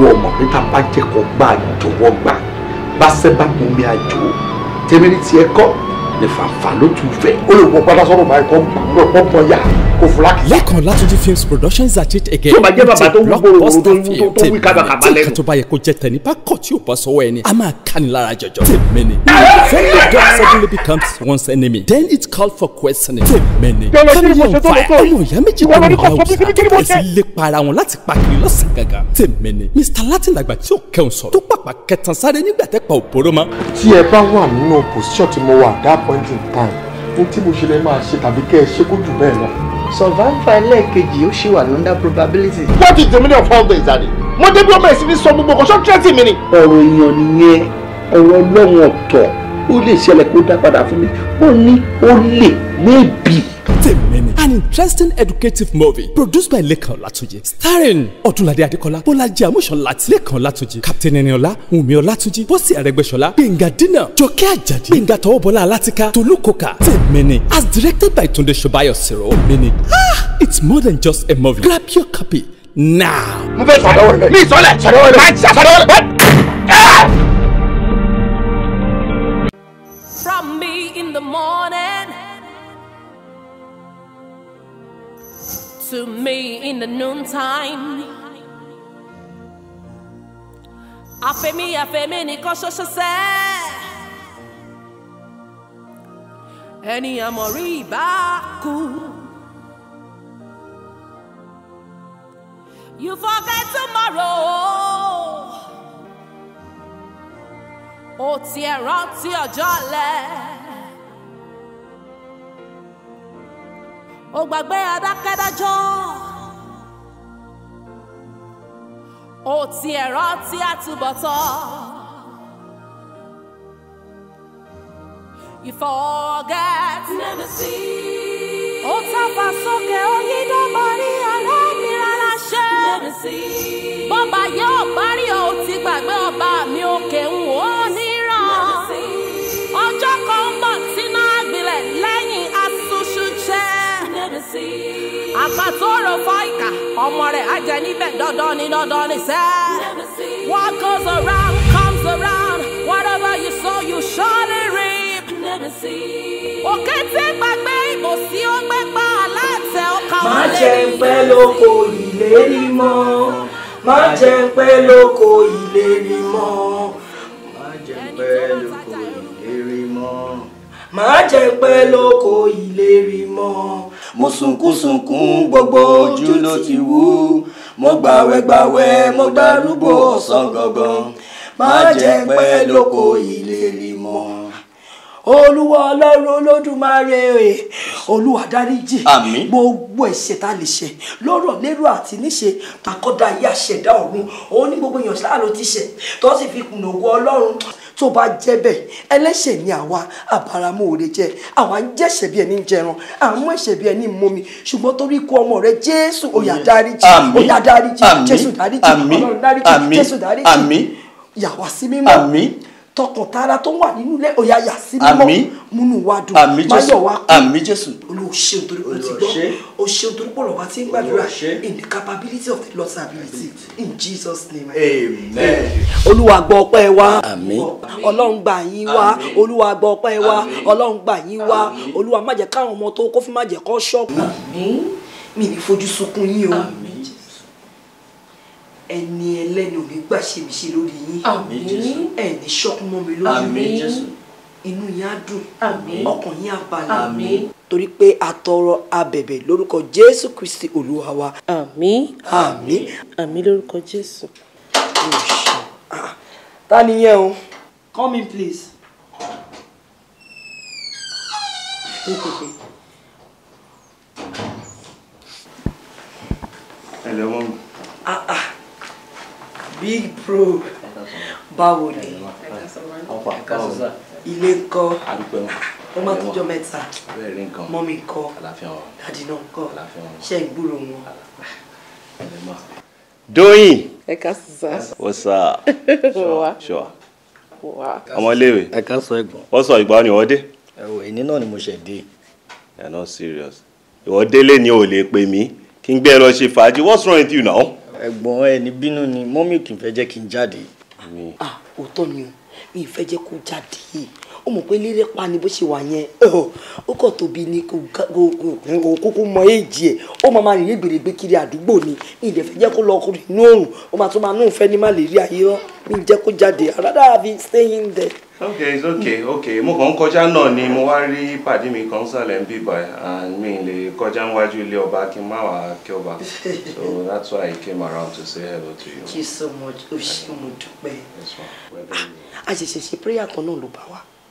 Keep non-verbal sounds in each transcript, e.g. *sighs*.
ìwọ ọmọ pé tá a bá jẹ́ kó gbà jọ̀wọ́ gbà bá sẹ́ bá mú mi àjò tèmi ní tiẹ̀ kọ́ ní fàǹfà ló tún fẹ́. ó padà sọ́rọ̀ báyìí kọ́ gbọ́ pọ̀ yá kó fura kì lẹ́kàn látúndí films productions are it again. bá jẹ́ bàbá tó wú gbòòrò tó tó wí kábàkàbà lẹ́nu. tí kàtó bá yẹ kó jẹ tẹ̀lé bá kọ̀ tí ò bá sọ́wọ́ ẹni. a máa ká ni lára jọjọ. tèmẹ́ni. family God suddenly becomes one's enemy. then it calls for questioning. tèmẹ́ni. family on fire. ọmọ ìyá méjì kọ́ ní ìyá òsà. ẹ̀sìn lè para wọn láti pàkiri lọ́sàn gangan. tèmẹ́ni. Mr. Latin àgbà tí ò kẹun sọ̀rọ̀ tó pàpà kẹtàn sáré nígbà point in time ní tí mo ṣe lè máa ṣe tàbí kẹ́ ẹ ṣe kó jù bẹ́ẹ̀ lọ. survivor ẹlẹ́ẹ̀kejì ó ṣì wà lọ́ndà probability. what is the meaning of all this daddy? mo débi ọmọ ẹ̀sìn ní sọ gbogbo kan ṣọ́ tírẹ́tì mi ni. ọ̀rọ̀ èèyàn nìyẹn ọ̀rọ̀ ọlọ́run ọ̀tọ̀ ó lè ṣẹlẹ̀ kó dá padà fún mi ó ní ó lè maybe. an interesting educative movie produced by Lekan Olatunji, starring Ọdúnladé Adékọlá, Bọ́lájí Amúṣọ̀láti, Lekan Olatunji, Captain Eniola, Wùmí Ọlátúnjí, Bọ́sì Aregbesola, Gbẹ̀ngà Dina, Jọkẹ́ Ajadi, Gbẹ̀ngà Tọwọ́bọlá Alátìká, Tolu Koka. Temeni, as directed by Tunde Shobayo Siro. Temeni, ah, it's more than just a movie, grab your copy now. Mo fẹ́ sọ̀rọ̀ wọlé. Mi sọ̀rọ̀ sọ̀rọ̀ wọlé. Máa sọ̀rọ̀ wọlé. to me in the noontime. Afẹ́ mi, afẹ́ mi nìkan Ẹni àmọ̀rí baku. You forget tomorrow. Ó tiẹ̀ rántí jale. ò gbàgbé adákẹ́dájọ́ ò ti ẹ̀rọ tí a túbọ̀ tọ́ you forget ó tàpá sókè ó yí dọ́gbọ́n ní alẹ́ bọ́ba yóò parí ó ti gbàgbé ọba mi òkè ń wò ó. àpá tó rò fọ́ ìkà ọmọ rẹ̀ á jẹ níbẹ̀ dandan ni dandan ni sẹ́. what goes around comes around whatever you sow you surely reap. òkè tí gbàgbé ìmọ̀sí ó gbé pa aláàtẹ̀ ọkà òun lè rí. má jẹ ń pẹ́ lóko ìlérí mọ́ má jẹ ń pẹ́ lóko ìlérí mọ́ má jẹ ń pẹ́ lóko má jẹ́ pẹ́ lóko ìlérí mọ́ mo sunkúnsunkún gbogbo ojú ló ti wú mo gbàwẹ̀gbàwẹ̀ mo gbárùgbò ọ̀sán gangan má jẹ́ pẹ́ lóko ìlérí mọ́ olúwa ọlọ́run olódùmarè ẹ̀ olúwa dáríjì àmín gbogbo ẹ̀ṣẹ̀ tá a lè ṣe lọ́rọ̀ lérò àti níṣe àkọ́dá ayé àṣẹ̀dá ọ̀run òun ní gbogbo èèyàn sáà ló ti ṣẹ̀ tó sì fi kùnà ògo ọlọ́run tó bá jẹ́ bẹ́ẹ̀ ẹlẹ́ṣẹ̀ ni àwa àbáramọ́ òde jẹ́ àwa ń jẹ́ṣẹ̀ bí ẹni ń jẹran à ń mú ẹ̀ṣẹ̀ bí ẹni ń mumi ṣùgbọ́n torí kú ọmọ rẹ jésù òyà dáríjì òyà dáríjì jésù dáríjì ọlọ́run dáríjì jésù dáríjì yà wá sí mímọ́ tọkàntara tó wà nínú ilé ọ̀yà yà sí mímọ́ múnú wa dùn máyọ̀ wa kú àmì jésù olùwò ṣeun torí pé ti gbọ́ o ṣeun torí pọ̀ lọ́ba tí ń gbàdúrà in the capability of the Lord's ability in Jesus name amen. olúwa gbọ́ ọpẹ́ wa ọlọ́run gbà yín wá olúwa gbọ́ ọpẹ́ wa ọlọ́run gbà yín wá olúwa má jẹ́ káwọn ọmọ tó kó fún má jẹ́ kó ṣọ́ọ̀bù mi ní fojú sunkún yín o ẹni ẹlẹ́ni ò ní gbà ṣe mi ṣe lórí yín ẹni ṣọ́kú mọ́ mi lójú inú yín á dùn ọkàn yín á balẹ̀ torí pé a tọrọ abẹ̀bẹ̀ lórúkọ Jésù Kristi Olúwa wa. àmín àmín àmín lórúkọ Jésù. Ah, ah. ta ni yẹn o come in please. ẹ lẹ́wọ̀n. ah ah big bro báwo ni ilé ńkọ́ ó má tọjọ́ mẹ́ta mọ́mí ńkọ́ dádì náà ńkọ́ ṣe ń gbúrò wọn. Doyin ẹ ká what's up sure *laughs* ọmọ iléèwé ẹ ká sọ ẹ̀gbọ́n wọ́n sọ ìgbà ni wọ́n dé. ẹ̀wọ̀ èyí náà ni mo ṣẹ̀ dé. you are not serious ìwọ délé ni o lè pè mí kí n gbé ẹ lọ ṣe fàájì what's wrong with you now ẹ̀gbọ́n ẹ ní bínú ni mọ́mí kì í fẹ́ jẹ́ kí n jáde. ah òótọ́ ni o mi ì fẹ́ jẹ́ kó jáde ó mọ̀ pé lílé pa ni bó ṣe wà yẹn ó kọ̀ tóbi ni kò kúkú mọ èjì ẹ̀ ó máa máa rìn gbèrègbè kiri àdúgbò ni mi ì dẹ̀fẹ́ jẹ́ kó lọ ọkùnrin inú òrùn ó máa tún máa nù fẹ́ ní má lè rí ayé rán mi ì jẹ́ kó jáde àràdà àfi staying there. ok it's okay okay mo kàn ń kọjá náà ni mo wá rí pàdé mi kan sàlẹ̀ ń bíbà and mi lè kọjá níwájú ilé ọba kí n má wàá kí ọba so that's why I came around to say hello to you. thank you so much o ṣé mo dúpẹ́ a ṣẹ̀ṣẹ̀ ṣe prayer kan náà ló bá wa ṣùgbọ́n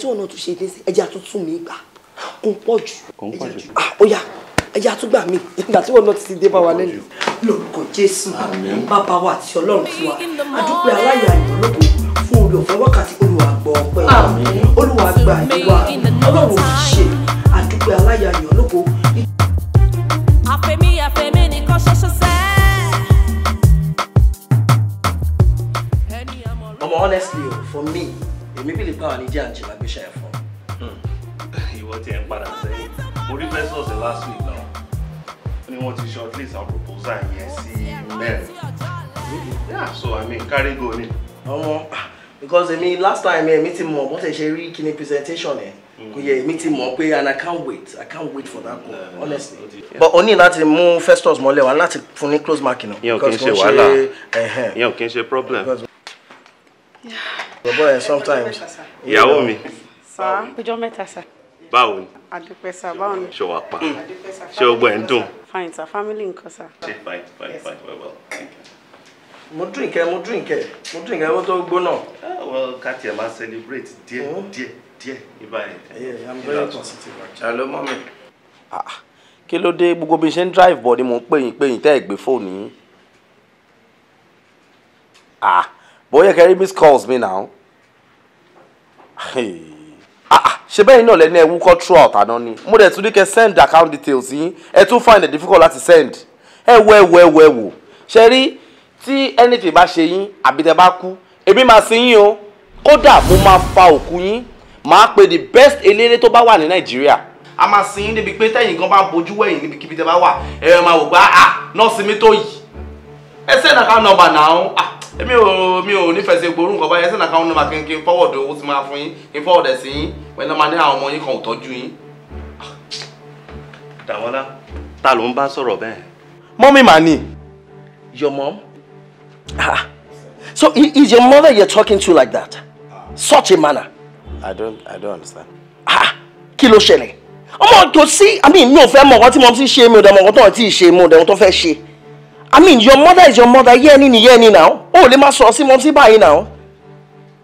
tí wọn náà tún ṣe dé sí ẹjẹ́ àtúntún mi gbà kò ń pọ̀ jù ah, ó yá ẹjẹ́ àtúgbà mi ìgbà tí wọn náà ti dé bá wa lẹ́nu. lórúkọ jésù bàbá wa àti ọlọ́run tiwa àdúpẹ́ aláya ìdánlọ́gbọ̀ fún olùfẹ́ wákàtí olúwa gbọ́ ọpẹ́ olúwa gba ìwà ọlọ́run òṣìṣẹ́ àdúpẹ́ aláya ìdánlọ́gbọ̀. àfẹ́mí honestly for me èmi bí lè báwa ní jẹ́ àǹjẹ̀lá gbéṣà ẹ̀ fún. Hmm. ìwọ tiẹ̀ ń padà sẹ́yìn mo rí vessels last week náà ni wọ́n ti shortlist our proposal yẹn sí mẹ́rin. yeah so i mean carry go ni. ọmọ ah, because èmi last time èmi ti mọ̀ bó ṣe ṣe rí kíni presentation ẹ̀ hmm. kò yẹ èmi ti mọ̀ pé and i can't wait i can't wait for that call honestly. No, but o ní láti mú festus mọ́lẹ̀ wá láti fún ní close marking. yẹn ò kí n ṣe wàhálà yẹn ò kí n ṣe problem bọ̀bọ̀ yẹn sometimes. ìyàwó mi. sá ọjọ́ mẹ́ta sá. báwo ni. àdúpẹ́ sá báwo ni. ṣé wàá pa ṣé o gbọ́ ẹ̀ ń dùn. fine sá family nǹkan sá. ṣe fine fine fine well well thank you. mo drink ẹ mo drink ẹ mo drink ẹ mo tó gbóná. Ah, well Katia tiẹ̀ máa celebrate díẹ̀ hmm? díẹ̀ díẹ̀ ibà yẹn. i'm very positive. ṣàlọ́ mọ́ mi. kí ló dé gbogbo bí n ṣe ń drive bọ̀ ni mò ń pè yín pè yín tẹ́ ẹ̀ gbé fóònù yín. ah bóyá kẹrin miss calls me now Hey, ah, she better know lẹ́ni ẹ̀ wúkọ́ throughout àná ni mo mother, tún ní can send account details in. ẹ tún find it difficult to send Hey, wò ẹ wò ẹ Sherry, see anything about ṣe yín àbí tẹ́ bá kú èmi máa sin yín Koda, kódà mo máa fa òkú yín màá pe the best eléré to bá wà ní nàìjíríà a máa sin yín débi pé tẹ́yìn gan bá ń bojú wẹ̀yìn níbikíbi tẹ́ bá wà ẹ máa wò pé ah, ah nọ́ọ̀sì mi tó yìí ẹ send account number now, ah èmi ò mi ò nífẹ̀ẹ́ sí gbórú nǹkan báyẹn sínú àkáwọn nọ́mbà kí n fọwọ́dù owó tí máa fún yín kí n fọwọ́dù sí yín pẹ̀lú ọmọ ní àwọn ọmọ yín kan ò tọ́jú yín. Dàmọ́lá ta ló ń bá sọ̀rọ̀ bẹ́ẹ̀. mọ́mí màá ní. your mom? ah so is your mother you're talking to like that? such a manner. I don't I don't understand. ah kí ló ṣẹlẹ̀ ọmọ tó sí i mean mi ò fẹ́ mọ̀ nǹkan tí mo ti ṣe mi ò dẹ̀ mọ̀ nǹkan tó ti ṣe mi ò dẹ̀ mọ̀ tó fẹ́ ṣe. I mean your mother is your mother yẹ́ni ni yẹ́ni now o ò lè máa sọ̀rọ̀ sí mọ́ sí báyìí now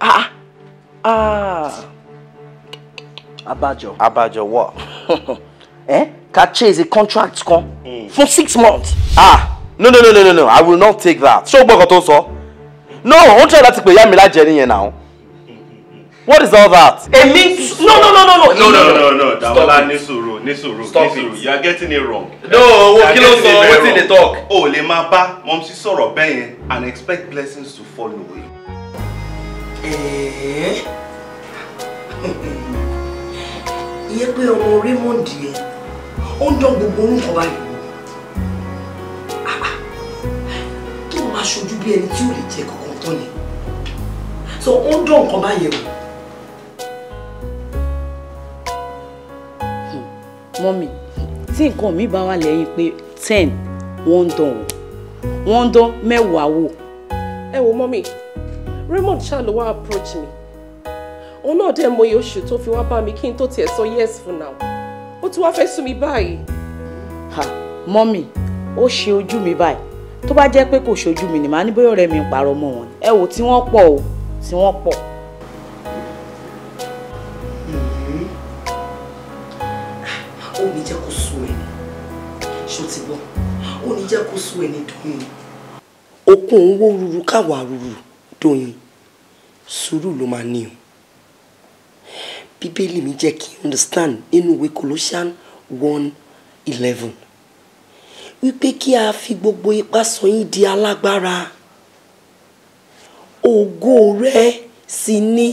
ah ah abájọ abájọ what *laughs* eh ka chase a contract kan mm. for six months ah no no no no no I will not take that ṣé o gbọ́ tó sọ no o ń tẹ̀lé láti pè ya mi lájẹ nìyẹn now. What is all that? A Èmi no no no no no. No no no no Damola ní sùúrù ní sùúrù you are getting it wrong. No owó kí ló sọ wetin dey talk. O lè máa bá mọ̀mísí sọ̀rọ̀ bẹ́ẹ̀ and expect blessings to follow you. Ìyẹn pé ọmọ Raymond yẹn, ó ń dán gbogbo orúkọ báyìí. Tó máa ṣojú bí ẹni tí ò lè jẹ kankan tán ni. So ó ń dán nǹkan mọ́mì tí nǹkan mi bá wà lẹ́yìn pé ten wọ́n ń dán o wọ́n ń dán mẹ́wàá wò. ẹ wo mọ́mì Raymond ṣáà ló wá approach mi òun náà dẹ̀ mọyì oṣù tó fi wá bá mi kí n tó tiẹ̀ sọ yes for now ó ti wá fẹ́ sún mi báyìí. ha mọ́mì ó ṣe ojú mi báyìí tó bá jẹ́ pé kò ṣojú mi ni màá ní bóyá ọ̀rẹ́ mi ń parọ́ mọ́ wọn ẹ wò tí wọ́n pọ̀ o tí wọ́n pọ̀. jẹ́ kó sú ẹni dòyìn. okun owó ruru káwa ruru dòyìn sùúrù ló máa ní o bíbélì mi jẹ́ kí n understand nínú ìwé Colossian one eleven wípé kí a fi gbogbo ipá sọ yín di alágbára ògo rẹ̀ sì ni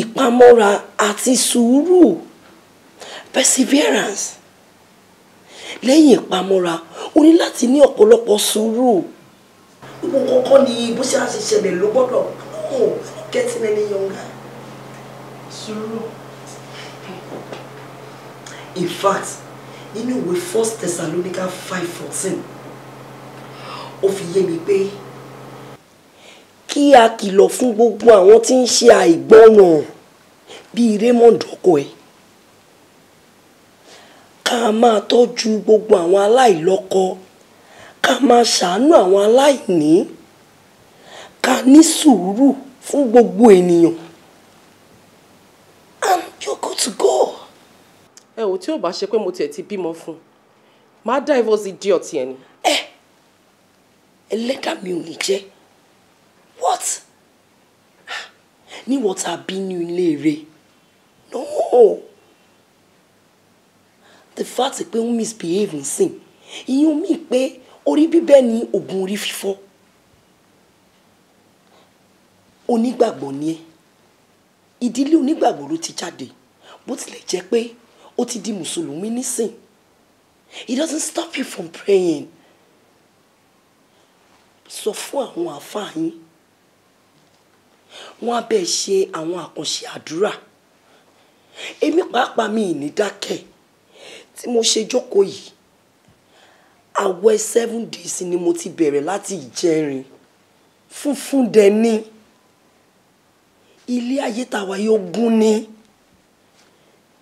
ìpamọ́ra àti sùúrù perseverance lẹ́yìn ìpamọ́ra o ní láti ní ọ̀pọ̀lọpọ̀ sùúrù. gbogbo kọ̀ọ̀kan ni bó ṣe á ṣe ṣẹlẹ̀ ló gbọ́dọ̀ no getting any younger. sùúrù. in fact nínú ìwé first Thessalonica five fourteen ó fi yé mi pé kí a kìlọ̀ fún gbogbo àwọn tí ń ṣe àìgbọràn bíi Raymond ọkọ ẹ̀ ká máa tọ́jú gbogbo àwọn aláìlọ́kọ ká máa ṣàánú àwọn aláìní ká ní sùúrù fún gbogbo ènìyàn and you're good to go. ẹ ò tí ò bá ṣe pé mo tiẹ̀ ti bímọ fún un máa divorce idiot yẹn ni. ẹ ẹlẹ́dà mi ò ní jẹ́ what ah, níwọ̀n tá a bí ní ilé rẹ̀ no the fact pé ń misbehave nsìn ìyún mi pé orí bíbẹ́ ni oògùn orí fífọ́ onígbàgbọ́ ni ẹ́ ìdílé onígbàgbọ́ ló ti jáde bó tilẹ̀ jẹ́ pé ó ti di mùsùlùmí nísìn it doesn't stop you from praying So fún àwọn àáfàá yín wọn á bẹ́ẹ̀ ṣe àwọn àkànṣe àdúrà èmi pàápàá mi ì ní dákẹ́ tí mo ṣe jókòó yìí àwẹ̀ seven days ni mo ti bẹ̀rẹ̀ láti ìjẹrin funfun dẹ̀ ni ilé ayé tàwa yóò gún ni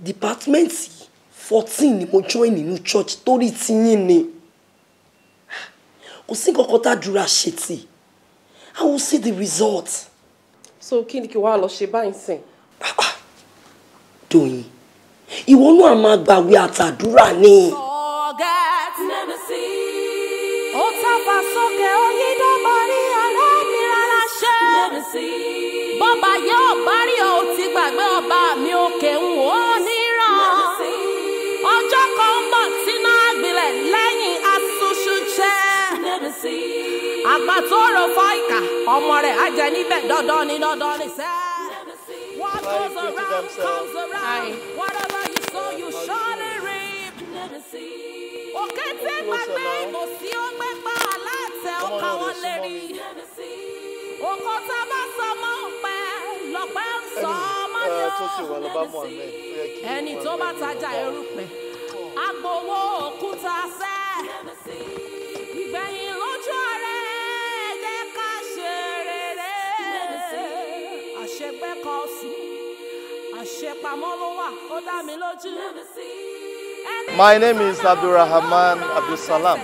dìpátímẹ́ǹtì fourteen ni mo join nínú church torí tiyín ni kò sí nǹkan kan tàdúrà ṣe i will see the result. so kí ni kí wàá lọ ṣe báyìí sìn. Ah, ah. dòyìn ìwọ náà máa gbàwé àtàdúrà ni. ó tàpá sókè onídọ́bọ̀rí aláìnira láṣẹ. bọ́ba yóò bá o ti gbàgbé ọba mi òkè ń wò ó níran. ọjọ́ kan ń bọ̀ sínú àgbìlẹ̀ lẹ́yìn aṣoṣù jẹ́. àgbà tó rọ̀ fọ́ ìkà ọmọ rẹ̀ á níbẹ̀ dandan ni dandan ni sẹ́ẹ̀. God goes around, comes around. Whatever you sow, you surely reap. Òkè tí gbàgbé ìmọ̀sí ó gbé pa aláàtẹ ọkà wọn lè rí. Ẹni tó bá tajà erùpẹ̀, agbowó òkúta sẹ́. Ìgbẹ̀yìn lójú ọ̀rẹ́ jẹ́ ká ṣe rere. Àṣegbẹ́kọ̀ọ́sì. My name is Abdurrahman Abdusalam.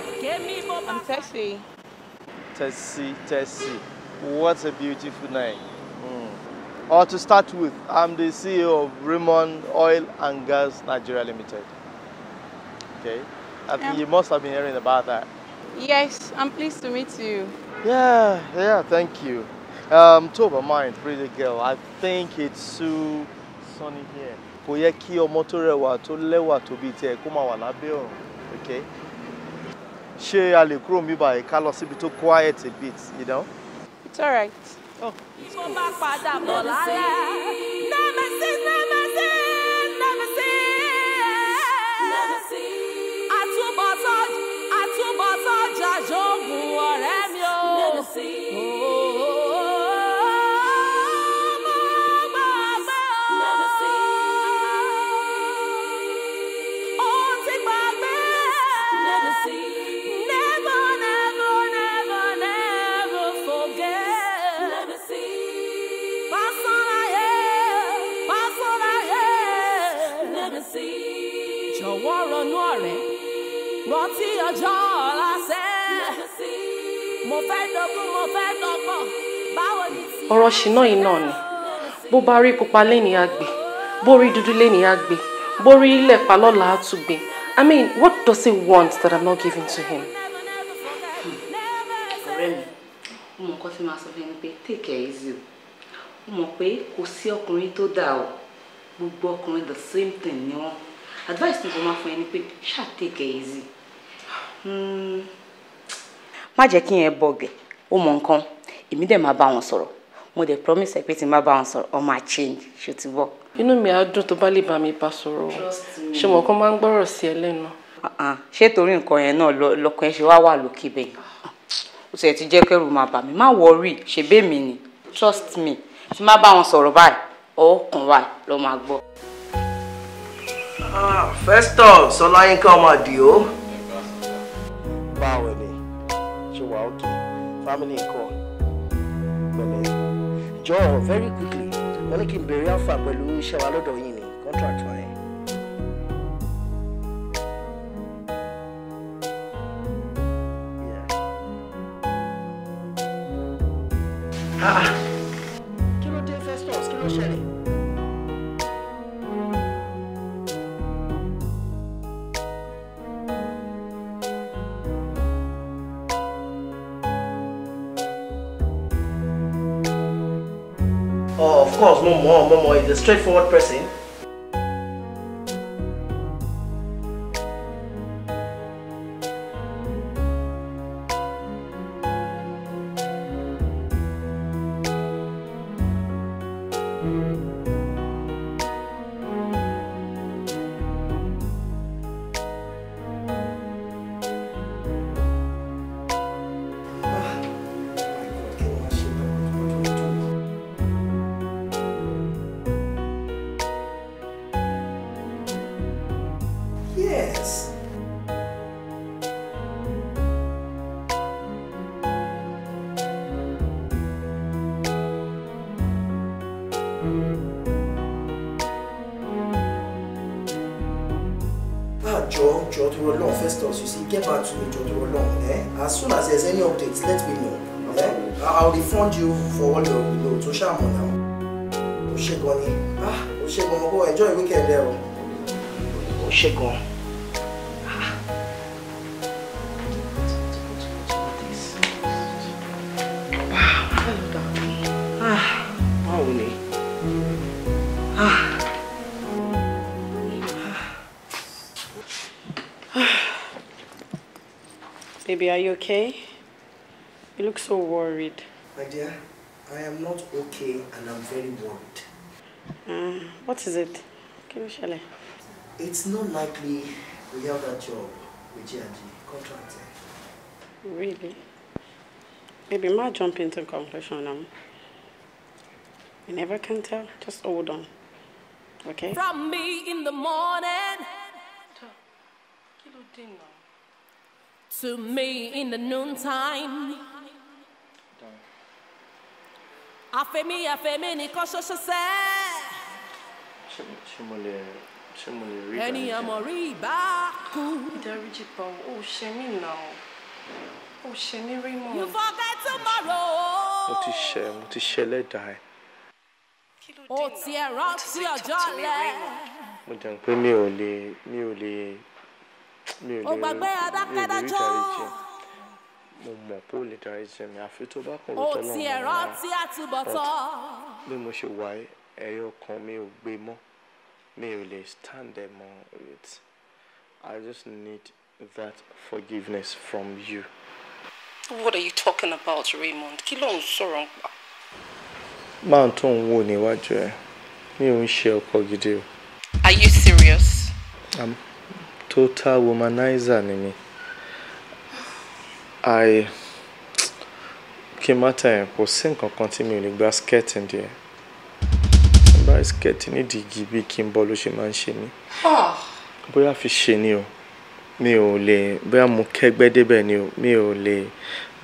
I'm Tessie. Tessie, Tessie. What a beautiful name. Mm. Or to start with, I'm the CEO of Raymond Oil and Gas Nigeria Limited. Okay. I think you must have been hearing about that. Yes, I'm pleased to meet you. Yeah, yeah, thank you. Um, of mind, pretty girl. I think it's Sue. So lásán ni kò yẹ kí ọmọ tó rẹwà tó lẹ́wà tó bíi tiẹ̀ kó máa wà lábẹ́ ọ̀run okay ṣé a lè kúrò mi báyìí ká lọ síbi tó quiet a bit you know. it's alright. Oh, it's cool. ọjọ́ ọ̀la sẹ́. mo fẹ́ dọ́gbọ́n mo fẹ́ dọ́gbọ́n báwo ni. ọ̀rọ̀ ṣìnà yìí náà ni bó bá rí pupa lẹ́ni àgbè bó rí dúdú lẹ́ni àgbè bó rí ilẹ̀ pa lọ́la I mean what does he want that I'm not giving to him. ọ̀rẹ́ mi mo mọ̀ nǹkan tí màá sọ fún ẹni pé take it easy o mo mọ̀ pé kò sí ọkùnrin tó dáa o gbogbo ọkùnrin the same thing ni wọn advice tí mo máa fún ẹni pé ṣáà take it easy. Hmm. má jẹ́ kí yẹn bọ̀gẹ̀ ó mọ nǹkan èmi dẹ̀ máa bá wọn sọ̀rọ̀ mo dẹ̀ promise ẹ pé tí n bá bá wọn sọ̀rọ̀ ọmọ àchange ṣó ti bọ̀. inú mi á dùn tó bá lè bá mi bá sọ̀rọ̀ o ṣe mọ̀ kó máa ń gbọ́rọ̀ sí ẹ lẹ́nu. Ah, ah. ṣé torí nǹkan yẹn náà lọkàn ẹ ṣe wá wà lókè bẹ́ẹ̀ ó sì ti jẹ́ kẹ́rù máa bà mí má worry ṣe bẹ́ẹ̀ mi ni trust me tí má bá wọn sọ̀rọ̀ báyìí ọkàn wa ló máa gbọ́. Ah, Festus Ọláyínká ọmọ àdìo báwo ni ṣe wà òkè family nǹkan pẹ̀lẹ́ jọ̀ọ́ very quickly wọ́n ní kí n bèrè àǹfà pẹ̀lú iṣẹ́ wa lọ́dọ̀ yìí ni contract wa yẹn. Ah, ah. kí ló dé Festus kí ló ṣẹlẹ̀. course, no more, no more. He's a straightforward person. Ah, Joe, Joe, to roll on Festus, you see, get back to me, Joe, to roll Eh? As soon as there's any updates, let me know. Eh? I'll refund you for all your below. So, Shamo now. Ó ṣé gan ni. Ah, ó ṣé gan, go enjoy weekend there. Ó ṣé gan. baby, are you okay? You look so worried. My dear, I am not okay and I'm very worried. Uh, what is it? Kinoshele. It's not likely we have that job with G contractor. Eh? Really? Maybe might jump into conclusion now. You never can tell. Just hold on. Okay? From me in the morning. to me in the noontime. Àfẹ́mi àfẹ́mi ni ṣoṣo se. Ṣé mo lè ṣé mo lè rí ìdáríjì? Ẹni àmọ̀ rí ìbá kú. Ìdáríjì bọ̀ ó ṣe You forget tomorrow. Mo ti ṣe mo ti ṣe lẹ́dàá ẹ̀. Kí ló dé náà? ti ẹ̀ rántí Mo jẹun pé mi ò lè mi ò lè ó gbàgbé adákẹ́dájọ́ mo mọ̀ pé lè darí jẹ mi àfi tó bá kàn lóòótọ́ náà. o ẹ̀rọ tí a ti bí mo ṣe wà ẹyọ kan mi ò gbé mọ́ mi ò lè stand there mọ́ it I just need that forgiveness from you. What are you talking about, Raymond? kí ló ń sọ̀rọ̀ ń pa. máa tó ń wò níwájú ẹ mi ò ń ṣe ọkọ gidi o. Are you serious? Um, total womanizer ni mí. I kí n má tàn yín, kò sí nǹkan kan tí mi ò lè gba skirt nídìí ẹ̀. Tí n bá rí skirt nídìí igi bí kí n bọ́ ló ṣe máa ń ṣe mí. Bóyá fi ṣe ni o, mi ò lè, bóyá mo kẹ́gbẹ́ débẹ̀ ni o, mi ò lè,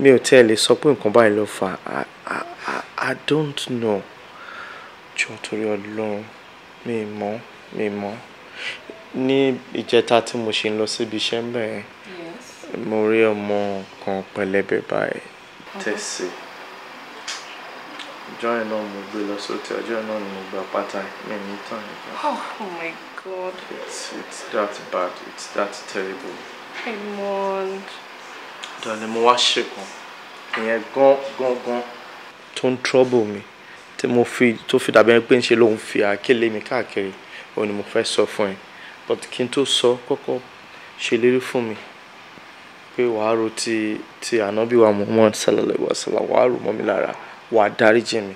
mi ò tẹ́ẹ̀ lè sọ pé nǹkan báyìí ló fà á. I, I, I don't know. Jọ̀ọ́ torí Ọlọ́run, mi ò mọ̀, mi mọ̀ ní ìjẹta tí mo ṣe ń lọ síbi iṣẹ́ ń mo rí ọmọ kan pẹlẹbẹ báyìí tẹ̀sí ọjọ́ yẹn náà mo gbé lọ sóòtì ọjọ́ yẹn náà ni mo gba pátá mi ní tàn nípa. Oh, oh my god. it's it's that bad it's that terrible. Raymond. dani mo wá ṣègùn ìyẹn gan gan gan tó ń trouble mi tí mo fi tó fi dàbí ẹni pé ń ṣe lòun fi àkélé mi káàkiri òun ni mo fẹ́ sọ fún ẹ but kintu n tó sọ kọ́kọ́ ṣèlérí fún mi pé wàá ro ti ti ànábì wa Muhammad sallallahu alaihi wa sallam wàá rò mọ́ mi lára wàá dáríjì mi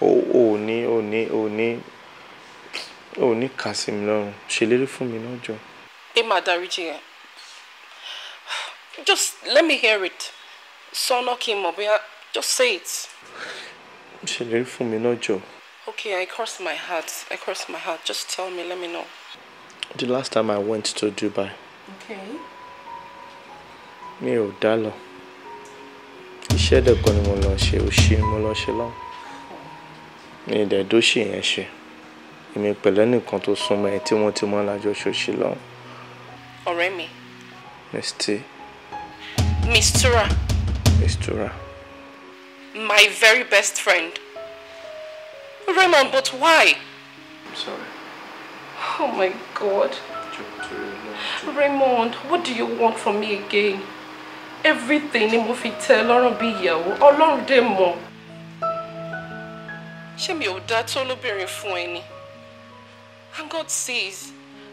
ò ní ò ní ò ní ò ní kà mi lọ́rùn ṣèlérí fún mi náà jọ. ẹ máa dáríjì ẹ just let me hear it sọ́nà kí n mọ̀ bóyá just say it. ṣèlérí fún mi náà jọ. okay I cross my heart I cross my heart just tell me let me know the last time I went to Dubai. Okay. Me ò dá lọ. Iṣẹ́ ni mo lo ṣe, òṣì ni mo lọ ṣe lọ́hùn. Mi ì dẹ̀ dóṣì yẹn ṣe. Èmi pẹ̀lú ẹnìkan tó súnmọ́ ẹ tí wọ́n ti mọ́ lájọ ṣòṣì lọ́hùn. Ọ̀rẹ́ mi. Miss T. Miss Tura. Miss Tura. My very best friend. Raymond, but why? I'm sorry. Oh my God. Raymond, what do you want from me again? Everything ni mo tell tẹ Ọlọ́run bí ìyàwó, Ọlọ́run dé mọ̀. Ṣé mi ò dá tó lóbìnrin fún ẹni? And God says,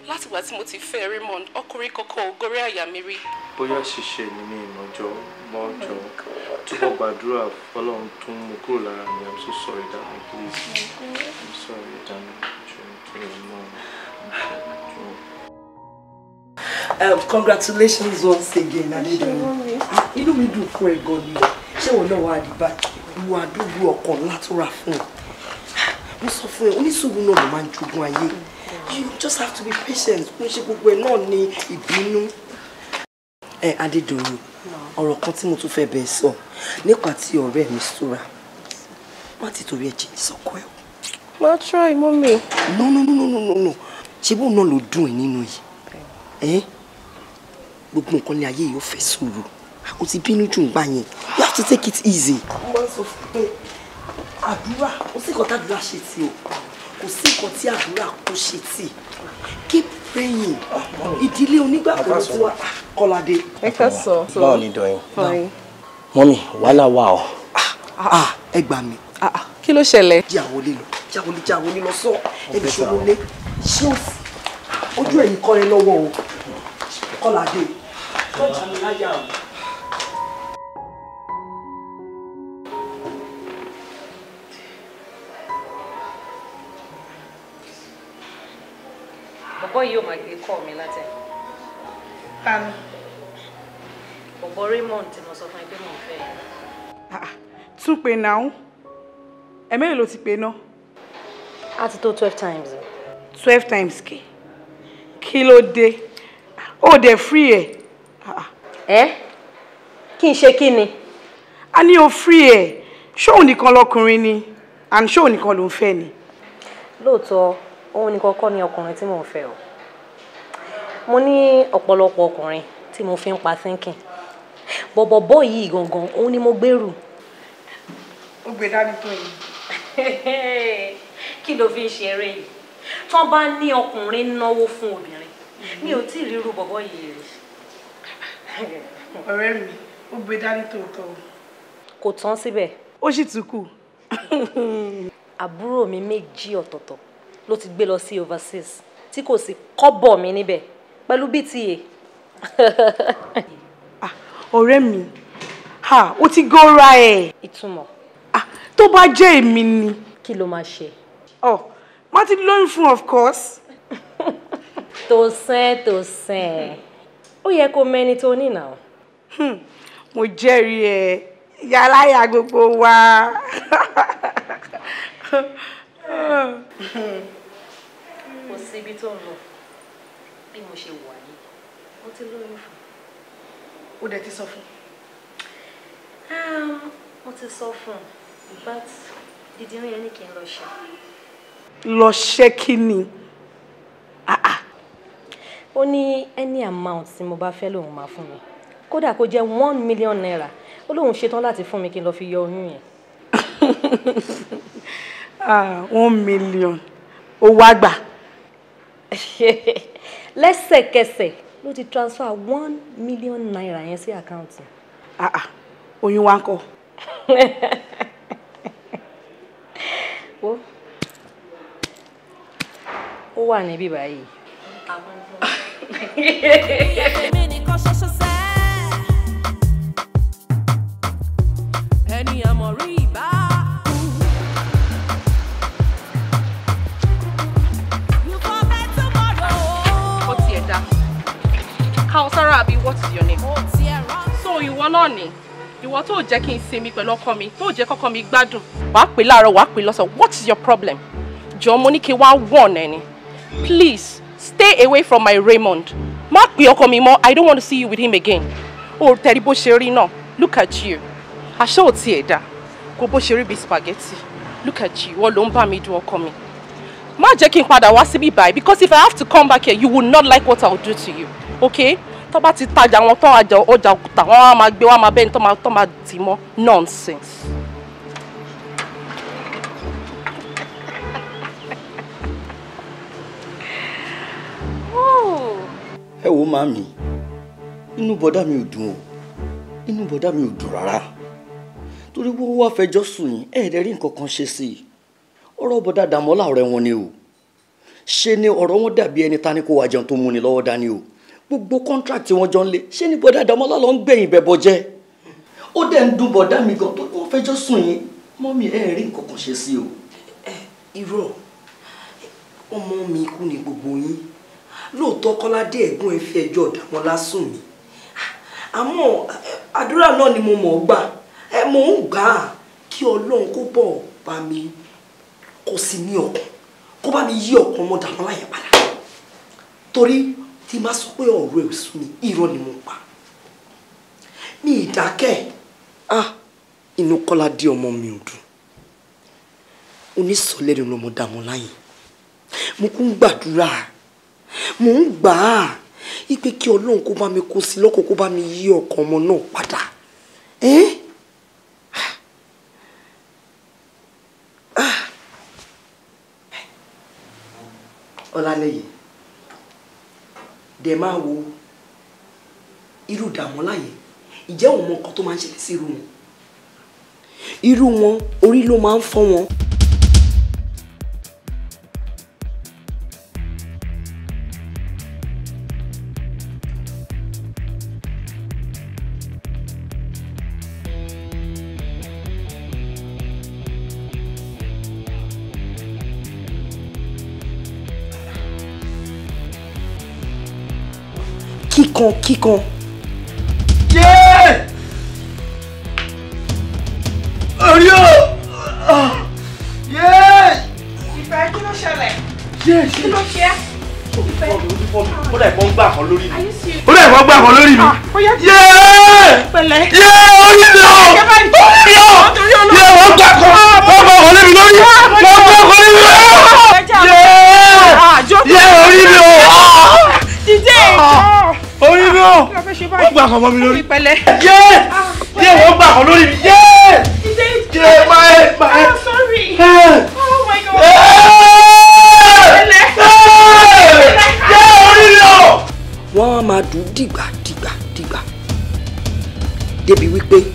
látìgbà tí mo ti Raymond, ọkùnrin kọ̀ọ̀kan ò gorí àyà mi rí. Bóyá ṣìṣe ni mi ìmọ̀jọ́ mọ́jọ́ túbọ̀ gbàdúrà fọlọ́run tún mú I'm so sorry, darling, please. Mm-hmm. I'm sorry, darling. I'm sorry, darling. Um, congratulations once again, Adédọ̀rọ̀. Ah, inú mi dùn fún ẹ̀gọ́ ni. Ṣé wọn náà wà àdìbá? are àdúgbò ọkàn látúrà fún ẹ. Mo sọ we need to náà ló man ń jogún ayé. You just have to be patient. Mo ṣe gbogbo ẹ náà ní Eh, Ẹ do you? kan tí mo tún fẹ́ bẹ̀ sọ nípa ti ọ̀rẹ́ mi Súra. Má ti torí ẹ̀ jìnnì sọ́kọ ẹ̀ o. Má try, mommy. No, no, no, no, no, no. no ṣé bóun náà ló dùn ẹ nínú yìí ẹ gbogbo nǹkan ní ayé yìí ó fẹ́ sùúrù o ti bínú jù ń gbà yẹn you have to take it easy. mo máa ń sọ fún pé àdúrà ó sì kọ́ tàdúrà ṣe tí o kò sí nǹkan tí àdúrà kò ṣe tí keep praying ìdílé onígbàgbọ́ ló ti wá ah, kọ́ládé. ẹ ká sọ. báwo ni dọ̀yìn mọ́mí wàhálà wà o. Ah, ah, ẹ gbà mí kí ló ṣẹlẹ̀. jáwọ́ lé lọ jáwọ́ lé jáwọ́ lé lọ sọ ẹbí ṣòro lé ṣé o sì ojú ẹ̀yìn kọ́ ẹ lọ́wọ́ o kọ́lá dé. bọ̀bọ̀ yìí ò máa gbé kọ́ mi látẹ̀. Tani. Bọ̀bọ̀ Raymond tí mo sọ fún ẹ pé mo fẹ́. Ah, ah. Túnpẹ̀ náà ẹ̀mẹ́rin ló ti pè ná. a ti tó twelve times. twelve times kì kí ló dé ó dẹ̀ free ẹ̀. Eh? kí n ṣe kí ni. o free ẹ̀ ṣóun nìkan lọkùnrin ni and ṣóun nìkan ló Lo fẹ́ ni. lóòótọ́ òun nìkan kọ́ ni ọkùnrin tí mò ń fẹ́ o mo ní ọ̀pọ̀lọpọ̀ ọkùnrin tí mo fi ń pa thinking bọ̀bọ̀bọ̀ yìí gangan òun ni mo gbèrú. ó gbé dání tó yìí. *laughs* kí ló fi ń ṣe eré yìí tán bá ní ọkùnrin náwó fún obìnrin mi ò tí ì rírú bọ̀bọ̀ yìí rí. ọ̀rẹ́ mi ó gbé dání tòótọ́ o. kò tán síbẹ̀. ó sì tún kù. *laughs* àbúrò mi méjì ọ̀tọ̀ọ̀tọ̀ ló ti gbé lọ sí overseas tí kò sí kọ́bọ̀ mi níbẹ̀ pẹ̀lú bta. *laughs* Ah, ọ̀rẹ́ mi ó ti góra ẹ̀. ìtumọ̀ tó bá jẹ́ èmi ni. kí ló máa ṣe. ọ oh, má lóyún fún of course. *laughs* tó sẹ́n tó sẹ́n ó yẹ kó mẹ́ni tó ní nà. Hmm, mo jẹ́rìí ẹ̀ yàrá ya gbogbo wa. *laughs* kò sí ibi tó ń lọ bí mo ṣe wà yìí mo ti lóyún fún un. ó dẹ̀ ti sọ fún un. Ah, mo ti sọ fún un but did you know anything n lọ ṣe. lọ ṣe kí ni ah, ah. ó ní any amount tí mo bá fẹ́ lòun máa fún mi kódà kó jẹ́ one million naira ó lóun ṣetán láti fún mi kí n lọ́ọ́ fi yọ oyún yẹn. *laughs* Ah, one million ó Let's say kese. ló ti transfer one million naira yẹn sí Ah oyún wa ń *laughs* wo ó wà níbí báyìí. èmi nìkan ṣoṣo sẹ́ ẹni àmọ̀ Kaosara abi, what's your name? So ìwọ náà ni ìwọ tó jẹ́ kí n sinmi pẹ̀lú ọkọ mi tó jẹ́ kọ́kọ́ mi gbádùn. wàá pè láàárọ̀ wàá pè lọ́sàn what is your problem? jọ mo ní kí wàá wọ̀n ẹni please stay away from my Raymond má pè ọkọ mi mọ́ I don't want to see you with him again. o tẹ̀lé bó ṣe rí náà look at you aṣọ ò tiẹ̀ dá kó bó ṣe rí bíi spaghetti look at you ìwọ ló ń bá mi dùn ọkọ mi má jẹ́ kí n padà wá síbí báyìí because if I have to come back here you will not like what I'll do to you okay tó bá ti tajà wọn tó àjà ọjà òkúta wọn á máa gbé wọn á máa bẹ́ẹ̀ ni tó máa tì mọ́ nonsense. ẹ wo màmí inú bọ́dá mi ò dùn o inú bọ́dá mi ò dùn rárá torí wọ́n wá fẹjọ́ sùn yín ẹ̀ẹ́dẹ̀ rí nǹkan kan ṣe sí i ọ̀rọ̀ bọ́dá Dàmọ́lá ọ̀rẹ́ wọn ni o ṣe ni ọ̀rọ̀ wọn dàbí ẹni ta ni kó wá jẹun tó múni lọ́wọ́ dání o gbogbo contract tí wọ́n jọ ń lé ṣé ní bọ́dá àdámọ́lá ló ń gbẹ̀yìn bẹ̀bọ̀ jẹ́ ó dẹ̀ ń dùn bọ̀dá mi gan tó wọ́n fẹjọ́ sùn yín mọ́mí ẹ̀ rí nǹkan kan ṣe sí o. ẹ irọ́ ọmọ mi kú ni gbogbo yín lóòótọ́ kọ́ládé ẹ̀gbọ́n ẹ fi ẹjọ́ ọ̀dàmọ́lá sùn mí àmọ́ àdúrà náà ni mo mọ̀ ọ́ gbà ẹ mò ń gbà á kí ọlọ́run kó bọ̀ bá mi kó sí ní ọkàn kó bá mi yí ọkàn ọmọ dàmọ́lá padà torí tí má sọ pé ọ̀rọ̀ ẹ̀ sùn ni irọ́ ni mo pa mi ìdákẹ́ ah inú kọ́lá dé ọmọ mi ò dùn onísọ̀lẹ́nu lọmọ dààmú láyìn mo kún gbàdúrà mo ń gbà á ipe kí ọlọ́run kó bá mi kó sí lọ́kọ̀ kó bá mi yí ọkàn ọmọ náà padà ẹ́n. Ah. ọlálẹ́yìn dẹ̀ máa wo irú Dàmọ́lá yẹn ìjẹ́ òun mọ nǹkan tó máa ń ṣẹlẹ̀ sí irú wọn irú wọn orí ló máa ń fọ́ wọn. kíkan. orí o ah! ìfẹ́ kí ló ṣẹlẹ̀ kí ló ṣe é ìfẹ́ ó dà ìfọ́n gbà kan lórí mi ó dà ìfọ́n gbà kan lórí mi ah, yéé orí mi o ah, orí o yéé wọ́n gbà kan wọ́n gbà kan lórí mi lórí wọ́n gbà kan lórí mi yéé yéé orí mi o wọ́n gbà kàn mọ́ mi lórí yé yé wọ́n gbà kàn lórí mi yé yé má ẹ má ẹ. Ah, oh my God. yé orí lọ. wọ́n á máa dùn dìgbà dìgbà dìgbà débi wípé.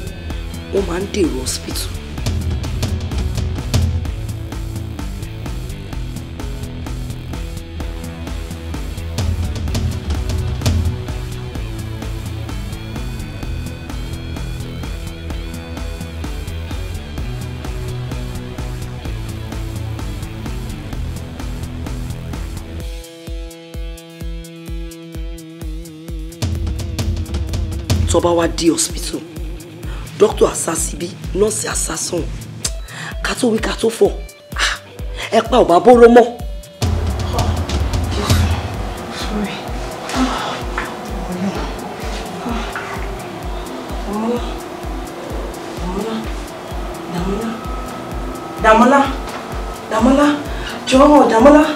tó bá wá dé hospital doctor àsásíbí nọ́ọ̀sì àsásàn ká tó wí ká tó fọ̀ ah, ẹ pa ò bá bóró mọ́. Dàmọ́lá Dàmọ́lá Dàmọ́lá jọ̀ọ́ Dàmọ́lá.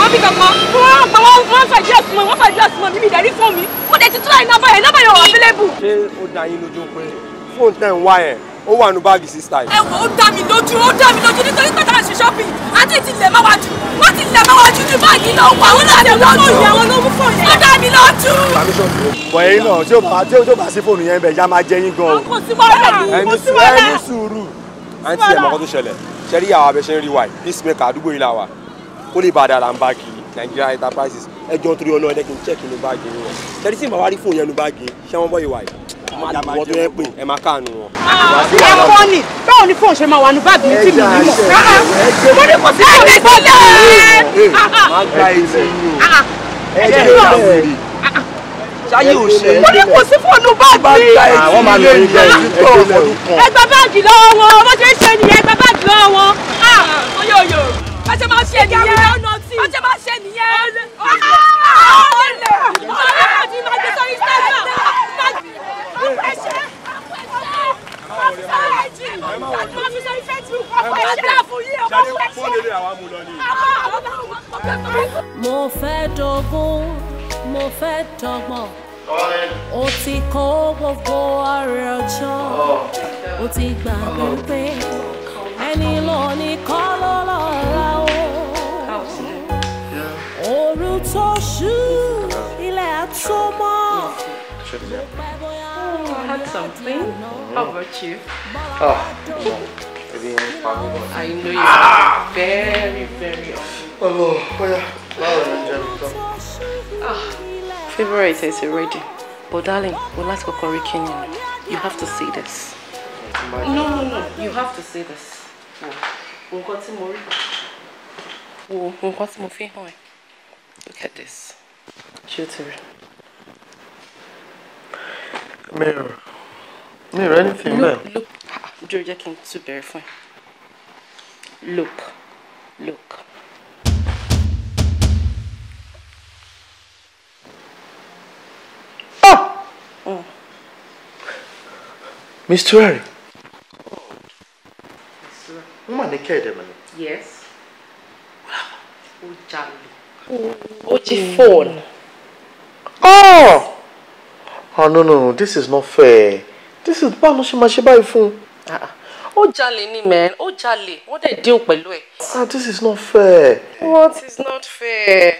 sí kankan wọ́n pa wọ́n wọ́n fàjẹ́ ọ̀sùn mọ́ wọ́n fàjẹ́ ọ̀sùn mọ́ mímì ìdẹ́rí fóònù mi mo dẹ̀ ti try nọ́mbà yẹn nọ́mbà yẹn wà available. ṣé oh, dá yín lójú pé fóònù tẹ̀ oh, wá yẹn ó wà nù báàgì oh, yìí. ẹ wò ó oh, mi lójú ó dá mi lójú nítorí pé káàṣì shopping àti ti lè máa wájú wọ́n ti lè máa wájú ní báàgì náà ó pa àwọn náà lè lójú àwọn ló oh, fóònù yẹn. ó dá mi lójú. bọ̀ ẹ̀yin náà tí ó bá tí ó bá sí fóònù yẹn bẹ̀ ya máa jẹ yín gan-an. kò sí wàhálà kò sí wàhálà. ẹni sùúrù àǹtí ẹ̀ mọ́kọ́ tó ṣẹlẹ̀ ṣẹ́rí àwọn abẹ́ṣẹ́ ń rí wa yìí peacemaker àdúgbò yìí la wà kó lè bá dára ń báàgì Nigeria enterprises ẹjọ́ torí ọlọ́run ẹ̀dẹ́kin check inú báàgì wọn ṣẹ́ni tí màá rí fún yẹn nu báàgì ṣé wọ́n bọ́ ìwà yìí wọ́n tó yẹ pé ẹ máa káànù wọn. Ah, ẹ kọ́ ni báwo ni fóun ṣe máa wà ní báàgì mi tí mi ní mọ̀ ah, mo ní kò sí fóun bọ́ọ̀lù mi. má gba èyí yìí o ah, ẹ jẹ́ ìyàwó sáyé ò ṣe. mo ní kò sí fóònù báàgì. àwọn máa lọ ilé ìlú ẹgbẹ́ ọdún kan. ẹgbẹ́ báàgì lọ́wọ́ wọn bó ṣe ń ṣe nìyẹn ẹgbẹ́ báàgì lọ́wọ́ wọn. ó yóò yóò bá ṣe máa ṣe nìyẹn bá ṣe máa ṣe nìyẹn mo fẹ́ dogun mo fẹ́ dọ́gbọ́n ó ti kó gbogbo ọ̀rẹ́ ọjọ́ ó ti gbàgbé pé. I had something. How about you? Oh, I know you are very, very Oh, yeah. Oh, favorite is already. But darling, we'll ask for Kori You have to see this. No, no, no. You have to see this. wo nǹkan tí mo rí wo nǹkan look at this ṣé mirror mirror anything there. look look jọ̀ọ́ jẹ́ kí fine. tún bẹ̀rẹ̀ fún ẹ look look. Ah! Mr. Mm. Harry wọ́n mà ní kẹ́ẹ̀dẹ̀ mọ̀ ni. yes ó jalè. ó jí fóònù. oh oh no no no! this is not fair this is báwo ló ṣe máa ṣe báyìí fún un. Ah, ah. ó jalè ni man ó jalè wọ́n dẹ̀ dín pẹ̀lú ẹ̀. ah this is not fair. what is not fair.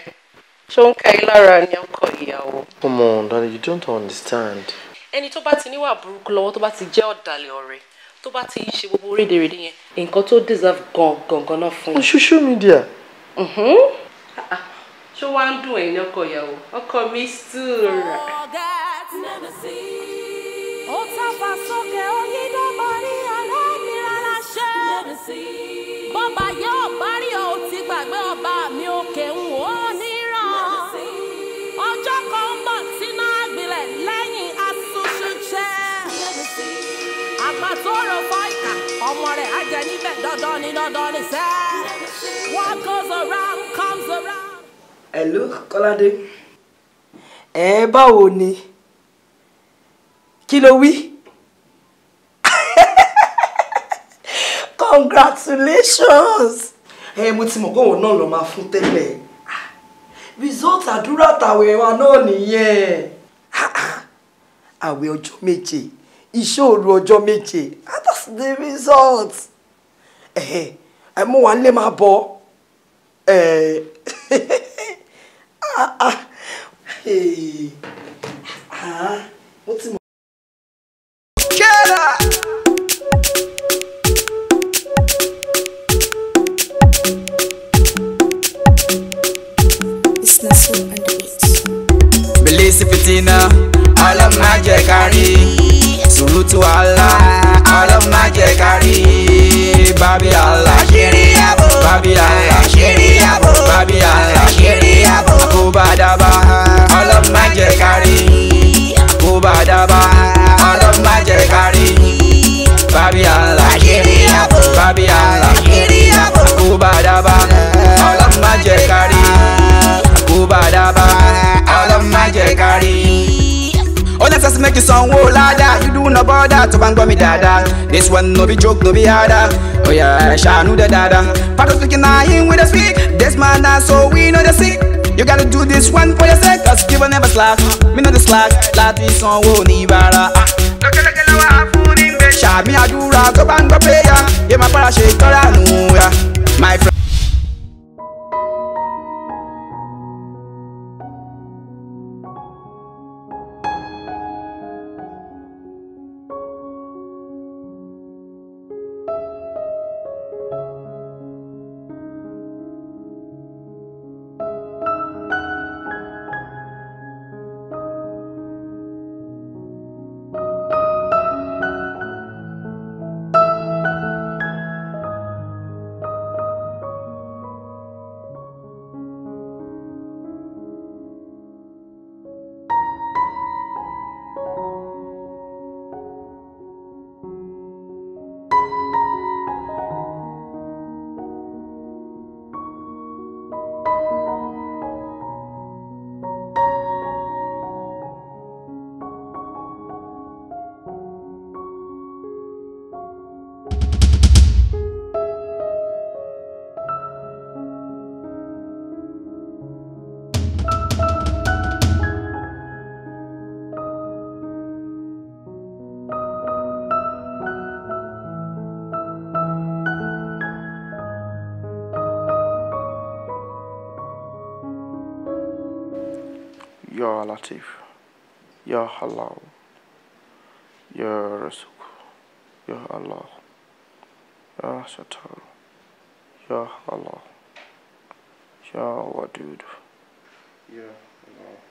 ṣóńkà ìlara ni ọkọ ìyàwó. come on daddy you don't understand. ẹni tó bá ti níwà burúkú lọ́wọ́ tó bá ti jẹ́ ọ̀dàlẹ̀ ọ̀rẹ́ tó bá ti ń ṣe gbogbo rédèrèdè yẹn nǹkan tó deserve gan gangan náà fún yín. social media. Mm-hmm. Ah, ah. ṣó wá ń dùn ẹ̀yin ọkọ ìyàwó ọkọ mi still rà. ọ̀gá àti nẹ́mẹ̀sì ó tàbá sókè ó yí dọ́gba ní alẹ́ mi bọ́ba Hello, Kọ́ládé. Ẹ báwo ni? Kí ló *laughs* Congratulations! Eh, mo ti mọ̀ pé òun náà lọ máa fún tẹ́lẹ̀. Result àdúrà tàwẹ̀ wa náà nìyẹn. Àwẹ̀ ọjọ́ méje, ìṣòro ọjọ́ méje, that's the result ẹ mú wa nílé máa bọ̀ *laughs* ah, ah, ah, mo ti Bilisi fitina, ọlọ́run má jẹ́ kárí, sùúrù tu Allah, ọlọ́run má jẹ́ kárí babi ala àṣírí abo babi ala àṣírí abo babi ala àṣírí abo kó bá dábà ọlọ́run má jẹ́ kárí kó bá dábà ọlọ́run má jẹ́ kárí make you sound whole harder. You do no bother to bang me dada. This one no be joke, no be harder. Oh yeah, Shanu the dada. Pato speaking I him with a speak. This man now so we know the sick. You gotta do this one for yourself, cause give never slack. Me know the slack, lati song wo ni bara. Ah. Look at the lawa food in the shop. Me a do rock, go bang go player. Ah. Yeah, my para shake, no yeah. My friend. Ya Latif, Ya Halal, Ya Rasul, Ya Allah, Ya Sattar, Ya Allah, Ya Wadud, Ya Allah.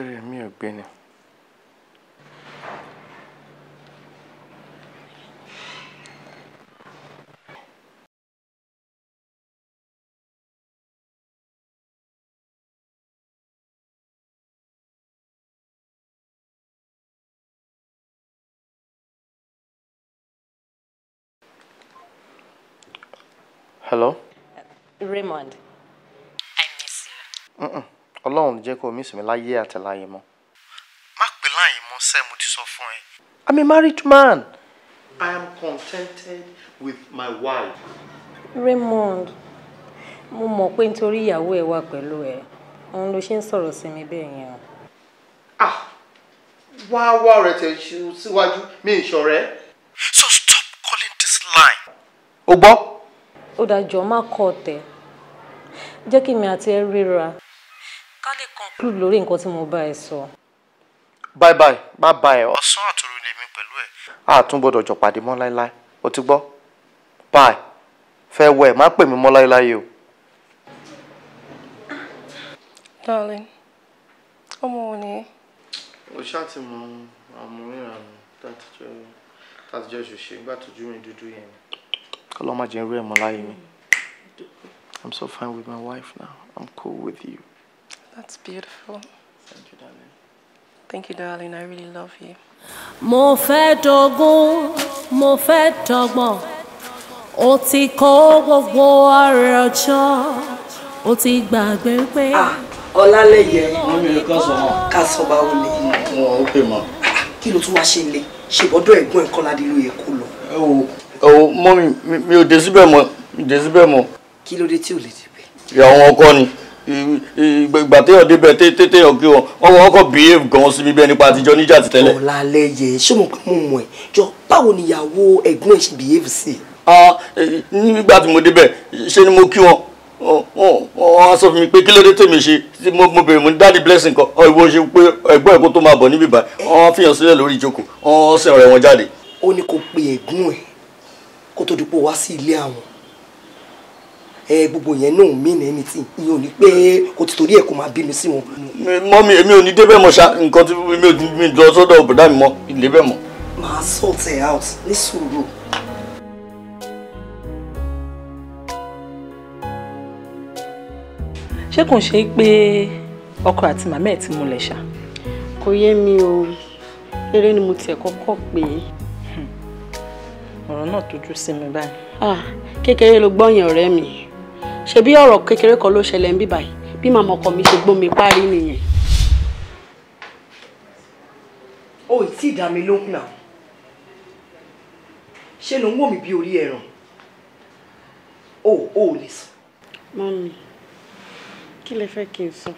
mí ò gbé ni. Hello? Raymond. I miss you. Mm-mm. ọlọ́run jẹ́ kó mi sùnmi láyé àti láyé mọ́. má pè láyé mọ́ sẹ́ mo ti sọ fún ẹ. I'm a married man. I am contented with my wife. Raymond mo mọ̀ pé nítorí ìyàwó ẹ̀ wà pẹ̀lú ẹ̀ òun ló ṣe ń sọ̀rọ̀ sí mi bẹ́ẹ̀ yẹn ah wá wá ọ̀rẹ́ tẹ̀ síwájú mi ìṣọ̀rẹ́. so stop calling this line. o gbọ́. ó dájọ́ má kọ́ ọ̀tẹ̀ jẹ́ kí mi àti ẹ ríra conclude lórí nǹkan tí mo bá ẹ sọ. bye bye má ba ẹ ọ̀sán àtòrò lè mi pẹ̀lú ẹ̀. a tún gbọ́dọ̀ jọ pàdé mọ́ láéláé o ti gbọ́ bye fẹ́ wẹ̀ má pè mí mọ́ láéláé o. darling ọmọ ò ní. o ṣáàtì mọ àmúríra mi tàtijọ́ ìṣòṣe nígbà tó jú mi dúdú yẹn. kọ́lọ́ má jẹ́ irú ẹ̀ mọ́ láyé mi. I'm so fine with my wife now. I'm cool with you. That's beautiful. Thank you, darling. Thank you, darling. I really love you. Mo fẹ́ dogun, mo fẹ́ dọ́gbọ̀n, ó ti kó gbogbo ọ̀rẹ́ ọjọ́, ó ti gbàgbé pé. Ah, Ọlálẹ́yẹ ló ní ẹ̀kọ́ sọ̀rọ̀ kásọ̀bá ò ní. Wọ́n ó pè mọ́. Ah, kí ló tún wá ṣe lé? Ṣèbọ́dọ̀ ẹ̀gbọ́n ẹ̀kọ́ ládé ló yẹ kó lọ. Ẹ wo ẹ wo mi ò dé síbẹ̀ mọ́ mi ò dé síbẹ̀ mọ́. Kí ló dé tí ò lè débẹ̀? Ìyàwó wọn ni ìgbà téèyàn débẹ̀ téèyàn kí wọn ọmọ ọkọ̀ behave gan síbi bẹ́ẹ̀ nípa àtijọ́ níjà ti tẹ́lẹ̀. ọ̀làlẹ́yẹ ṣé mo mọ̀ mọ̀ ẹ̀ jọ báwo nìyàwó ẹ̀gbọ́n ẹ̀ ṣe behave sí. nígbà tí mo débẹ̀ ṣe ni mo kí wọn wọ́n sọ fún mi pé kí ló dé tèmi ṣe tí mo bèrè mo ní dáàdi blessing kan ìwọ ṣe pé ẹ̀gbọ́n ẹ̀kọ́ tó máa bọ̀ níbí báyìí wọ́n fìyàn sílẹ̀ lórí ìjókòó wọ́n sìn ọ̀rẹ́ wọn jáde. ó ní kó pe ẹ̀gbọ́n ẹ̀ kó tó di wá sí ilé àwọn ẹ gbogbo yẹn náà mí ní ẹni tí ìyẹn ò ní pé o ti torí ẹ kó máa bínú sí wọn. mọ́mí èmi ò ní débẹ̀ mọ́ ṣá nǹkan tí mi ò mi lọ sọ́dọ̀ ọ̀bùdá mi mọ́ ilé bẹ́ẹ̀ mọ́. màá sort it out ní sùúrù. ṣé kò ṣe é pé ọkọ àti màmá ẹ̀ ti múlẹ̀ ṣá. kò yé mi o eré ni mo tiẹ̀ kọ́kọ́ pé hmm. ọ̀rọ̀ náà tójú sí mi báyìí. Ah, kékeré ló gbọ́ ọ̀rẹ́ mi ṣebí ọ̀rọ̀ kékeré kan ló ṣẹlẹ̀ ń bí báyìí bí màmá ọkọ mi ṣe gbọ́n mi parí nìyẹn. o ì tí ì dá mi lóhùn náà ṣé ló ń wò mí bí orí ẹran o ò lè sọ. mọ́mí kí lẹ fẹ́ kí n sọ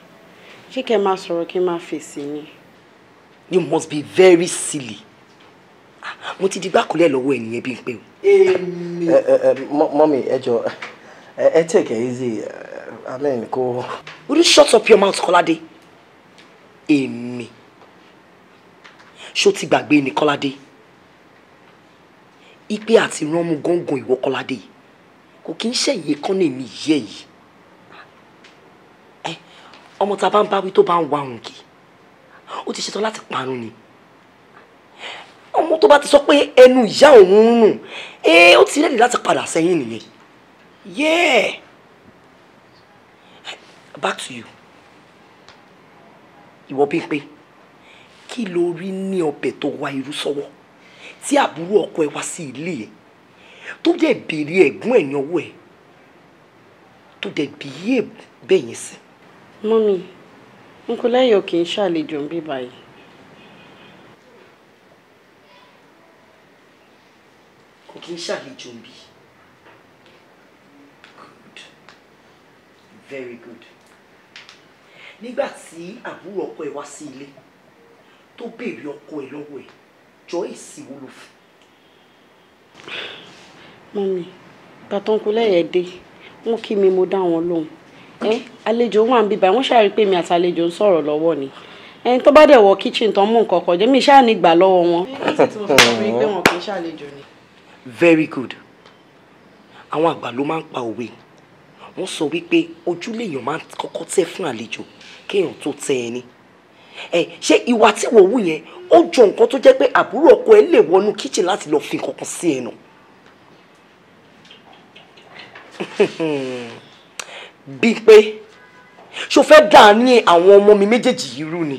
ṣé kẹ́ máa sọ̀rọ̀ kí n máa fèsì ni. you must be very silly ah, mo ti di gbákùlẹ̀ lọ́wọ́ ẹ̀ nìyẹn bí n pé o. èmi. Eh, eh, eh, mọ́mí ẹ jọ ẹ take it easy amen go. Would you shut up your mouth Kọ́ládé èmi ṣó ti gbàgbé ni Kọ́ládé ipe àti ránmú gángan ìwọ Kọ́ládé kò kí ń ṣẹ̀yìn go ní èmi yẹ yìí ẹ ọmọ tá eh? I'm not a bad bá to wá òun kì ó ti ṣetán láti parun ni ọmọ tó bá ti sọ pé ẹnu ìyá òun ń rùn ẹ ó ti rẹ́ẹ̀dì láti Yeah. Back to you. You Bímpé, pay lo rí ní ọbẹ̀ tó wá irú sọ́wọ́ tí àbúrò ọkọ ẹ wá sí ilé ẹ tó dẹ̀ béèrè ẹ̀gbọ́n ẹ̀ ní ọwọ́ ẹ tó dẹ̀ bìíye bẹ́yẹn sí. Mọ́mi, n kò lẹ́yìn òkè ń ṣàlejò ń bí báyìí. Kò kí ń ṣàlejò ń very good nígbà tí àbúrò ọkọ ẹ wá sí ilé tó béèrè ọkọ ẹ lọ́wọ́ ẹ jọ èsì wo ló fún. mọ́mí bàtọ́nkú lẹ́yẹ̀ dé wọ́n kí mi mo dá wọn lóhùn ẹ́ àlejò wà ń bíbá wọ́n ṣàrí pé mi àtàlejò ń sọ̀rọ̀ lọ́wọ́ ni ẹni tó bá dẹ̀ wọ kíchìn tán mú nǹkan kan jẹ́ mi ṣáà ní gbà lọ́wọ́ wọn. very good àwọn àgbà ló máa ń pa òwe wọ́n sọ wípé ojú lèèyàn máa ń kọ́kọ́ tẹ́ fún àlejò kéèyàn tó tẹ ẹni ẹ ṣé ìwà tí wò wù yẹn ó jọ nǹkan tó jẹ́ pé àbúrò ọkọ ẹ lè wọnú kíchìn láti lọ fi kankan sí ẹnu. *laughs* bíi pé ṣo fẹ́ dàní àwọn ọmọ mi méjèèjì yìí rú ni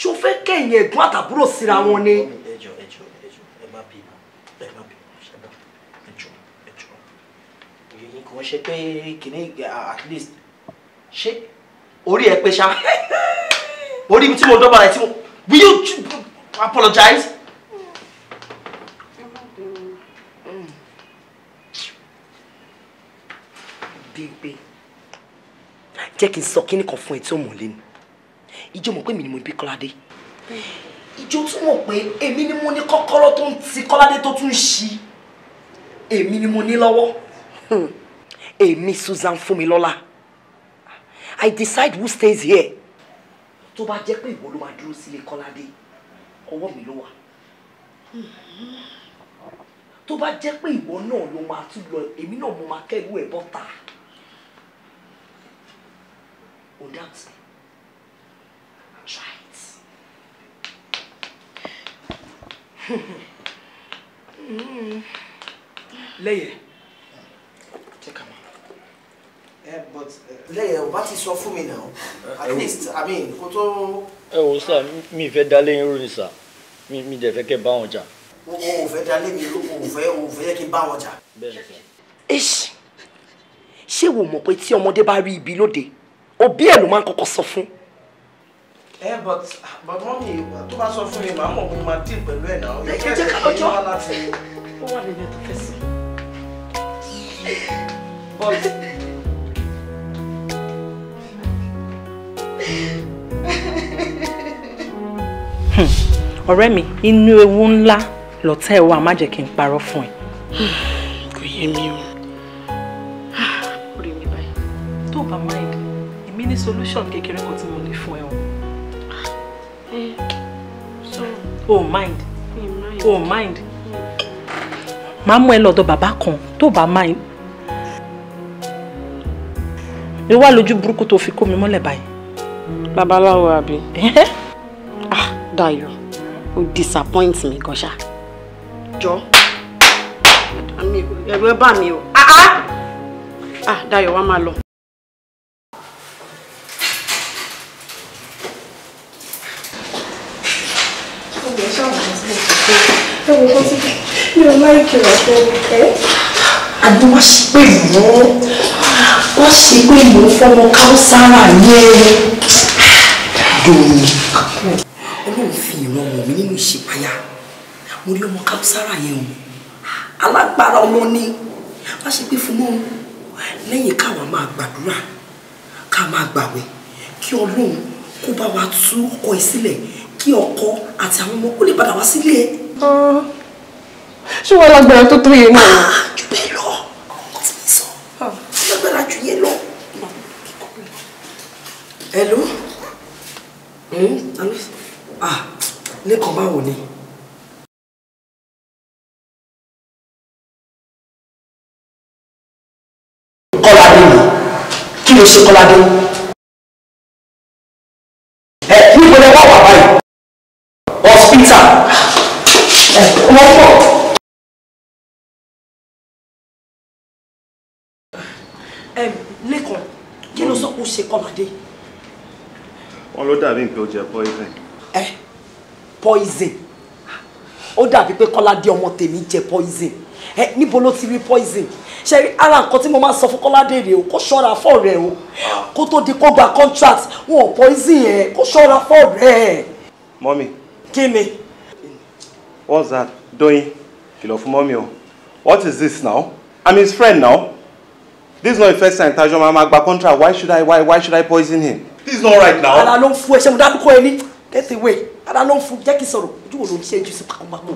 ṣo fẹ́ kẹ̀yìn ẹ̀gbọ́n àtàbúrò síra wọn ni. ṣe pé kìnní uh, at least ṣé orí ẹ pé ṣá orí mi tí mo dọ́bàrà ẹ tí mo will you apologize. gbígbé jẹ́ kí n sọ kíní kan fún ẹ tí ó mọ̀ lẹ́nu ìjọ mọ̀ pé mi ni mo bí kọ́ládé ìjọ tún mọ̀ pé èmi ni mo ní kọ́kọ́rọ́ tó ń ti kọ́ládé tó tún ṣí èmi ni mo ní lọ́wọ́ èmi Susan Fúnmilọ́lá I decide who stays here To ba jẹ́ pé ìwọ ló máa dúró sílé Kọ́ládé ọwọ́ mi ló wà tó bá jẹ́ pé ìwọ náà ló máa tún lọ èmi náà mo máa kẹ́rù ẹ̀ bọ́ta o doubt me try it. *laughs* Hmm. lẹ́yìn. Eh, eh, lẹ́yìn ọba ti sọ fún mi at least i mean kó tó. ẹ wo sá mi fẹ́ dá lẹ́yìn rú sá mi mi dẹ̀ fẹ́ kẹ́ bá wọn jà. o ò fẹ́ dá lẹ́yìn o ò o ò fẹ́ kí n bá wọn jà. bẹ́ẹ̀ni ṣé wo mọ̀ pé tí ọmọdé bá rí ibi lóde òbí ẹ̀ ló máa ń kọ́kọ́ sọ fún. ẹ eh, but bàbá mi tó bá sọ fún mi màá mọ̀ pé màá dì pẹ̀lú ẹ̀ náà. ẹ jẹ́ ká lọ́jọ́ ó wà nínú ẹ̀ tó fẹ́ sọ. Hmm. ọ̀rẹ́ mi inú ewu ńlá lọ́tẹ̀ wa má jẹ́ kí n parọ́ fún ẹ. kò yé mi o. orí mi báyìí tó bá mind èmi ní solution kékeré kan tí mo lè fún ẹ o. Eh, o mind oh mind máa mú ẹ lọ́dọ̀ bàbá kan tó bá mind. ìwà lójú burúkú tó fi kó mi mọ́lẹ̀ báyìí babaláwo àbí *laughs* ah Dayọ̀ You disappoint mi gan ṣá. jọ ẹ̀rù ẹ bà mí o ah, ah! ah Dayọ̀ wá máa lọ. Àbí wọ́n ṣe pé mọ́, wọ́n ṣe pé mọ́ fọmọ káwọ́ sára yẹn gan ọmọ ni wá ṣe pé fún mọ́ lẹ́yìn káwa máa gbàdúrà ká máa gbàwẹ̀ kí ọlọ́run kó bá wa tú ọkọ ẹ̀ sílẹ̀ kí ọkọ àti àwọn ọmọ kó lè padà wá sílé ẹ̀. ṣé wàá lágbára tó tó yẹn náà. Ah, jù bẹ́ẹ̀ lọ ọkọ tí mi sọ ah. lágbára jù yẹn lọ. hello. Hmm? Ah, lẹ́kàn báwo ni. kọ́ládé ni kí ló ṣe kọ́ládé. ẹ níbo ni wọ́n wà báyìí hospital ẹ wọ́n pọ̀. lẹ́kàn kí ló sọ pé ó ṣe kọ́ládé wọ́n ló dàbí pé ó jẹ poison. ẹ poison ó dàbí pé kọ́ládé ọmọ tèmi jẹ poison ẹ níbo ló ti rí poison ṣe rí ara nǹkan tí mo máa sọ fún kọ́ládé rèé o kó ṣọ́ra fọ́ rẹ o kó tó di kó gba contract wọn ò poison yẹn kó ṣọ́ra fọ́ rẹ. mọ́mì. kí ni. what's that doyin kìlọ̀ fún mọ́mì o what is this now i'm his friend now this is not the first time tajoma ma gba contract why should i why why should i poison him this is not right now. ara ló ń fún ẹsẹ̀ mo dárúkọ ẹni get away ara ló ń fún jẹ́ kí sọ̀rọ̀ wo ló ń ṣe jù sí pàkópàkó.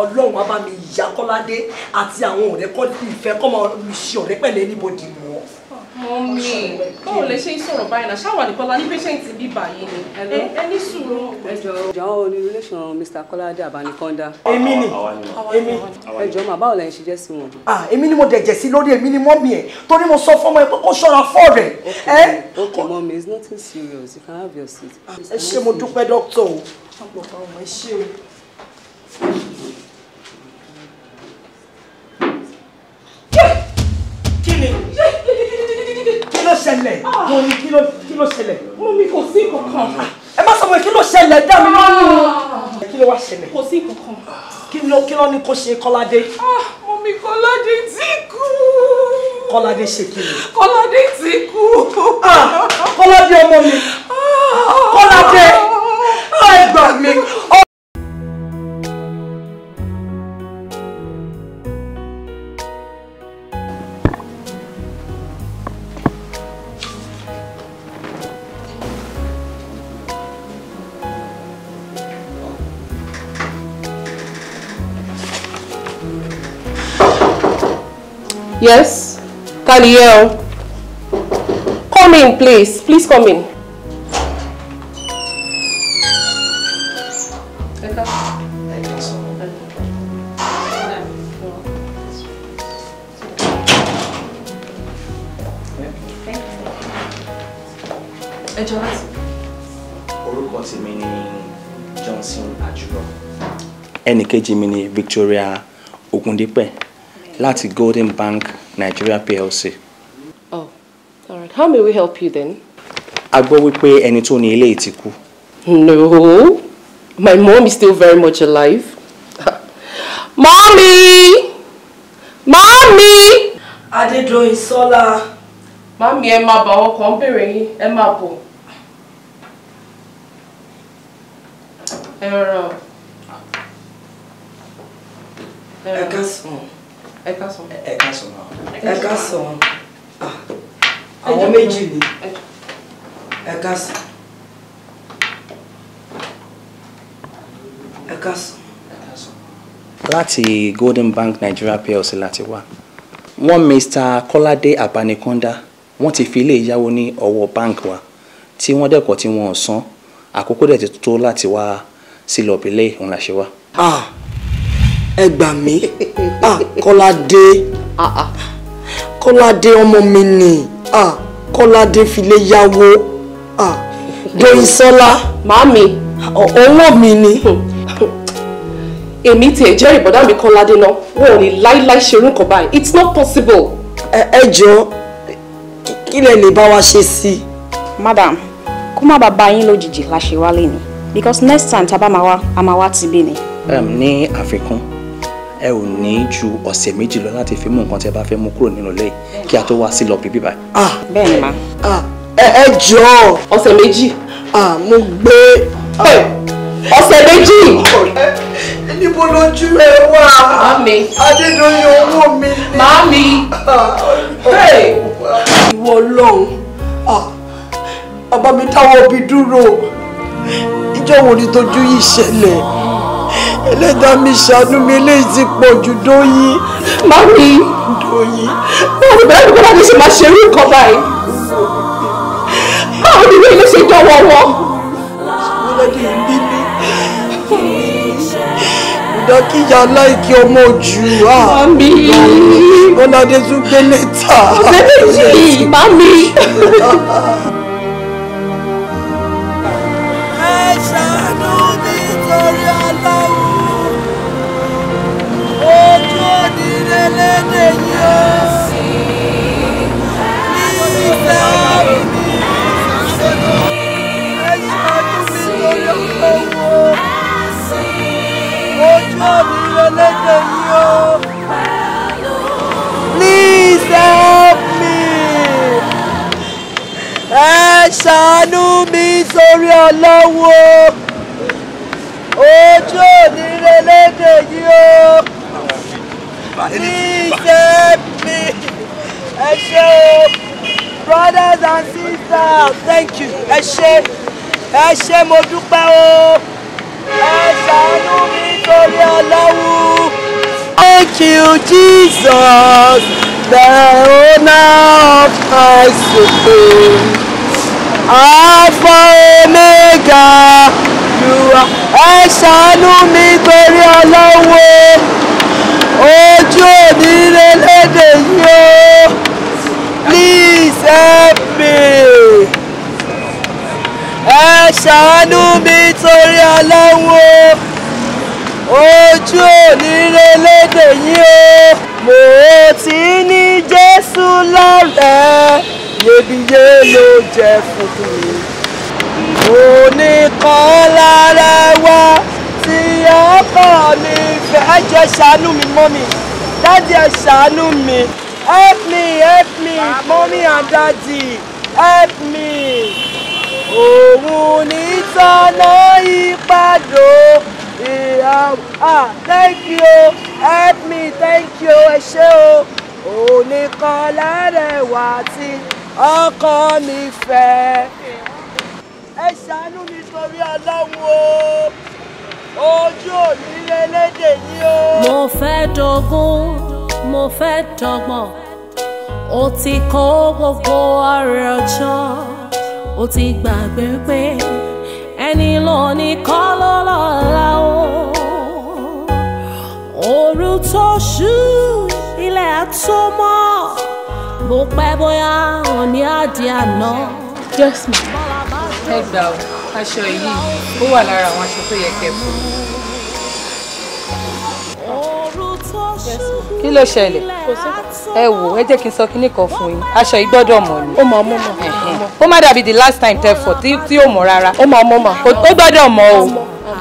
ọlọ́run á bá mi ìyá kọ́ládé àti àwọn ọ̀rẹ́ kọ́ ìfẹ́ kọ́ máa ṣe ọ̀rẹ́ pẹ̀lú anybody mọ́mí báwo lè ṣe ń sọ̀rọ̀ báyìí náà ṣáwà nìkan la ní patient bí báyìí ni eh, ẹni ni relation Mr. Kọ́ládé Àbánikọ́ndá. èmi báwo lẹ́yìn ṣe jẹ́ sí wọn. Ah, èmi ni mo dẹ̀jẹ̀ sí lórí èmi ni mọ́mí ẹ̀ torí mo sọ fọ́mọ ẹ pé kó ṣọ́ra fọ́ rẹ̀. ok eh? mọ́mí it's nothing serious you can have your seat. Ah, ẹ ṣé mo dúpẹ́ dókítà o. ọ̀pọ̀ ọmọ ẹ ṣé o. ṣẹlẹ̀ ah. mo ní kí ló kí ló ṣẹlẹ̀. mo mi kò sí kankan. Ah. ẹ má sọ pé kí ló ṣẹlẹ̀ dá mi lóhùn. Ah. kí ló wá ṣẹlẹ̀. kò sí kankan. kí ló ní kó ṣe kọ́ládé. mo mi kọ́ládé ti kú. kọ́ládé ṣe kí ni. kọ́ládé ti kú. kọ́ládé ọmọ mi. kọ́ládé ẹ gbà mí ọ Yes? Taliel. Come in, please. Please come in. Ẹjọ́ láti. Orúkọ tèmi ni Johnson Àjùlọ. Ẹnìkejì mi ni Victoria Ogundipe. láti Golden Bank Nigeria PLC. Oh, all right. How may we help you then? A gbọ́ wípé ẹni tó ní ilé ti kú. No, my mom is still very much alive. *laughs* Mommy! Mommy! Adedoyin Sola. Mami ẹ máa bá wọn kàn bèrè yín, ẹ máa bọ̀. Ẹ rọra. Ẹ kẹsàn-án ẹ káàsán. ẹ káàsán ma. ẹ káàsán ah, àwọn méjì ni ẹ káàsán ẹ káàsán. láti Golden Bank Nigeria plc láti wá wọ́n Mr. Kọ́ládé Abanikonda wọ́n ti fi ilé ìyáwó ní ọwọ́ bank wa tí wọ́n dẹ́kọ̀ tí wọ́n san àkókò dẹ̀ ti tó láti wá sílọ̀bì lẹ́yìn òun la ṣe wá. ah ẹ gbà mí kọ́ládé ah, ah. kọ́ládé ọmọ mi nì kọ́ládé filé yáwó doyinsọ́lá. màámi. owó mi ni. èmi tiẹ̀ jẹ́rìí bọ̀dá mi kọ́ládé náà wọn ò ní láíláí ṣerú nǹkan báyìí it's not possible. ẹ jọ̀ọ́ kí lẹ lè bá wa ṣe sí i. madam kó má bàa bá yín lójijì la ṣe wá ni because next time tá a bá máa wá a máa wá tibí ni. ní àfikún ẹ ò ní ju ọ̀sẹ̀ méjì lọ láti fi mú nǹkan tí ẹ bá fẹ́ mú kúrò nínú ilé yìí kí a tó wá sí lọ bíbí báyìí. Ah, bẹ́ẹ̀ ni ma. Ah, ah, ẹ jọ̀ọ́ ọ̀sẹ̀ méjì mo gbé ọ̀sẹ̀ méjì. níbo lójú ẹ wà adédọ́yìn owó mi. màámi ìwọ ọlọ́run ọba mi táwọn òbí dúró ìjọ wo ni tójú yìí ṣẹlẹ̀ ẹlẹ́dà mi ṣàánú mi eléyìí ti pọ̀ ju dóyin. mami dóyin. báwo ni bẹ́ẹ̀ ni bọ́lá mi ṣe máa ṣe irú nǹkan báyìí. báwo ni bẹ́ẹ̀ ló ṣe dánwọ́ wọn. ṣùgbọ́n bí mi ìdákíyà láìkí ọmọ ojú à. Ah. mami ọ̀nà adé tún gbé lẹ́tà. ọ̀sẹ̀ méjì mami. *laughs* ẹlẹ́dẹ̀ yìí ó ní ìfẹ́ ọ̀rọ̀ mi ẹ̀yìn ọdún mi lórí ọ̀pọ̀wọ́ ojú ọ̀mí ẹlẹ́dẹ̀ yìí please help me ẹ ṣàánú mi sórí ọlọ́wọ́ ojú òní ẹlẹ́dẹ̀ yìí ó. Please help me, ṣé o brothers and sisters thank you ẹ ṣé ẹ ṣé mo dúpẹ́ o ẹ ṣàánú mi nítorí ọlọ́wù. Thank you Jesus the owner of my soul Alpha Omega you are ẹ ṣàánú mi nítorí ọlọ́wù ojú òní lélẹ́dẹ̀ yìí o please help me ẹ ṣàánú mi torí aláwo ojú òní lélẹ́dẹ̀ yìí o mo ti ní Jésù lọ́rẹ̀ẹ́ iyebíye ló jẹ́ fún mi mo ní lára wá dáàdì ọkọ mi ẹ jẹ́ ṣàánú mi mọ́mì dáàdì ẹ ṣàánú mi help me help me mọ́mì and dáàdì help me. òun ní tọ́nà ìpàdó ìyàwó thank you help me thank you ẹ ṣé o òun nìkan lárẹ̀wà tí ọkọ mi fẹ́ ẹ ṣàánú mi torí ọlọ́run o ojú òní lélédè yín o. mo fẹ́ dogún mo fẹ́ dọ́gbọ̀n ó ti kó gbogbo ọrẹ ọjọ́ ó ti gbàgbé pé ẹni lóní kọ́ ló lọ́la o. òru tó ṣú ilẹ̀ tó mọ́ bó pẹ́ bóyá òní á di àná. yes ma ẹ gbà aṣọ yìí ó wà lára àwọn aṣọ tó yẹ kẹ́ fún kí ló ṣẹlẹ̀ ẹ wò ẹ jẹ́ kí n sọ kinní kan fún yín aṣọ yìí gbọ́dọ̀ mọ̀ ni. ó mọ ọmọ mọ. ó má dàbí the last time tẹ fọ tí ó mọ rárá. ó mọ ọmọ mọ. ó gbọ́dọ̀ mọ o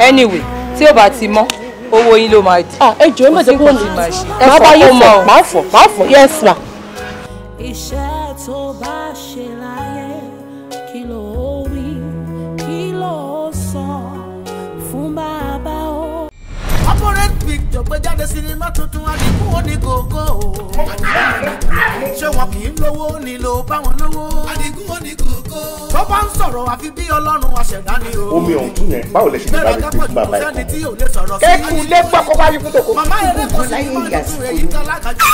anyway tí ó bá ti mọ owó yín ló máa di. ẹ jọ̀ọ́ ẹ má jẹ́ kó ní ẹ fọ́ kó mọ̀ ọ́. máa fọ̀ máa fọ̀ yes ma. iṣẹ́ tó bá ṣe. gbé jáde sinimá tuntun àdínkù òní kòkó o. ṣé wọn kì í lówó nílò báwọn lówó. àdínkù òní kòkó tó bá ń sọ̀rọ̀ àfi bí ọlọ́run aṣẹ̀dá ni o. omi ọ̀tún yẹn báwo lẹ ṣe ní báyìí pé fún bàbá ẹ̀ kan. kẹ́kùn lé pàkó bá yípo tòkó. màmá eré kan sí ìmọ̀ tuntun èyí tó alágàjù.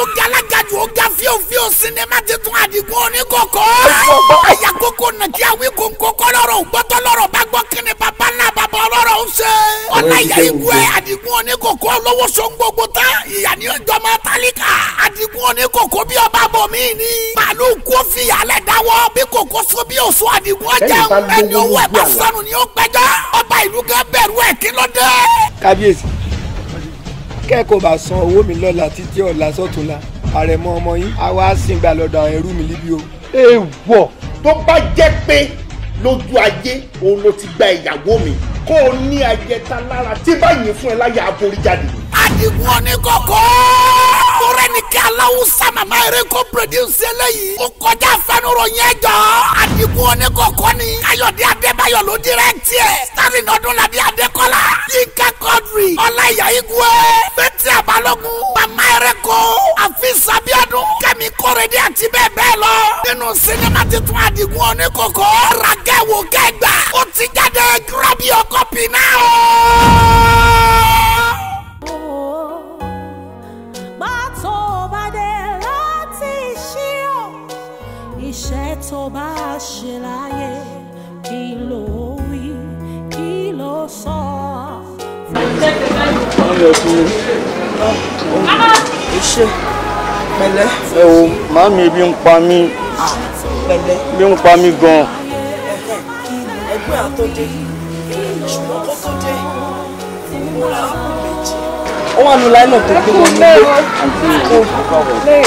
ó ga alágàjù ó ga fíofíò sinimá ti tún àdìgún oníkókó. àyà ah! kókó nàkí àwí kókó kọ́lọ́rọ̀ ògbọ́tọ́ lọ́rọ̀ bá gbọ́ kíni bàbá ńlá bàbá ọlọ́rọ̀ ń ṣe. ọ̀nà ìyá ikú ẹ̀ àdìgún oníkókó lọ́wọ́ so ń gbogbo tán ìyá ni ó jọmọ tálíkà àdìgún oníkókó bí ọba bọ̀ mí ni. màálù kó fìyà lẹ̀ dáwọ́ bí kòkó so bí òfò àdìgún ọjà ẹni owó ẹ̀ bá sọnù ni ó pẹjọ́ ọba ìlú kan bẹ̀rù ẹ̀ kí ló dé. kábíyèsí kẹ́kọ̀ọ́ bá san owó mi lọ́la títí ọ̀la sọ́túnla àrẹ̀mọ ọmọ yín á wá sìn gbà lọ́dọ̀ àwọn ẹrú mi líbi o. èèwọ̀ tó bá jẹ́ pé lójú ayé òun ló ti gba ìyàwó mi kó o ní ajẹta lára tí báyìí fún ẹ láyà aborí jáde. Adigun oníkókó. Kúrẹ́ ni kí Aláwùsá màmá yẹrẹ kó pòdúsì eléyìí. Ó kọjá fẹnurọ̀ yẹn jọ. Adigun oníkókó ni. Káyọ̀dé Adébáyọ̀ ló dírẹ́tì ẹ̀. Starring Ọdúnladé Adékọ́lá. Yínká Quadri. Ọláìyá Igwe. Bẹ́tì Àbálọ́gún. Màmá yẹrẹ kó. Àfi Sábíàdún. Kẹ́mi Kọ́rẹ́dé àti bẹ́ẹ̀ bẹ́ẹ̀ lọ. Nínú sinimá titun Adigun oníkókó. Ràgẹ́wò kẹgbà. Ó ti jáde grab your copy now. bá ṣe láyé kí ló wí kí ló sọ. iṣẹ́ pẹ̀lẹ́. ẹ o màámi ebi ń pa mí ah, pẹ̀lẹ́ ebi ń pa mí gan-an. ẹgbẹ́ àtọ́jẹ́ ṣùgbọ́n kó tó dé ìmúra ó wà ní láìnà tó gbé wọn nílé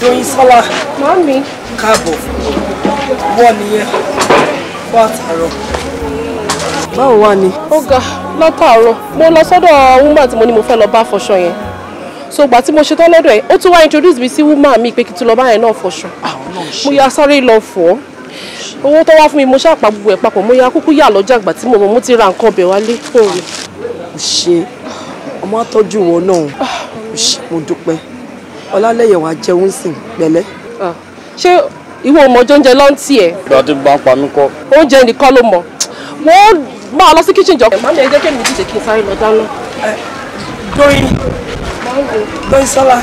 Doyin Sọlá káàbọ̀ wọ́n nìyẹn fún àtàrọ̀. báwo wà ni. ó ga látàárọ̀ mo lọ sọ́dọ̀ woman tí mo ní mo fẹ́ lọ bá fọṣọ yẹn so ìgbà tí mo ṣe tán lọ́dọ̀ ẹ̀ ó tún wá introduce mi sí woman mi pé kí n tún lọ bá yẹn náà fọṣọ ah, mo yà sáré lọ fọ̀ owó tó wá fún mi mo ṣàpà gbogbo ẹ̀ papọ̀ mo yà kúkú yà lọ́jà ìgbà tí mo mọ̀ mo ti ra nǹkan ọbẹ̀ wálé fún ah, mi. ṣe ọmọ àtọ́jú wọn náà mo dúpẹ́ ọlálẹ́yẹ̀ wàá jẹun sìn pẹ̀lẹ́. Ah, ṣé ìwọ ò mọ oúnjẹ lọ́ǹtì ẹ̀. ìgbà tí bá ń pa mí kọ́. oúnjẹ nìkan ló mọ wọ́n máa lọ sí kíchìn jọ. màmí ẹ jẹ́ kí èmi dìde kí n sáré lọ dáná. dóyin dóyin sọlá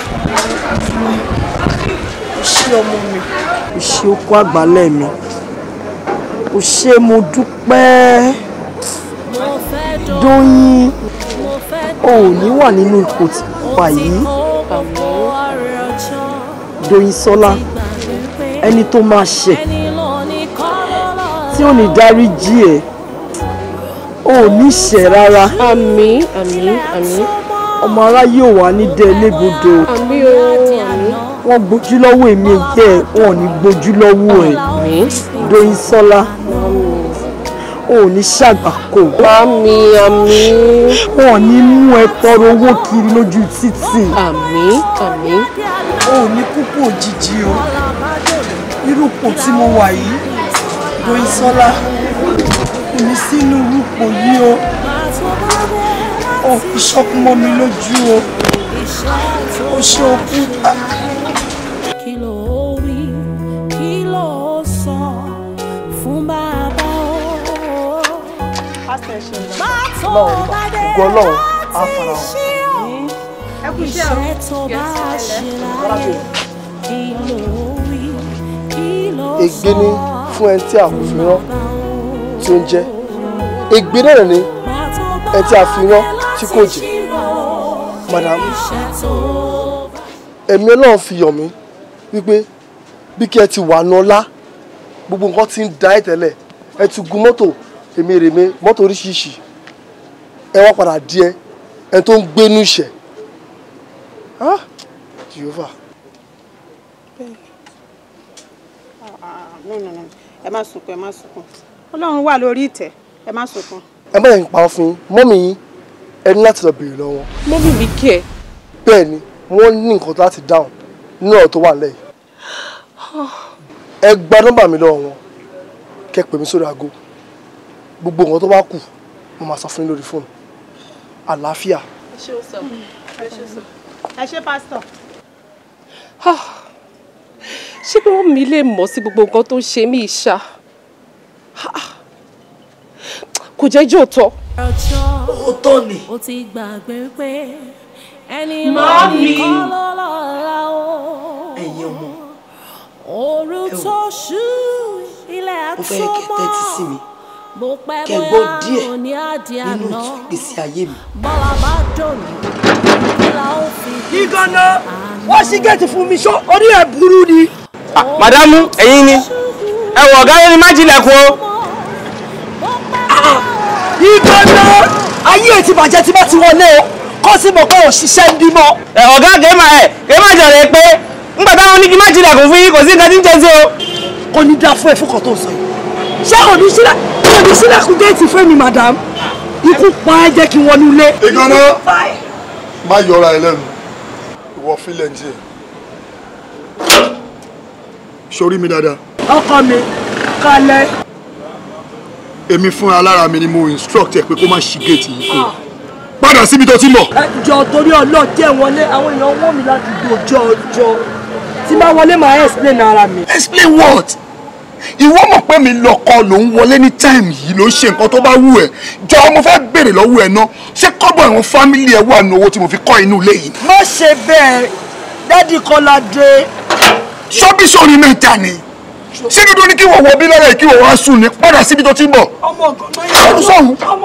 o ṣé ọmọ mi o okó àgbálẹ̀ mi o ṣé mo dúpẹ́ dóyin o ò ní wà nínú ipò tí wà yìí Doyin Sọlá ẹni tó máa ṣẹ̀ tí ò ní dáríjì ẹ̀ o ò ní ṣẹ̀ rárá. àmín àmín àmín. ọmọ aráyé ò wá ní dé lébodò. àmín o àmín. wọ́n gbójú lọ́wọ́ èmi ẹ̀yẹ́ wọn ò ní gbójú lọ́wọ́ ẹ̀ Doyin Sọlá ò ní ṣàgbákò. mami àmín. wọn ò ní mú ẹ owó kiri lójú títì. àmín àmín. o ò ní kúkú òjijì o irú ipò tí mo wà yìí Doyinsọ́lá kò ní sínú irúpò yìí o ò fi ṣọ́kú mi lójú o ó ṣe okú. ọlọ́run ògo ọlọ́run á fara hàn. ẹ kú iṣẹ́ o ègbé ni fún ẹni tí a kò fi rán tí ó ń jẹ ègbé náà ni ẹni tí a fi rán tí kò jẹ madam ẹ̀mí ọlọ́run fi yọ̀ mí wípé bí kí ẹ ti wà ní ọlá gbogbo nǹkan ti ń da ẹ tẹ́lẹ̀ ẹ ti gun mọ́tò èmi rèmi mọ́tò oríṣiríṣi ẹ wá padà díẹ̀ ẹ tó ń gbénú ìṣẹ́ Jehovah. Ah, ah, ẹ má sunkún ẹ má sunkún Ọlọ́run wà lórí ìtẹ́ ẹ má sunkún. ẹ má yẹn pa ọ fún mọ́mì yín ẹ ní láti lọ béèrè lọ́wọ́. mọ́mì mi kí ẹ. bẹ́ẹ̀ ni wọ́n ní nǹkan láti dáhùn nínú ọ̀rọ̀ tó wà lẹ́yìn. ẹ gba nọ́mbà mi lọ́wọ́ wọn kẹ́ pè mí sórí aago gbogbo nǹkan tó bá kù mo máa sọ fún yín lórí fóònù àlàáfíà. ẹ ṣé o mm. ṣé o ah. wọ́n mi lè mọ̀ sí gbogbo nǹkan tó ń ṣe mí ìṣá ah. kò jẹ́ jẹ́ òótọ́. òótọ́ ni. o ti gbàgbé pé ẹni máa ní kọ́ lọ́la o. ẹ̀yin ọmọ ẹ wò ó fẹ́ kẹ́ tẹ́tí sí kẹ̀gbọ́ díẹ̀ nínú ìgbésí ayé mi. bọ́lá bá dòní kílá ó fi. ìgànnà wọ́n ṣí géètì fún mi ṣó orí ẹ̀ burú ni. Ah, màdámù ẹ̀yin ni ẹ wọ̀ ọ̀gá yẹn ni má jìnlẹ̀kùn o. Ah, ìgànnà ayé ètí bàjẹ́ tí bá ti wọlé o kọ́ sí mọ̀ pé òṣìṣẹ́ ń bímọ. ọ̀gá kèémà ẹ̀ kèémà jọ̀rọ̀ pé ńgbà táwọn ní kí má jìnlẹ̀kùn fún yín kò sí nǹkan tí ń jẹ́ sí o. kò ní dáa fún ẹ fún kan tó sọ yìí ṣé òní sílẹ̀ ọ̀dọ̀ sílẹ̀ kún géètì fẹ́mi madam ikú pa ẹ́ jẹ́ kí n wọnú ilé. ìgbọ́nà má yọra ẹ lẹ́nu ìwọ fílẹ̀ ń tiẹ̀ sórí mi dáadáa. ọkọ mi kalẹ̀. èmi fúnra lára mi ni mo instruct ẹ pé kó má ṣí géètì yìí kó padà síbi tó ti lọ. ẹ jọ torí ọlọ́ọ̀ jẹ́ wọlé àwọn èèyàn wọ́n mi láti dojọ́ ọjọ́ tí bá wọlé máa explain ara mi. explain what? ìwọ mọ̀ pé mi lọ́kọ ló wọlé ní táìmù yìí ló ṣe nǹkan tó bá wù ẹ́ jọ mo fẹ́ béèrè lọ́wọ́ ẹ̀ náà ṣé kọ́bọ̀ ẹ̀wọ̀n fámìlì ẹ̀ wà nù owó tí mo fi kọ́ inú ilé yìí. má ṣe bẹ́ẹ̀ dádì Kọ́ládé. ṣọ́bí sórí mẹ́ta ni ṣé dúdú ní kí wọ́n wọ bí lọ́rọ̀ kí wọ́n wá sùn ní padà síbi tó ti ń bọ̀. ọmọ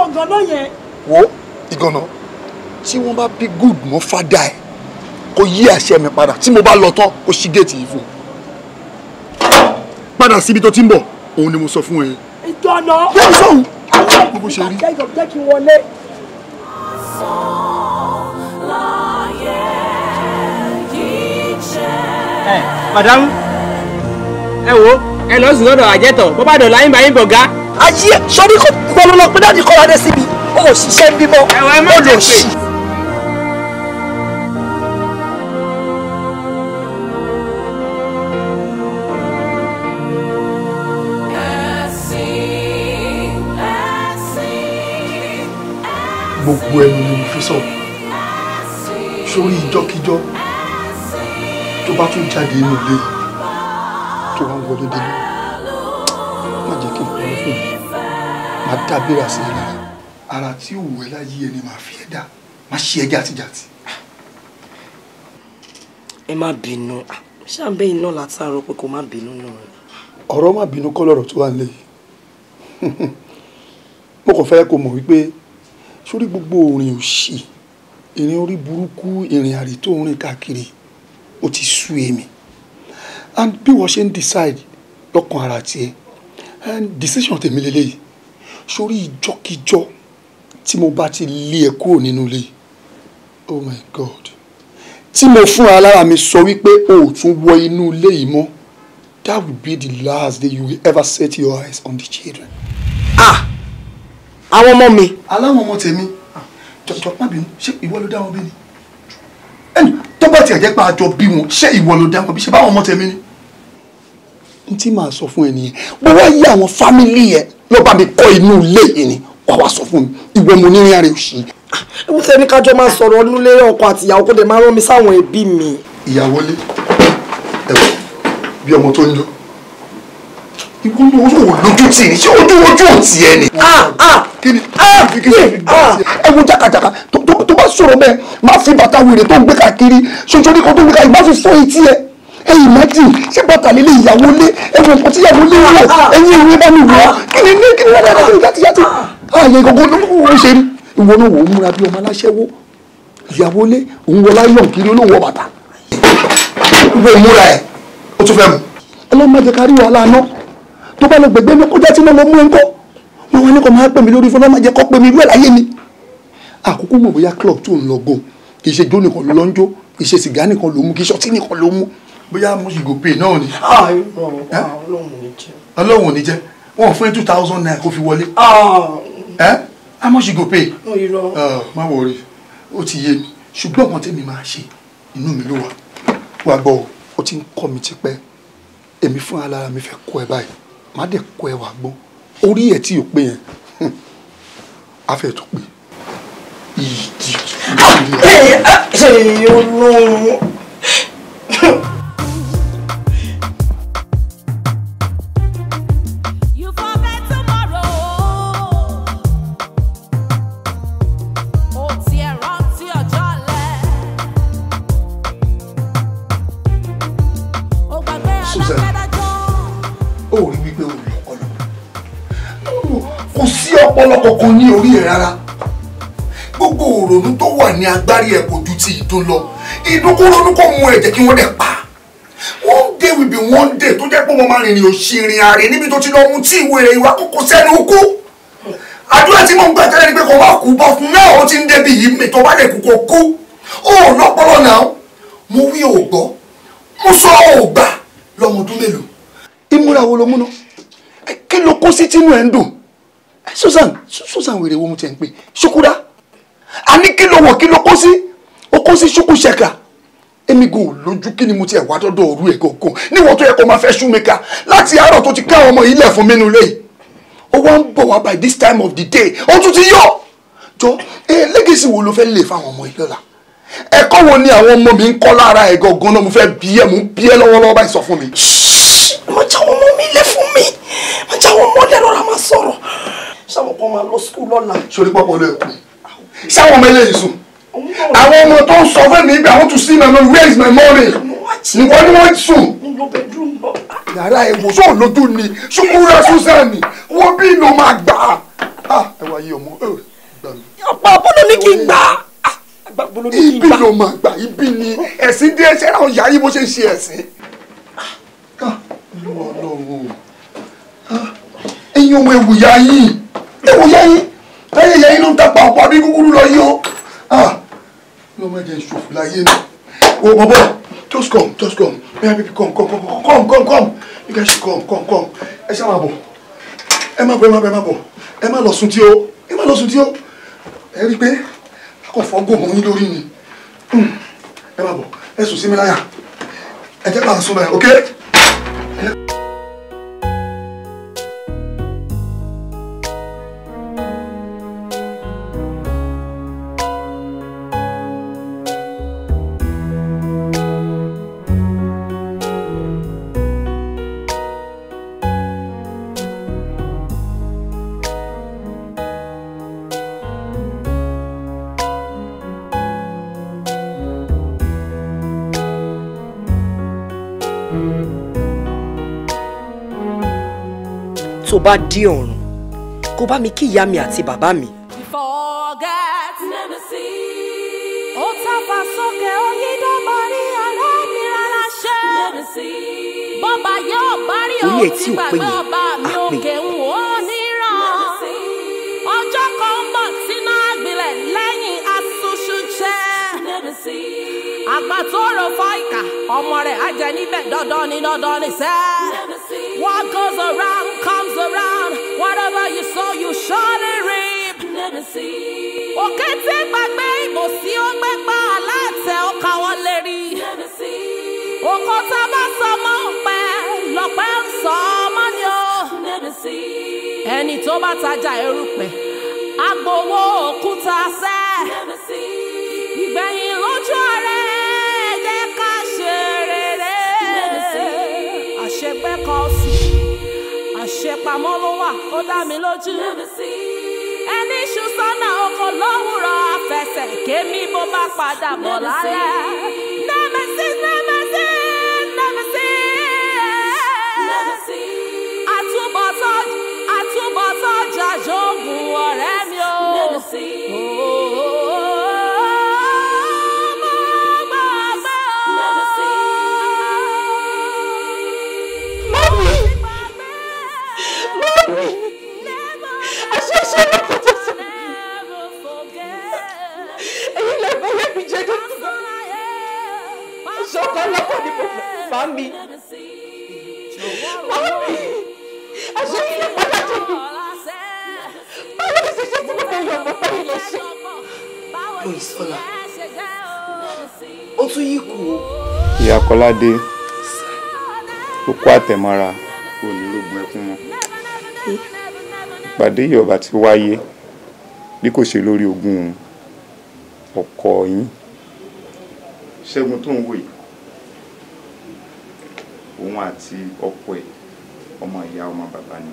ọ̀gànná yẹn. wo ìgànnà tí wọ́n bá bí good mọ́ fada padà síbi tó ti ń bọ̀ òun ni mo sọ fún ẹ. ìjọ̀nà yóò sọ̀hún. bó bó ṣe rí. jẹ́ kí wọlé. ẹ madam ẹ wo ẹ lọ sùn lọ́dọ̀ àjẹtọ̀ bó bá dọ̀la yín bá yín bọ̀ ga. ayé sọ́ni kò gbọ́ lọ́lọ́ pé dáàdi kọ́ra dé síbi ó ò ṣiṣẹ́ bímọ ó lò ṣì. gbogbo ẹnu ni mo fi sọ sórí ìjọ́kíjọ́ tó bá tún jáde inú ilé yìí tó wá ń wọlé délé má jẹ́ kí n pọ́n fún mi má dábìrà sí ẹ lára ara tí ò wẹ́ láyé ẹni máa fi ẹ dá má ṣe ẹ jàtijàti. ẹ má bínú ṣàbẹ̀ iná látàárọ̀ pé kò má bínú náà. ọ̀rọ̀ má bínú kọ́ lọ́rọ̀ tó wà nílẹ̀ yìí *laughs* mo kàn fẹ́ kó mọ̀ wípé sórí gbogbo òrìn òṣì ìrìn orí burúkú ìrìn àrí tó káàkiri ó ti sú èmi and bí wọ́n ṣe ń decide lọ́kàn ara tiẹ̀ and decision tèmi lélẹ́yìí sórí ìjọ́kíjọ́ tí mo bá ti lé ẹ kúrò nínú ilé oh my god tí mo fúnra lára mi sọ wípé o ò tún wọ inú ilé yìí mọ́ that will be the last day you will ever set your eyes on the children. ah àwọn ọmọ mi. aláwọn ọmọ tèmi jọjọ ah, má bínú ṣé ìwọ ló dá wọn bí ni ẹni tó bá tiẹ̀ jẹ́ pé àjọ bí wọn ṣé ìwọ ló dá wọn bí ṣe báwọn ọmọ tèmi ni. n tí màá sọ fún ẹ nìyẹn bó wá yí àwọn fámìlì yẹn ló bá mi kọ́ inú ilé yìí ni wà wá sọ fún mi ìwọ mo ní rìnrìn òsì. ewu ah, tẹ́ni kájọ máa sọ̀rọ̀ ọdún ọkọ àti ìyàwó kó dẹ̀ máa rán mi sáwọn ẹbí mi. ìyàwó lé ẹ̀wọ̀ kíni ah! ah! ah! ẹ wo jákàjákà tó bá sọ̀rọ̀ bẹ́ẹ̀ má fi bàtà wèrè tó ń gbé káàkiri ṣoṣo ní kan tó ń gbé káàkiri má fi fọ́ etí ẹ ẹ ìmọ̀tì ṣé bàtà lílé ìyàwó lé ẹ wọ nǹkan tí ìyàwó lé wọ ẹyin ìwé bá mi wọ kíni ní kíni wọn dáadáa kíni yàtí yàtí ààyè gbogbo ló ń ṣe ni ìwọ náà wò ó múra bí ọmọ aláṣẹwó ìyàwó lé òun wọlá yọ̀ kiri olówó bàtà. wọ́n múra ẹ̀ ó tún fẹ́ mu. ẹlọ́mọdé kárí wàhálà náà tó bá lọ gbẹgbẹ́ mi kó jẹ́ tí mo lọ mú ẹ kọ́ wọn wá ní kó máa pè mí lórí fún lọ́mọ jẹ́ kó pè mí irú ẹ̀ láyé mi. àkókò mọ̀ bóyá club tó ń lọ go kì í ṣe jó nìkan ló lọ ń jó kì í ṣe sìgá nìkan ló mú kì í ṣọtí nìkan ló mú bóyá mo sì gòpè náà ni. Ah, ọlọ́run ò ní jẹ́ wọn fún ẹ two thousand naira kó fi wọlé. how much you go pay. má wọrí ó ti yé mi ṣùgbọ́n kan tèmi máa ṣe inú mi ló wà wà gbọ́ o ó ti ń kọ́ mi tipẹ́ èmi fún alára mi fẹ́ kọ́ ẹ báyìí má dẹ̀ kọ́ ẹ wà gbọ́n orí ẹ̀ tí ò pé yẹn afẹ́ tó pé ìjì. ṣe ìyọnu. ọpọlọ kankan ní orí ẹ̀ rárá gbogbo òrònú tó wà ní agbárí ẹ̀ kò ju ti ìdun lọ ìdun kó ronú kó kí wọ́n dẹ̀ pa one day will be one day tó jẹ́ pé wọ́n máa rìnrìn òṣìrìn àrè níbi tó ti lọ mu tí ìwé rẹ̀ ìwà kókó sẹ́nu kú àdúrà tí mò ń gbà tẹ́lẹ̀ ni pé kò má kú bọ́ fún náà ó ti ń débi yìí mi tó bá lè kú kó kú ó lọ́pọlọ náà mo wí ògbọ́ mo sọ ògbà lọ́mọdún mélòó ìmúra wo ló múná kí ló kó sí tínú ẹ̀ ń dùn Susan Susan wèrè wo mo tiẹ̀ ń pè ṣukura a ní kí ló wọ̀ kí ló kó sí ó kó sí ṣukú ṣẹ̀ka èmi gan ò lójú kí ni mo tiẹ̀ wá dọ́dọ̀ òru ẹ̀ gangan níwọ̀n tó yẹ kó máa fẹ́ ṣúmẹ́ka láti àárọ̀ tó ti ká ọmọ yìí lẹ̀ fún mi nulẹ̀ yìí ó ń bọ̀ wá by this time of the day ó tún ti yọ jọ ẹ lẹ́gẹ̀sì wo ló fẹ́ lè fáwọn ọmọ yìí lọ́la ẹ̀kọ́ wo ni àwọn ọmọ mi ń kọ́ lára ẹ̀ gangan náà mo fẹ́ bí ẹ̀ mo ń bí ẹ̀ lọ́wọ́lọ́wọ́ báyìí sọ fún mi. ṣíṣ mo jáwọ́ ọmọ mi lé fún mi mo jáwọ́ ọmọ lẹ́nu ra máa sọ̀rọ̀ ṣáwọn kan máa lọ skul lọ́la. sori pọ́pọ́ ló yẹ kú ṣáwọn ọmọ eléyìí sùn àwọn ọmọ tó ń sọ fún mi pé I want to see my money where is my money nǹkan ni wọ́n sùn. yàrá ẹ̀wò sóò lójú ni ṣùkúrẹ́ Susan wọ́n bí ló máa gbà á ẹ wá yí ọmọ ẹ gbà mí. ọ̀pọ̀ àbúrò ní kí n gbà ibi ló máa gbà ibi ni ẹ̀sìn dé ẹ̀sẹ̀ náà yá yí bó ṣe ń ṣe ẹ̀sìn. ká ló wà lọ́wọ́ o ẹ̀yin ọmọ ewùyà yín ewùyà yín ẹ̀yin ìyá yín ló ń tapà ọ̀pọ̀ àbí kúkúrú lọ yí o ah, lọ́mọdé ìṣòfò láyé nù o my boy just come just come may i baby come come come come come come you guys should come come come ẹ ṣe máa bọ̀ ẹ má bọ̀ ẹ má bọ̀ ẹ má bọ̀ ẹ má lọ sùn tí o ẹ má lọ sùn tí o ẹ rí i pé akọ̀fọ́ gbòmọ̀ yín lórí ni hmm. ẹ má bọ̀ ẹ sùn sí mi láyà ẹ jẹ́ ká sùn báyìí okay. tó bá dé ọ̀run kó bá mi kí ìyá mi àti bàbá mi. forget never ó tàpá sókè onídàbà ní alẹ́ mi rárá bọ́bá yóò bá rí òun tí mi òkè ń wò ó níran. ọjọ́ kan bọ̀ tí náà gbilẹ̀ lẹ́yìn aṣoṣù jẹ́. never àgbà tó rò fọ́ ìkà ọmọ rẹ̀ á níbẹ̀ dandan ni dandan ni sẹ́. what goes around around. Whatever you sow, you surely reap. Òkè see. gbàgbé ìbò sí ó gbé pa aláàtẹ ó káwọ́ lérí. Òkò tá a bá sọ mọ́ ọ̀pẹ lọ́pẹ́ Never see. ọmọ ni ó. Ẹni tó bá tajà erùpẹ̀, agbowó òkúta sẹ́. ìpamọ́ ló wà ó dá mi lójú. ẹni ṣùsọ́nà ọkọ̀ lówùrọ̀ àfẹsẹ̀ kémi bó bá padà bọ̀ lálẹ́. Mami. Mami. Àṣé ilé padà jẹ́ mi. Báwo ni ṣiṣẹ́ tí mo fẹ́ yọ ọmọ báyìí lọ ṣe? Bọ́ìsọ́lá, ó tún yí kù o. Ìyá Kọ́ládé, ó kó àtẹ̀mọ́ra, kò ní lóògùn ẹkún mọ́. Ìpàdé ìyọ̀bà ti wáyé bí kò ṣe lórí ogún ọkọ yín. Ṣẹ́gun tó ń wò yìí òun àti ọkọ ẹ̀ ọmọ ìyá ọmọ bàbá ni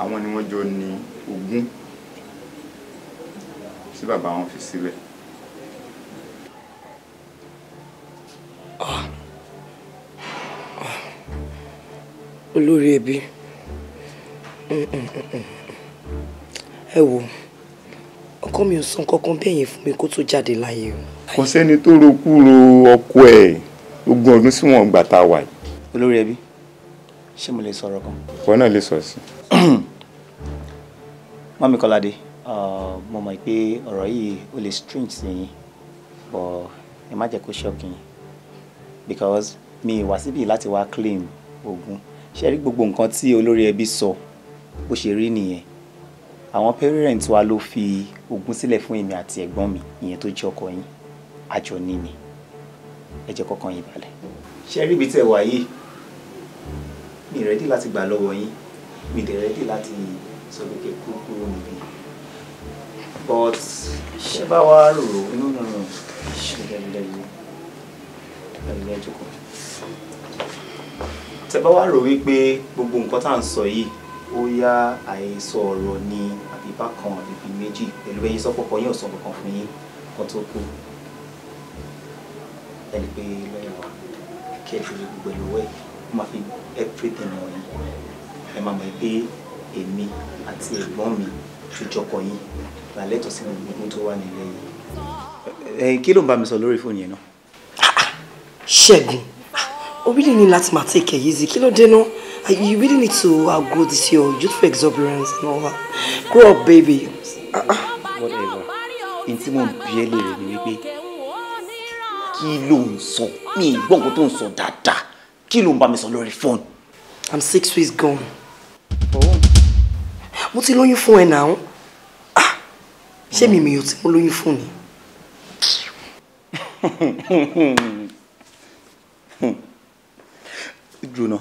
àwọn ni wọ́n jọ ní ogún tí bàbá wọn fi sílẹ̀. olórí ẹbí ẹ wò ọkọ mi ò san kankan bẹ́ẹ̀ yẹn fún mi kó tó jáde láyé o. kò sẹ́ni tó rokú ro ọkọ ẹ̀ ogún ọdún sí wọn gbà tá a wà yìí. olórí ẹbí ṣé mo lè sọ̀rọ̀ kan. ìwọ náà lè sọ̀rọ̀ sí. *clears throat* mọ́mí kọ́ládé uh, mo mọ̀ pé ọ̀rọ̀ yìí ó lè strange sí yín but ẹ má jẹ́ kó ṣọ́ọ̀kì yín because mi wá síbí láti wá claim ogún ṣe rí gbogbo nǹkan tí olórí ẹbí sọ bó ṣe rí nìyẹn àwọn parents wa ló fi ogún sílẹ̀ fún èmi àti ẹ̀gbọ́n mi ìyẹn tó jẹ́ ọkọ yín àjọ ní ni ẹ jẹ́ kọ́kàn yín balẹ̀. ṣé rí ibi tẹ́ wà yìí mi rẹ́dí láti gbà lọ́wọ́ yín mi dẹ̀ rẹ́dí láti sọ pé kí kú kúrò níbí but ṣé bá wàá rò ó no no no ṣe lẹ́lẹ́ yìí lẹ́lẹ́ jókòó. tẹ́ bá wàá rò wípé gbogbo nǹkan tá à ń sọ yìí ó yá àhesọ ọ̀rọ̀ ni àbí bákan àbí méjì pẹ̀lú ẹyin sọ́pọ̀ kan yóò sọ kankan fún yín kan tó kù ẹni pé lọ́yà wa kí ẹ ṣòro gbogbo ẹ̀lọ́wọ́ ẹ̀ ó máa fi everything wọ̀n yìí ẹ máa mọ̀ pé èmi àti ẹ̀gbọ́n mi fi jọkọ̀ yìí làlẹ́tọ̀ sí gbogbo ogun tó wà nílẹ̀ yìí. kí ló ń bá mi sọ lórí fóònù yẹn náà. ṣẹ́gun o really láti máa take it easy kí ló dé náà you really need to outgrow this your youthful exuberance and all that grow up baby. whatever n tí mo bí ẹ lè rè ni wípé kí ló ń sọ mi ì gbọ́ nǹkan tó ń sọ dáadáa kí ló ń bá mi sọ lórí fóònù. i'm six weeks gone. Oh. mo ti lóyún fún ẹ náà ah. ṣé mi mi ò tí mo lóyún fún ni. jona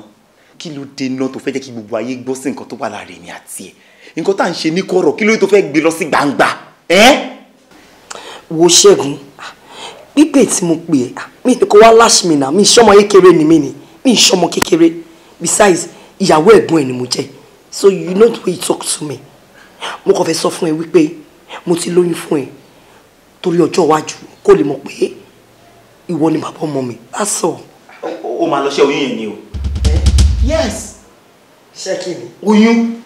kí ló dé náà tó fẹ́ jẹ́ kí gbogbo ayé gbọ́ sí nǹkan tó wà lára èmi àti ẹ̀ nǹkan tá à ń ṣe ní kọ̀rọ̀ kí ló tó fẹ́ gbé lọ sí gbangba. wo ṣẹ́gun pípè tí mo pè ẹ́ mi kò wá lash mi náà mi ìṣọmọ kékeré ni mi ni mi ìṣọmọ kékeré besides ìyàwó ẹ̀gbọ́n ẹ̀ ni mo jẹ́ so you know the way you talk to me mo kàn fẹ́ sọ fún ẹ wípé mo ti lóyún fún ẹ torí ọjọ́ iwájú kó lè mọ̀ pé ìwọ ni bàbá ọmọ mi that's all. o máa lọ ṣe oyún yẹn ni o. yes ṣé kí ni. oyún.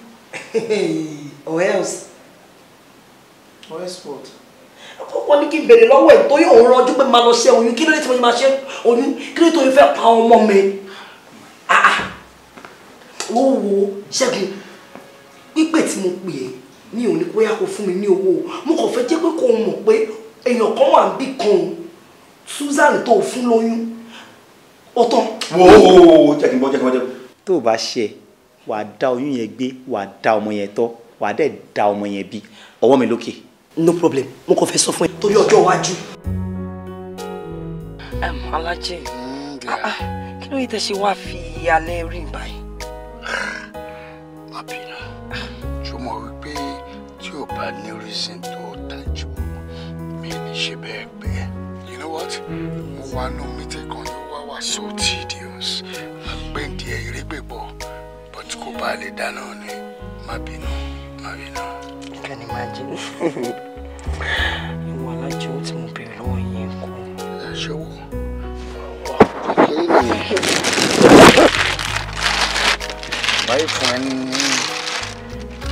or else. or else what wọ́n ní kí n bèrè lọ́wọ́ ẹ̀ tó yóò ń rọjú pé máa lọ ṣe oyún kí ló dé tí mo máa ṣe oyún kí ló dé tó yẹ fẹ́ pa ọmọ mi ah, ah. ó wo ṣẹ́gun pípè tí mo pè é mi ò ní kóyá kó fún mi ní owó mo kàn fẹ́ jẹ́ pé kò mọ̀ pé èèyàn kan wà níbí kan Susan tó fún lóyún ó tán. wo jẹ́ kí n bọ́ jẹ́ kí n bọ́ jẹ́ kí n bọ́. tó o bá ṣe wàá da oyún yẹn gbé wàá da ọmọ yẹn tọ́ wàá dẹ̀ da ọmọ yẹn bí ọwọ́ mi lókè. Okay no problem mo fe so fun. fún ẹ torí ọjọ́ iwájú. alájẹ ah, ah, kí ló yẹ tẹ ṣe wáá fi alẹ́ rìn báyìí. àbínú ṣó mọ̀ wípé tí o bá ni reason tó tajú mi ní ṣe bẹ́ẹ̀ pé you know what mo wà nù mítí kan ló wá wá so tedious gbẹ̀ǹdì ẹ̀ rí gbẹ̀bọ̀ but ko bá lè dáná ni má bínú can imagine. You wanna mo béèrè lọ́wọ́ yín kù. Ẹ ṣòwò. Báyìí fún ẹ ní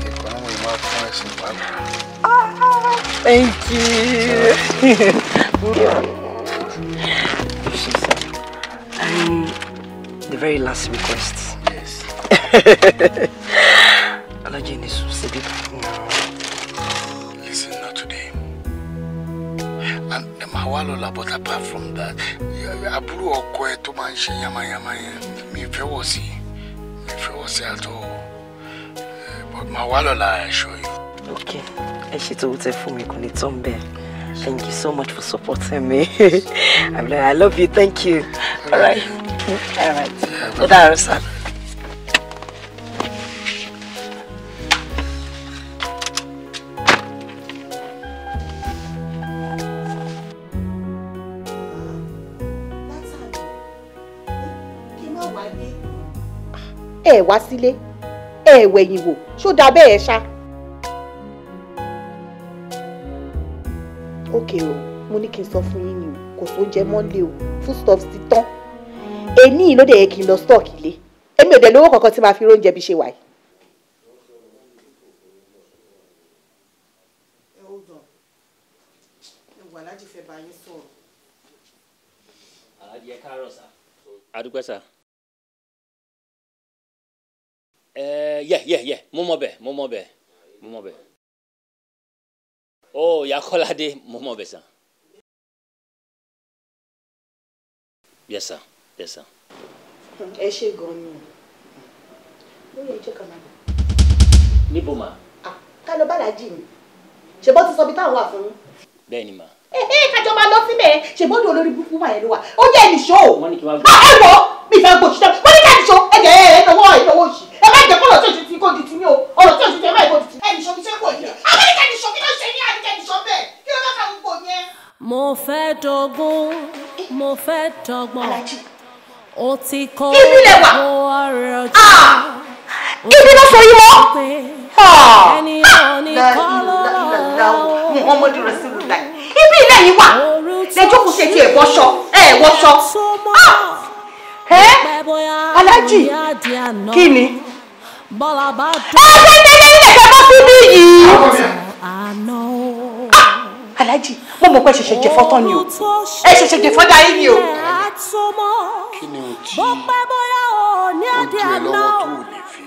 ìkànnì mo máa fún ẹ sí Thank you. um, the very last request. Yes. *laughs* Alhaji wá lọ́la but apart from that àbúrò ọkọ ẹ tó máa ń ṣe yamayama yẹn mi fẹ́ wọ̀ sí mi fẹ́ wọ̀ sí àtọ́ but màá wá lọ́la ẹ̀ṣọ́ yìí. ok ẹ ṣe tó tẹ fún mi kò ní tán bẹ́ẹ̀ thank you so much for supporting me *laughs* i love you thank you all right all right ó dàrú ẹ wá sílé ẹ wẹ̀yìn wò ṣó dáa bẹ́ẹ̀ ṣá. ókè o mo ní kí n sọ fún yín ni o kò tó jẹ mọ́lẹ̀ o foodstuffs ti tán èní yìí ló dẹ̀ yẹ kí n lọ stock ilé èmi ò dẹ̀ lówó kankan tí màá fi róúnjẹ bí ṣe wà yìí. adúgbò sá. Eh, yeah, yeah, yeah. Mo mọ̀ bẹ́ẹ̀, mo mọ̀ bẹ́ẹ̀, mo mọ̀ bẹ́ẹ̀. Oh, Yakolade, mo mọ̀ bẹ́ẹ̀ sir. Yes sir, yes sir. Ẹ ṣe gan ni. Lórí ẹjọ́ kan náà. Níbo ma? Ká lọ bàlájì mi. Ṣé bọ́ ti sọ bí táwọn wà fún? Bẹ́ẹ̀ni ma. Ẹ ẹ kájọ máa lọ síbẹ̀ ṣe bọ́dọ̀ olórí burúkú wà yẹn ló wà. Ó jẹ́ ẹnìṣó. Wọ́n ní kí wọ́n gbé. Ẹ wọ mi fẹ́ gbòòṣì náà. Wọ́n ní kí ẹnìṣó. Ẹ jẹ́ ẹ ẹ náwó ẹ náwó òṣì jẹ́ kó lọ́ọ́ tí òjì ti kó di ti ní o ọ̀rọ̀ tí òjì ti máa kó di ti. ẹnì sọ fi ṣe wò yẹ abẹ́rẹ́kẹ́ ni sọ kí ló ṣe ní àdìkẹ́ ni sọ bẹ́ẹ̀ kí ló bá fa gbogbo yẹn. mo fẹ́ dọ́gbọ́n mo fẹ́ dọ́gbọ́n o ti kọ́ owó ọ̀rọ̀ jù. ibi ló sọ yìí mọ́. Ah! Ah! ẹni ọ̀nì kọ́ lọ́wọ́. muhammadu rasulullah ibi ilé yìí wà lẹjọ kò ṣe ti ẹ wọṣọ ah! ẹ wọṣọ. ẹ alájì kí ni bọ́lá bá dé. ẹ ẹ ẹ ẹ ẹ ẹ yìí. àná. Ah, mo mọ̀ pé ṣẹ̀ṣẹ̀ jẹ fọ́tọ́ ni o ẹ ṣẹ̀ṣẹ̀ jẹ fọ́tọ́ ayé ni o. kí ni o ti ojú ẹ lọ́wọ́ tó o lè fi.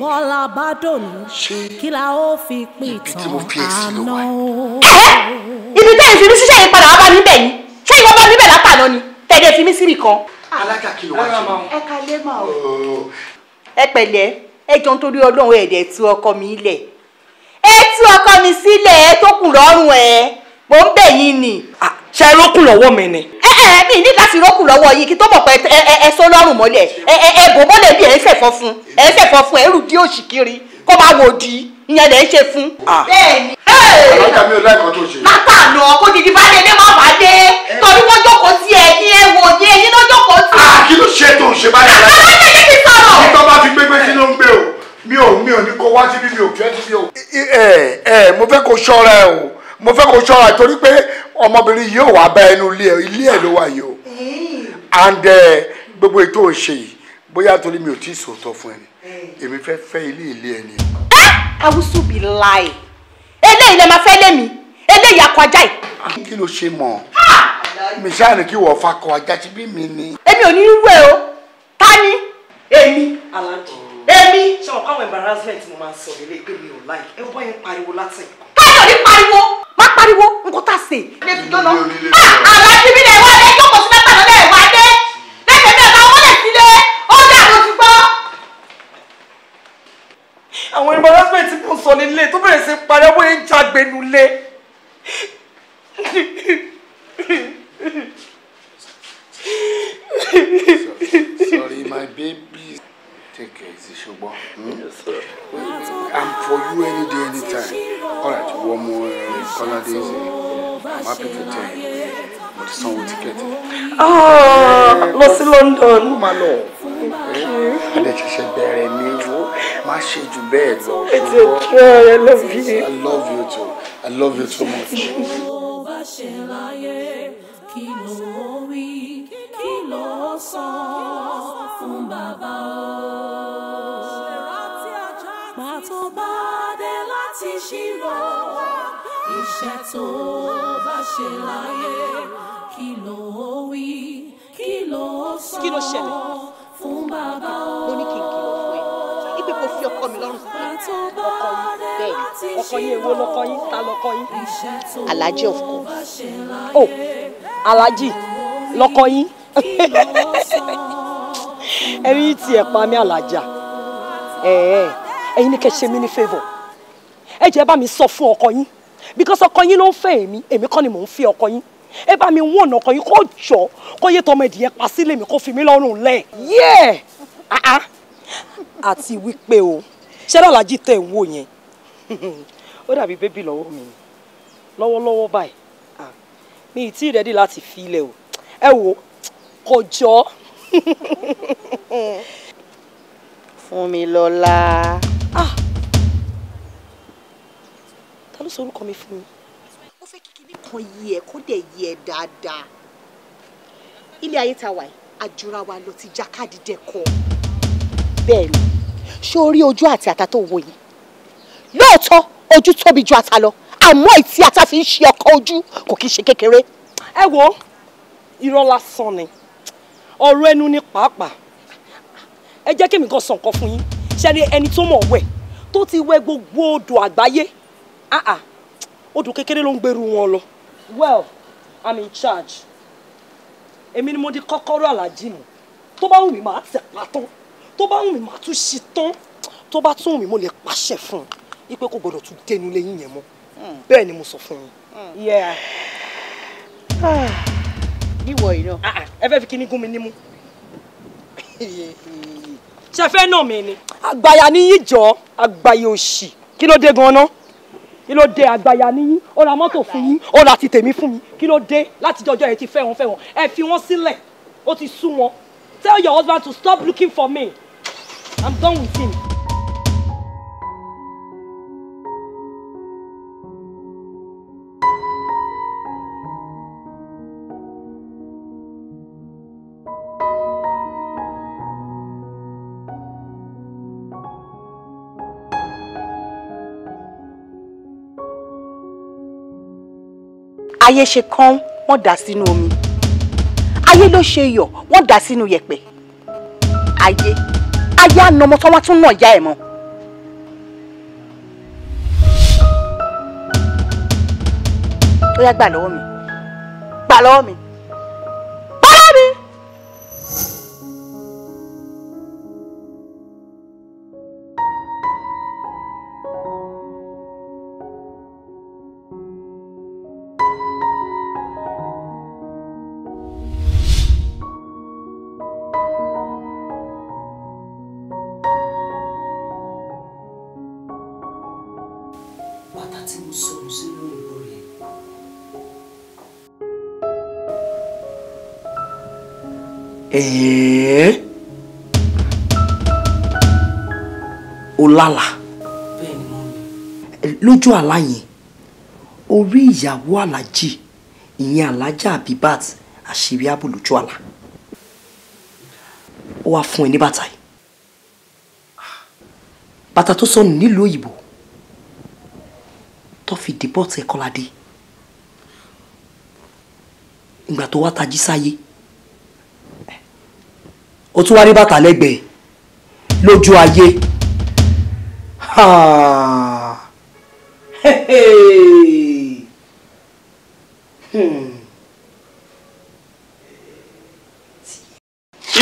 bọ́lá bá dòní kí la ó fi pín ìtàn àná. ibi tẹ́ ẹ̀ fi mí síṣẹ́ yìí padà wá bá mi bẹ̀ ṣé ìwọ bá mi bẹ̀ látàná ni tẹ̀lé fi síbì kan. alága kí ló wá ṣe. ẹ kalẹ́ mọ́ ọ. ẹ pẹ̀lẹ́ ẹjọ́ nítorí ọlọ́run ẹ̀dẹ̀ tú ọkọ mi lẹ̀ ẹ tú ọkọ mi sílẹ̀ ẹ tó kù lọ́rùn ẹ mò ń bẹ̀ yín ni. ṣe é rókùn lọ́wọ́ mi ni. ẹ ẹ mi ní láti rókùn lọ́wọ́ yìí kí tó mọ̀ pé ẹ ẹ sọ lọ́rùn mọ́lẹ̀ ẹ ẹ ẹ bò mọ́lẹ̀ bí ẹ ń fẹ̀fọ́ fún ẹ ń fẹ̀fọ́ fún ẹ rù bí òṣì kiri kó máa wò di ìyẹn lẹ ń ṣe fún. bẹ́ẹ̀ni. alága mi ò láìkan tó ṣe. látàánú kó didi bá dé má bàá dé tó ṣe báyìí kó wájú bí mi ò kí ẹ níbi o. ẹ ẹ mo fẹ́ kó ṣọ́ra ẹ o mo fẹ́ kó ṣọ́ra ẹ torí pé ọmọbìnrin yìí ò wá bá ẹnu ilé ẹ ló wà yìí o and gbogbo ètò ìṣe yìí bóyá torí mi ò tí ì sòótọ́ fún ẹ ni èmi fẹ́ fẹ́ ilé ilé ẹ ni. awusu bi lai eléyìí lè máa fẹ́ lé mi eléyìí akọ ajá yìí. Ah, kí ló ṣe mọ̀ ah! mi kí wọ́n fakọ ajá ti bí mi ni. èmi ò ní rú ẹ o ta ni èmi. alájọ èmi ṣe mọ̀ káwọn embarrassment mo máa ń sọ lélẹ̀ pé mi ò láì ẹ bọ́ yẹn pariwo látìn. káyọ̀ ní pariwo má pariwo nǹkan tá a ṣe. ilé ti jóná ah, àlá ti mi lè wá dé jókòó sí mẹ́ta lọ́lẹ́ ẹ̀ wá dé lẹ́sẹ̀ mi ọ̀tá wọlé sílé ó dà ló ti gbọ́. àwọn embarrassment mo sọ nílé tó bẹ̀rẹ̀ sí pariwo yẹn ń jágbenulé. Sorry, my baby. Take care, easy, Shogbo. Hmm? Yes, sir. I'm for you any day, any time. All right, one more uh, color days. I'm happy to tell you. But the song will ticket. Oh, ah, lọ eh, sí London. Oh, my lord. Thank you. And then she said, Bẹ̀rẹ̀ ni o, It's okay, I love you. I love you too. I love you so much kí ló sọ fún bàbá o pàtó bá dé láti ṣírò iṣẹ́ tó bá ṣe láyé kí ló wí kí ló sọ fún bàbá o ibi kò fi ọkọ mi lọ́rùn sílẹ̀ ọkọ yín bẹ́ẹ̀ ọkọ yín èwo lọkọ yín ta lọkọ yín Alhaji of course oh Alhaji lọkọ yín ẹ̀yin tí ẹ pa mí àlàjà ẹ̀yin ni kẹ́ ṣe mí ní favour ẹ jẹ́ bá mi sọ fún ọkọ yín because ọkọ yín ló ń fẹ́ èmi èmi kọ́ ni mò ń fi ọkọ yín ẹ bá mi wọ̀nà ọkọ yín kó jọ kó yé tọmọ ìdìyẹ pa sílé mi kó fi mí lọ́rùn lẹ̀ ah, ah. àti wípé o ṣé lọ́làjì tẹ̀ ń wò yẹn *laughs* ó dàbí bébì lọ́wọ́ mi lọ́wọ́lọ́wọ́ báyìí ah, mi ì tí ì rẹ́dí láti fi ilẹ̀ o ẹ wo kò jọ. Fúnmilọ́lá. ah ta ló sọ orúkọ mi fún mi. ó fẹ́ kí kinní kan yí ẹ kó dẹ̀ yí ẹ dáadáa ilé ayé ta wà yìí àjùra wa ló ti jákàdí dẹ́kọ̀. bẹ́ẹ̀ ni ṣé o rí ojú àti ata tó wò yìí lóòótọ́ ojú tóbi ju ata lọ àmọ́ ìtí ata fi ń ṣe ọkọ̀ ojú kò kí ń ṣe kékeré. ẹ wo irọ́ ni ọ̀rọ̀ ẹnu ni pàápàá ẹ jẹ́ kémi kan sàn kan fún yín ṣẹ́ni ẹni tó mọ̀ wẹ̀ tó ti wẹ̀ gbogbo odò àgbáyé odò kékeré ló ń gbèrú wọn lọ well i'm in charge èmi ni mo di kọ́kọ́rọ́ aláàjì mu tó bá wù mí màá tẹ̀ pátán tó bá wù mí màá tún ṣe tán tó bá tún wù mí mo lè pàṣẹ fún un ipe kò gbọdọ̀ tún dénú lẹ́yìn yẹn mọ́ hmm. bẹ́ẹ̀ ni mo sọ fún yín. Hmm. yeah. *sighs* Ah níwọ̀ yìí náà. Ah, ah. ẹ fẹ́ fi kíní gún mi nímú. *laughs* ṣe fẹ́ nà mí ni. àgbàyà níyí jọ àgbàyà òṣì kí ló dé gan kí ló dé àgbàyà níyí ó ra mọ́tò fún yín ó ra ti tèmi fún mi kí ló dé láti jọjọ́ yẹn ti fẹ́ wọn fẹ́ wọn ẹ fi wọn sílẹ̀ ó ti sú wọn tell your husband to stop looking for me i'm done with him. ayé ṣe kán wọ́n dà sínú omi ayé ló ṣe yọ̀ wọ́n dà sínú yẹ̀pẹ̀ ayé ayé àna ọmọ tó wá tún náà yá ẹ̀ mọ́. ó yá gbà lọ́wọ́ mi gbà lọ́wọ́ mi. lálà lójú àlá yẹn orí ìyàwó alájì ìyẹn alájà abibat àṣírí ààbò lójú àlá ó wá fún ẹ ní bàtà yìí bàtà tó sọnù nílùú òyìnbó tó fi dìbọ́tì ẹ̀ kọ́ládé ìgbà tó wá tají sáyé ó tún wá rí bàtà lẹ́gbẹ̀ẹ́ lójú ayé. Ha! Hey! Hmm.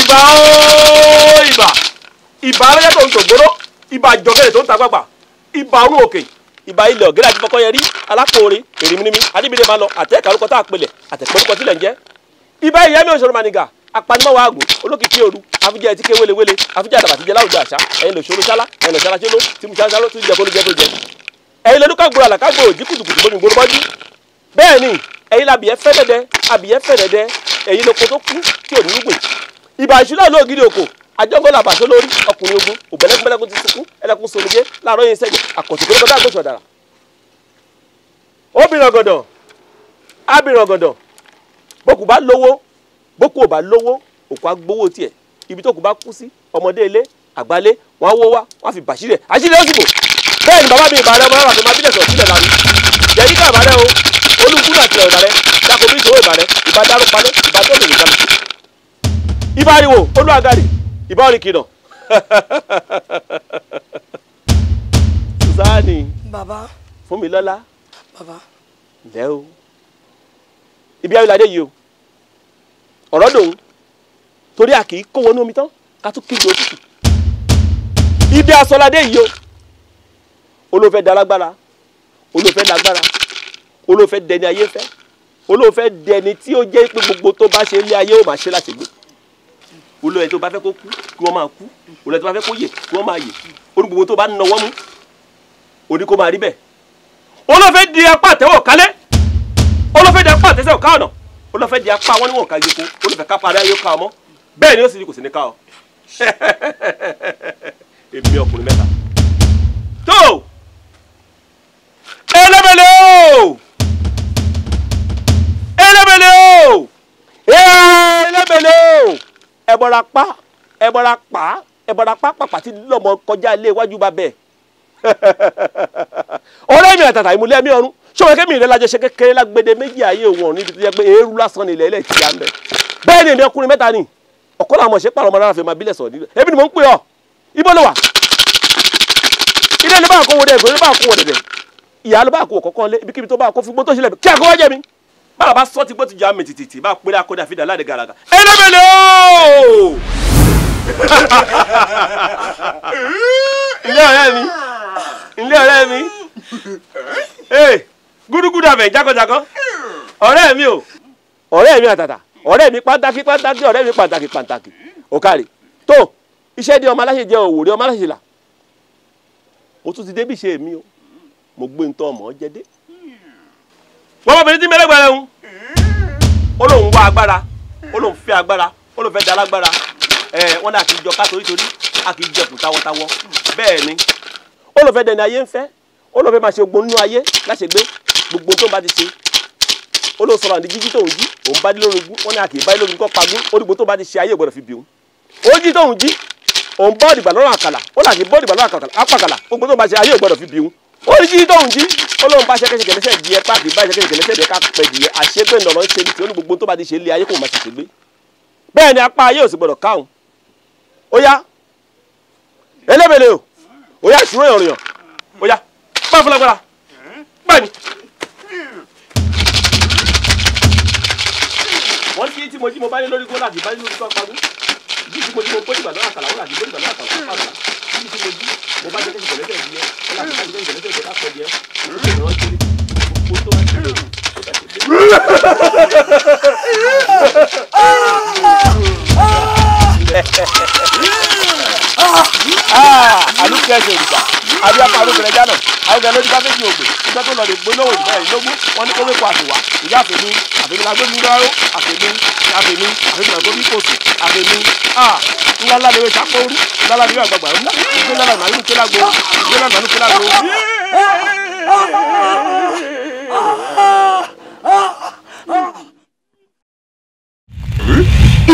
ìbà ooo ìbà ìbà alájà tó ń ṣògbóró ìbà àjọkẹ́lẹ̀ tó ń ta gbàgbà ìbà orú òkè ìbà ilẹ̀ ọ̀gẹ́rẹ́ àti fọkọ́ yẹrí alákòóre èrèmínímí adébídé máa lọ àtẹ́ẹ̀kà orúkọ tá a pelẹ̀ àtẹ̀pẹ́ orúkọ sílẹ̀ ń jẹ́ ìbà ìyá mi òṣèlú mànìgà apanimọ̀wá àgò olókìkí òru àfijẹ́ ti ké wélewéle àfijẹ́ àdàbà ti jẹ láwùjọ àṣà ẹ̀yin lòṣó ló ṣálá ẹ̀yin lòṣálá ṣó ló ti mu ṣálá ṣáló tó jẹ kó ló jẹ tó jẹ. ẹ̀yin lọ́dún kágbó àlàkágbó òjì kùtùkùtù bómi gbóró bọ́jú. bẹ́ẹ̀ ni ẹ̀yin làbìyẹ́ fẹ́ dẹ́dẹ́ àbìyẹ́ fẹ́ dẹ́dẹ́ ẹ̀yin lóko tó kú tí ò ní rúgbìn. ìbà ìṣúná lóògiri òkò àjọngọ́ làbà tó lórí ọkùnrin ogun ògbẹ́lẹ́kùnbẹ́lẹ́kùn ti sunkún ẹlẹ́kùn solùgé láàárọ̀ yẹn sẹ́yìn àkọ̀tù kó lọ́kọ́dá àgbọ̀ṣọ̀ dára. obìnrin ọ̀gọ̀dọ̀ abìnrin ọ̀gọ̀dọ̀ bókù bá lówó bókù ò bá lówó òkú á gbowó tiẹ̀ ibi tó kù bá kú sí ọmọdé ilé àgbálé wọn á wó wá wọn á fi bàṣírẹ àṣírí òṣùbò bẹ́ẹ̀ ni bàbá mi ìbàdàn ọmọ rárá tó máa bílẹ̀ sọ̀tún lẹ̀ lánàá jẹ̀rí ká ìbàdàn o olùkúnà àti ọ̀dà rẹ dako bí ìṣòro ìbàdàn ìbá dáró palẹ̀ ìbá tó lè lè jalè. ìbá ariwo olú agari ìbá orin kìnà. *laughs* Sùsánì. bàbá. Fúnmilọ́lá. bàbá. lẹ́ o ibi ayọ̀ládé yìí o ọ̀rọ̀ dòun torí àkì í kó wọnú omi tán ká tún kígbe òtútù ibi asọ́ládé yìí o olóòfẹ́ dalágbára olóòfẹ́ lágbára olóòfẹ́ dẹni ayé fẹ́ olóòfẹ́ dẹni tí ó jẹ́ pé gbogbo tó bá ṣe ilé ayé ó máa ṣe láti gbé olóòfẹ́ tó bá fẹ́ kó kú kí wọ́n máa kú olóòfẹ́ tó bá fẹ́ kó yè kí wọ́n máa yè olùgbogbo tó bá ń nọwọ́ mú òní kó máa rí bẹ́ẹ̀ olóòfẹ́ di apá àtẹ́wọ̀ kálẹ̀ olóòfẹ́ di apá àtẹ́sẹ̀ ọ̀ká ọ̀nà ó lọ fẹ́ di apá wọn níwọ̀n ká yoko ó lọ fẹ́ ká parí ayé ká ọmọ bẹ́ẹ̀ ni ó sì ní kò sí ní ká ọ *laughs* èmi ọkùnrin mẹ́ta tó ẹlẹ́mẹ̀lẹ́ o ẹlẹ́mẹ̀lẹ́ o ẹlẹ́mẹ̀lẹ́ o ẹ̀bọ̀ra pa ẹ̀bọ̀ra pa ẹ̀bọ̀ra pa pàpà tí lọ́mọ kọjá ilé iwájú bá bẹ̀ *laughs* ọ̀rẹ́ mi àtàtà ìmúlẹ̀ ọ̀run ṣọwọ́ kẹ́mi ìrẹ́lájọ ṣe kékeré lágbede méjì ayé wọn níbi tó yẹ pé eérú lásán ni ilẹ̀ ilẹ̀ ti ń bẹ̀ bẹ́ẹ̀ ni ọkùnrin mẹ́ta ni ọ̀kọ́ làwọn ọmọọṣẹ́ pàrọ̀ ọmọdé àfẹ́ máa bílẹ̀ sọ̀rọ̀ nílẹ̀ èmi ni mò ń pè ọ́ ibo ló wà ilé ni bá kó wọlé ẹ̀gbọ́n ni bá kó wọlé dẹ̀ ìyá ló bá kó kọ́kọ́ lé ibikíbi tó bá kó fi tó ṣe lẹ́bi *laughs* ilé ọ̀rẹ́ mi ilé ọ̀rẹ́ mi. gúdúgúdú àbẹ̀ jágọ̀jágọ̀ ọ̀rẹ́ mi o ọ̀rẹ́ mi àtàtà ọ̀rẹ́ mi pàtàkì pàtàkì ọ̀rẹ́ mi pàtàkì pàtàkì òkàrè tó iṣẹ́ di ọmọ aláṣẹ jẹ́ òwò rí ọmọ aláṣẹ là tún ti débi ṣe mi o mo gbé ntọ ọmọ jẹ dé. wọ́n bá tí ń ó lóun wá agbára ó lóun agbára ó lóun alágbára ẹ náà kì í máa ṣe ayé láṣẹ gbé gbogbo tó ń bá ti ṣe ó ló sọ̀rọ̀ àdí jíjí tóun jí òun bá dé lórí igun wọn ni àkè bá dé lórí igun pagún ó dìgbò tó bá ti ṣe ayé ìgbọ́dọ̀ fi bì òun ó jí tóun jí òun bọ́ọ̀dì gbà lọ́rùn àkàlà ó làkè bọ́ọ̀dì gbà lọ́rùn àpàkàlà gbogbo tó bá ṣe ayé ìgbọ́dọ̀ fi bì òun ó jí tóun jí ó lóun bá ṣẹkẹṣẹkẹ lẹ́sẹ̀ di ẹ páàkì bá ṣẹkẹṣẹkẹ lẹ́sẹ̀ di ẹ kápẹ́ di ẹ àṣegbè ńlọrọ ṣe ní tiwọn gbogbo tó bá ti ṣe ilé ayé kò má ti ṣègbè bẹ́ẹ̀ ni apá ayé ò sì gbọ́dọ̀ káwọn ó yá elébèlè o ó yá ìṣúró ìròyìn ó yá bá fúnlagbára báyìí. wọ́n ti tí mo jí mo bá ní lórí góòlù àti bá ní lórí tó apagún bí tí mo jí mo pé ìgbà lọ́wọ́ àkàlà wọ́n àti bó ìgbà lọ́wọ́ àkàlà wọ́n àkàlà bí tí mo jí mo bá jẹ́ kẹ́kẹ́ ìgbẹ̀lẹ́sẹ̀ ìdíyẹ wọ́n àti bá jẹ́ kẹ́kẹ́ ìgbẹ̀lẹ́sẹ̀ ìdíyẹ lápẹ̀ díẹ̀ òun ti ìrọ̀ tó ní kó tó wá Ah, ah, àlùkí ẹsẹ̀ ìdìbà àbí apá arúgbìnrin jáná arúgbìnrin lórí káfíńsì ògbè ìgbà tó lọ lè gbóná òyìn bẹ́ẹ̀ lógún wọn ní kówé kó àtìwá ìdí àfẹ́mi àfẹ́mi lágbèmí lọ́rọ́ àfẹ́mi àfẹ́mi àfẹ́mi lágbèmí kòtù àfẹ́mi ńláńlá lè wé sakóoru ńláńlá lè wé àgbàgbà ńlá ìgbé lánàá nàánú tó lágbo ìgbé lánàá nàánú tó lágbo.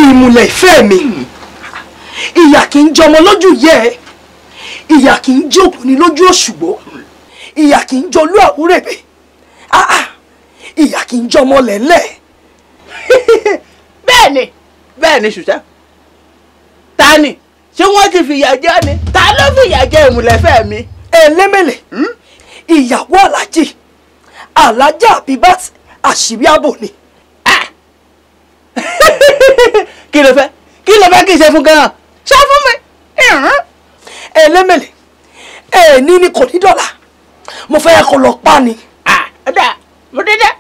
ìmùlẹ̀ ìfẹ́ mi ìyà kì í jọmọ lójú yẹ ẹ ìyà kì í jẹ òkùnrin lójú òṣùgbó ìyà kì í jọlú àwúrẹ̀bẹ̀ ìyà kì í jọmọ lẹ́lẹ̀. *laughs* bẹ́ẹ̀ ni bẹ́ẹ̀ ni ṣùṣà ta ni ṣé wọ́n ti fìyà jẹ́ ni ta ló fìyà jẹ́ ìmùlẹ̀fẹ́ mi. ẹlẹ́mẹ̀lẹ̀ hmm? ìyàwó alájì alájà Abibat àṣírí ààbò ni. Ah! *laughs* kí ló fẹ́ kí ló fẹ́ kí n ṣe fún gan-an ṣá fún mi ìrún. ẹlẹ́mẹ̀lẹ̀ ẹ̀ẹ́ni ni kò ní dọ́là mo fẹ́ kó lọ pa ni. ọ̀dà mo dédé.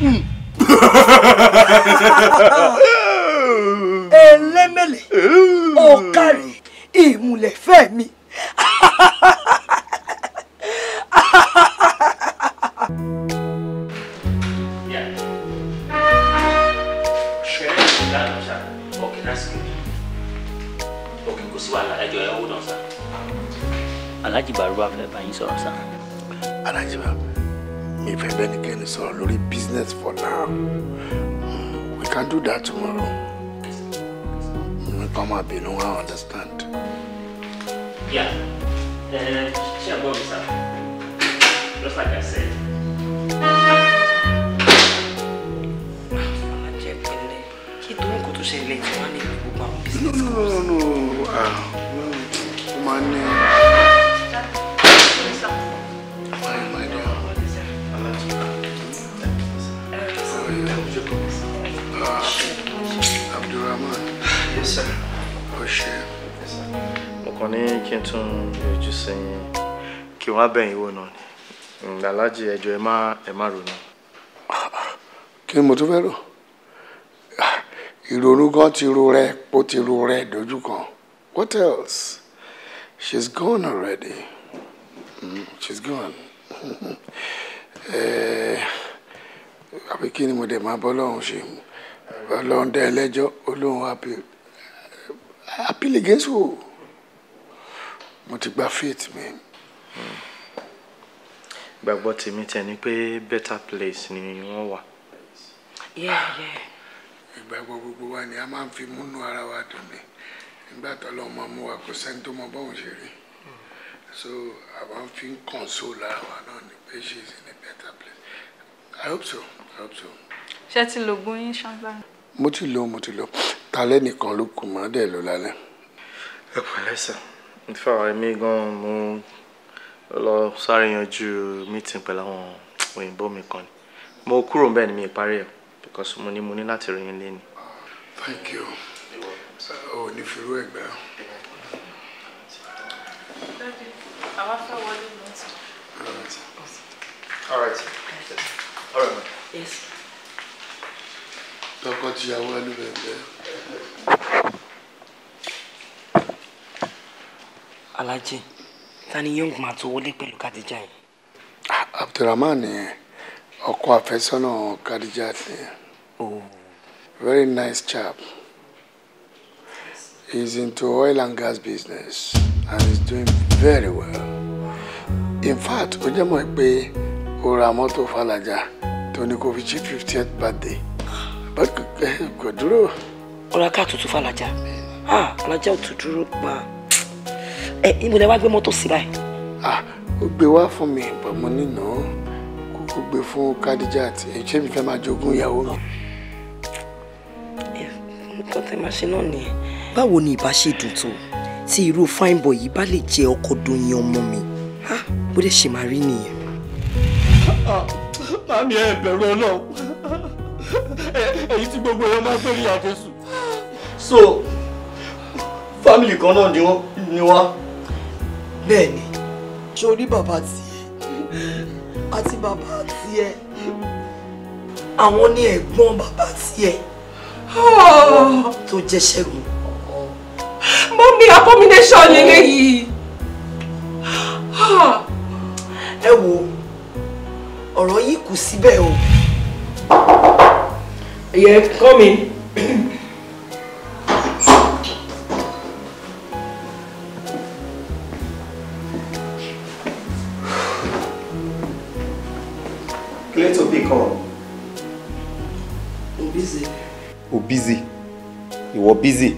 Hmm. *laughs* ẹlẹ́mẹ̀lẹ̀ ọ̀kàrẹ̀ ìmùlẹ̀fẹ́ mi. Alhaji Baruwa fẹ́ bá yín sọ̀rọ̀ sá. Alhaji Baruwa mi fẹ́ bẹ́nikẹ́ni sọ̀rọ̀ lórí business for now. Hmm, we can do that tomorrow kọ́ máa bínú wá understand. yeah ṣé àgbọ̀ mi just like I said. ìdúró kò tó ṣẹlẹ̀ tí wọ́n ní gbogbo àwọn business. no no no ó ah, máa ní. Ah mo tún fẹ́ rò ìrònú gan ti ro rẹ ó ti ro rẹ dojú kan what else she's gone already mm, she's gone. *laughs* àbí kí ni mo dẹ̀ máa bọ́ lọ́hùn ṣe ọlọ́run dá ẹlẹ́jọ́ olóhùn appeal. I appeal against who? Mo ti gba faith mi. Gbàgbọ́ tèmi tẹ̀ ni pé better place ni wọ́n wà. Ìgbàgbọ́ gbogbo wa ni a máa ń fi múnú ara wa dùn ni. Nígbà tó lọ́ mọ mú wa kó sẹ́ni tó mọ bọ́hùn ṣe rí. So àwọn fi ń console ara wa náà ni pé she is in a better place. I hope so. I hope so. Ṣé ti lo gbóyún ṣáńgbá? mo ti lò mo ti lò talẹ́ nìkan ló kù mọ́ dẹ̀ ló lálẹ́. ẹ pẹ̀lẹ́ sà nífà èmi gan mo lọ sáré yanjú mítìn pẹ̀lú àwọn òyìnbó mi kan ni mo kúrò bẹ́ẹ̀ ni mi parí ẹ̀ because mo ní mo ní láti rí yín lẹ́nu. thank you o ò ní fi rú ẹgbẹ́ all right all right yes tọkọtìyàwó ẹnu bẹ̀rẹ̀. alájì ta ni yóò máa tó wọlé pẹ̀lú kàdíjà yìí. Ah, abdulrahman nìyẹn ọkọ àfẹ́sọ́nà kàdíjà nìyẹn oh. very nice chap he is into oil and gas business and he is doing very well in fact ó jẹ́ mọ́ pé ó ra mọ́tò falaja tó ní kó fi ṣe fiftieth birthday kò dúró. ọ̀rọ̀ ká tutù fàlàjà ah, alájà ò tún dúró pa ẹ ibo lẹ wá gbé mọ́tò sí báyìí. Ah, ó gbé wá fún mi bọ̀ mo nínà kókó gbé fún Kádíjà àti ẹ̀jẹ̀ mi fẹ́ máa jogún ìyàwó mi. nǹkan tẹ́ máa ṣe náà nìyẹn. báwo ni ìbá ṣe dùn tó tí irú fine boy yìí bá lè jẹ ọkọ doyin ọmọ mi ah. bó dẹ̀ ṣe máa rí nìyẹn. màmí ẹ bẹ̀rù ọlọ́run èyí tí gbogbo èèyàn máa ń pè ní àjẹsù. so fámìlì kan náà ni wọ́n ni wá. bẹ́ẹ̀ni ṣé o rí bàbá tiẹ̀ àti bàbá tiẹ̀ àwọn ní ẹ̀gbọ́n bàbá tiẹ̀ tó jẹ́ ṣẹ́gun. mọ́mí abomination lélẹ́yìí. ẹ wo ọ̀rọ̀ yìí kù síbẹ̀ o. Yeah, come in. Clear to pick on. I'm busy. O busy. Ìwọ busy.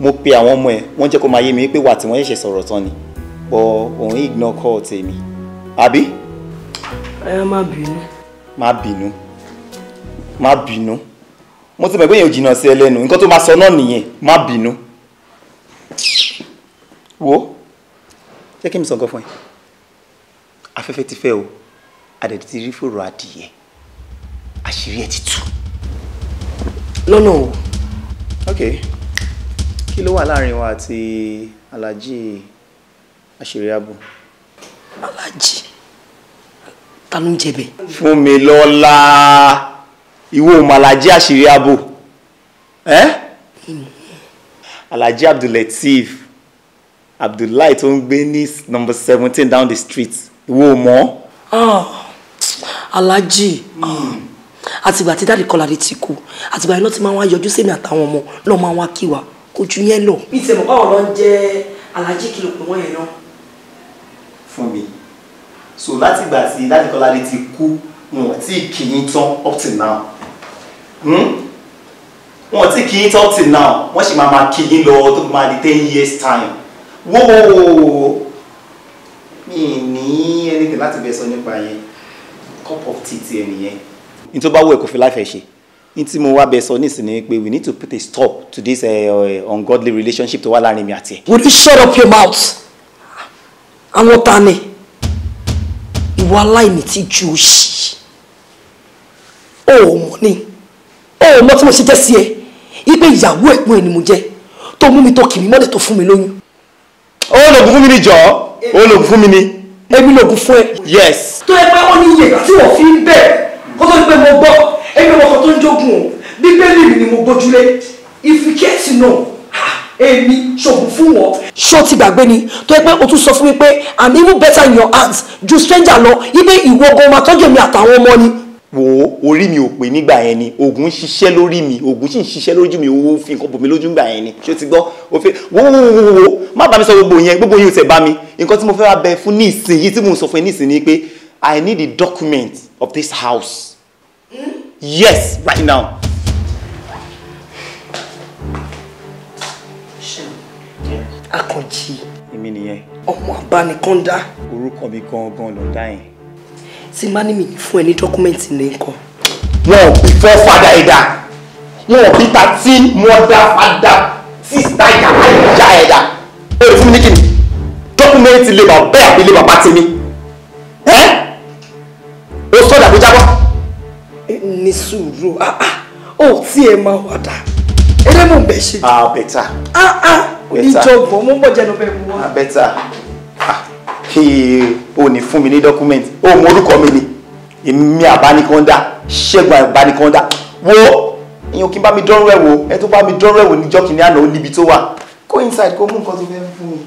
Mo pe àwọn ọmọ ẹ̀, wọ́n jẹ́ kó máa yé mi pé wà tí wọ́n ṣẹ̀ṣẹ̀ sọ̀rọ̀ tán ni. Bọ̀ òun ignore call tèmi. Àbí? Ẹ má bínú. Má bínú. Má bínú mo ti mọ̀ pé yẹn ò jìnnà sí ẹ lẹ́nu nǹkan tó máa sọ náà nìyẹn má bínú wo jẹ́ kí n sọ nǹkan fún ẹ afẹ́fẹ́ ti fẹ́ o àdẹ̀dẹ̀ ti rí fòrò adìyẹ àṣírí ẹ ti tú lọ́nà o. ok kí ló wà láàrin wa àti aláàjì àṣírí abu. aláàjì ta ló fún mi lọ́la ìwọ màlájí àṣírí ààbò alhaji abdulateef abdullahi tó ń gbé ní number seventeen down the street ìwọ mọ̀. Ah, alhaji hmm. ah, àtìgbà tí dáàdi kọládé ti kú àtìgbà yẹn ló ti máa wá yọjú sẹ́mi àtàwọn ọmọ lọ́ọ́ máa wá kí wa kò ju yẹn lọ. mi ti mọ̀ báwo ló ń jẹ́ alhaji kìlọ̀ pé wọ́n yẹn náà. fún mi so látìgbà tí dáàdi kọládé ti kú wọn ò tí ì kì í tán up till now Hmm? wọn ti kì í talk till now wọ́n sì máa máa kì í lọ tó máa di ten years time wóò mi ní anything láti bẹ sọ nípa yẹn cup of tea ti ẹ nìyẹn. n tó bá wù ẹ́ kó fi láìfẹ́ ṣe n tí mo wá bẹ sọ nísìnyí pé we need to put a stop to this uh, uh, ungodly relationship tó wà láàrin mi àti ẹ. would you shut up your mouth? àwọn ta ni ìwà aláìní tí ju òṣì ó mọ̀ ni o mọ tí mo ṣe jẹ́ sí ẹ ipe ìyàwó ẹ̀gbọ́n ẹ̀ ni mo jẹ́ tó mú mi tó kì mí mọ́lẹ̀ tó fún mi lóyún. ó lògùn fún mi ni jọ̀ọ́ ó lògùn fún mi ni. èmi lògùn fún ẹ. yes. tó ẹ pé ó ní iye tí wọ́n fi ń bẹ̀ kó tó pé mo gbọ́ ẹgbẹ́ ọkọ̀ tó ń jogun o bíbélì mi ni mo gbójúlé ìfikẹ́sì náà èmi ṣògùn fún wọn. ṣó ti gbàgbé ni tó yẹ pé o tún sọ fún mi pé and even better in your hands ju stranger lọ ibi ìwọ gan-an máa tọ́jú èmi àtàwọn ọmọ ni wo orí mi ò pé nígbà yẹn ni oògùn ṣiṣẹ́ lórí mi oògùn sì ń ṣiṣẹ́ lójú mi owó fi nǹkan bò mí lójú nígbà yẹn ni ṣé o ti gbọ́ o fẹ́ wo wo wo wo má bá mi sọ gbogbo yẹn gbogbo yẹn ò tẹ̀ bá mi nǹkan tí mo fẹ́ wá bẹ fún ní ìsìn tí mo sọ fún ẹ ní ìsìn pé I need the document of this house yes right now. Akànjí. èmi nìyẹn. ọmọ abánikọ́ńdá. orúkọ mi gangan ló dá yẹn tí má ní mi fún ẹ ní dọ́kúmẹ́ǹtì ní nǹkan. wọn ò pè fọ́ fada ẹ̀dá wọn ò pè ta tí mọ́dá fada sísá ìyàwó ìyá ẹ̀dá. ó lè mi ní kíni dọ́kúmẹ́ǹtì lè bà bẹ́ẹ̀ àbí lè bà bá tèmi. ẹ o sọ dàbí jábọ́. ní sùúrù ó tí ẹ máa wà dá eré mò ń bẹ ṣe. ah better. ah ah oníjọgbọ́n mo ń bọ̀ jẹ́nu bẹ́ẹ̀ mú ah better o ní fún mi ní document o mọ orúkọ mi ni èmi àbánikọ́ndà ṣẹ́gun àbánikọ́ndà wo èèyàn kí n bá mi dánrò ẹ̀ wò ẹ tó bá mi dánrò ẹ̀ wò níjọ́ kìnìún àná ó níbi tó wà go inside kó mú nǹkan tó fẹ́ fún mi.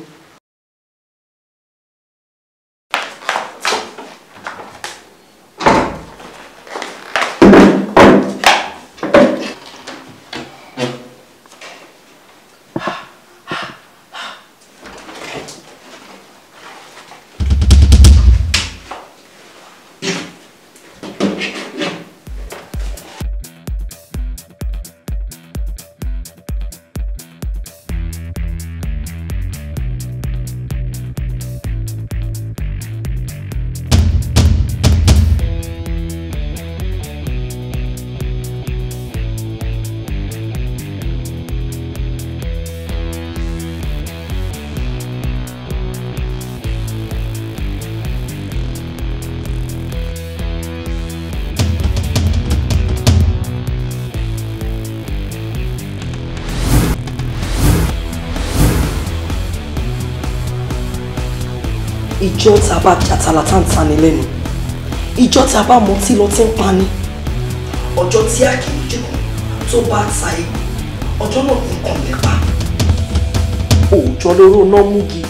ìjọ tá a bá jàtàlà tá ń tani lẹ́nu ìjọ tá a bá mutí lọ tí ń pani ọjọ́ tí a kì í jókòó tó bá ta ewu ọjọ́ náà kò kàn nípa. òòjọ́ lóró náà múgi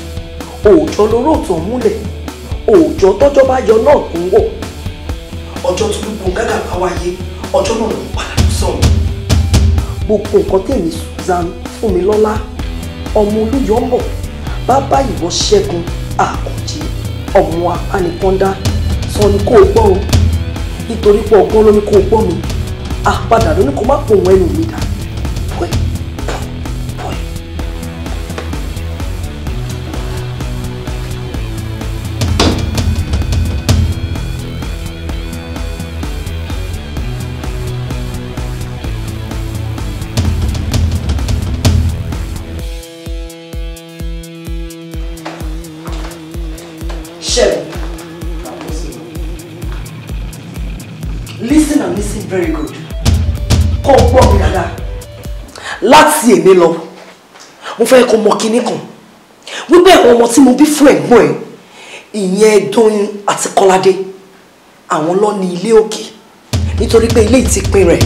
òòjọ́ lóró tó múlẹ̀ òòjọ́ tọ́jọ́ bá yọ náà kò ń wọ̀ ọjọ́ tó gbogbo gàgà bá wáyé ọjọ́ náà ló ń padà lọ sọ̀rọ̀. gbogbo nǹkan tèmi Susan Fúnmilọ́lá ọmọ Olúyọ̀mbọ̀ bàbá ìwọ Ṣẹ́gun àkọ́ ọmọ anìkàndá sọ ni kò gbọ́ o nítorí pé ọgbọ́n ló ní kò gbọ́ mi àpàdà ló ní kò má pòun ẹnu mi dà èmi lọ mo fẹ́ kó mọ kinní kan wípé àwọn ọmọ tí mo bí fún ẹ̀gbọ́n ẹ̀ ìyẹn Dóyin àti Kọ́ládé àwọn lọ ní ilé òkè nítorí pé ilé ìtìpín rẹ̀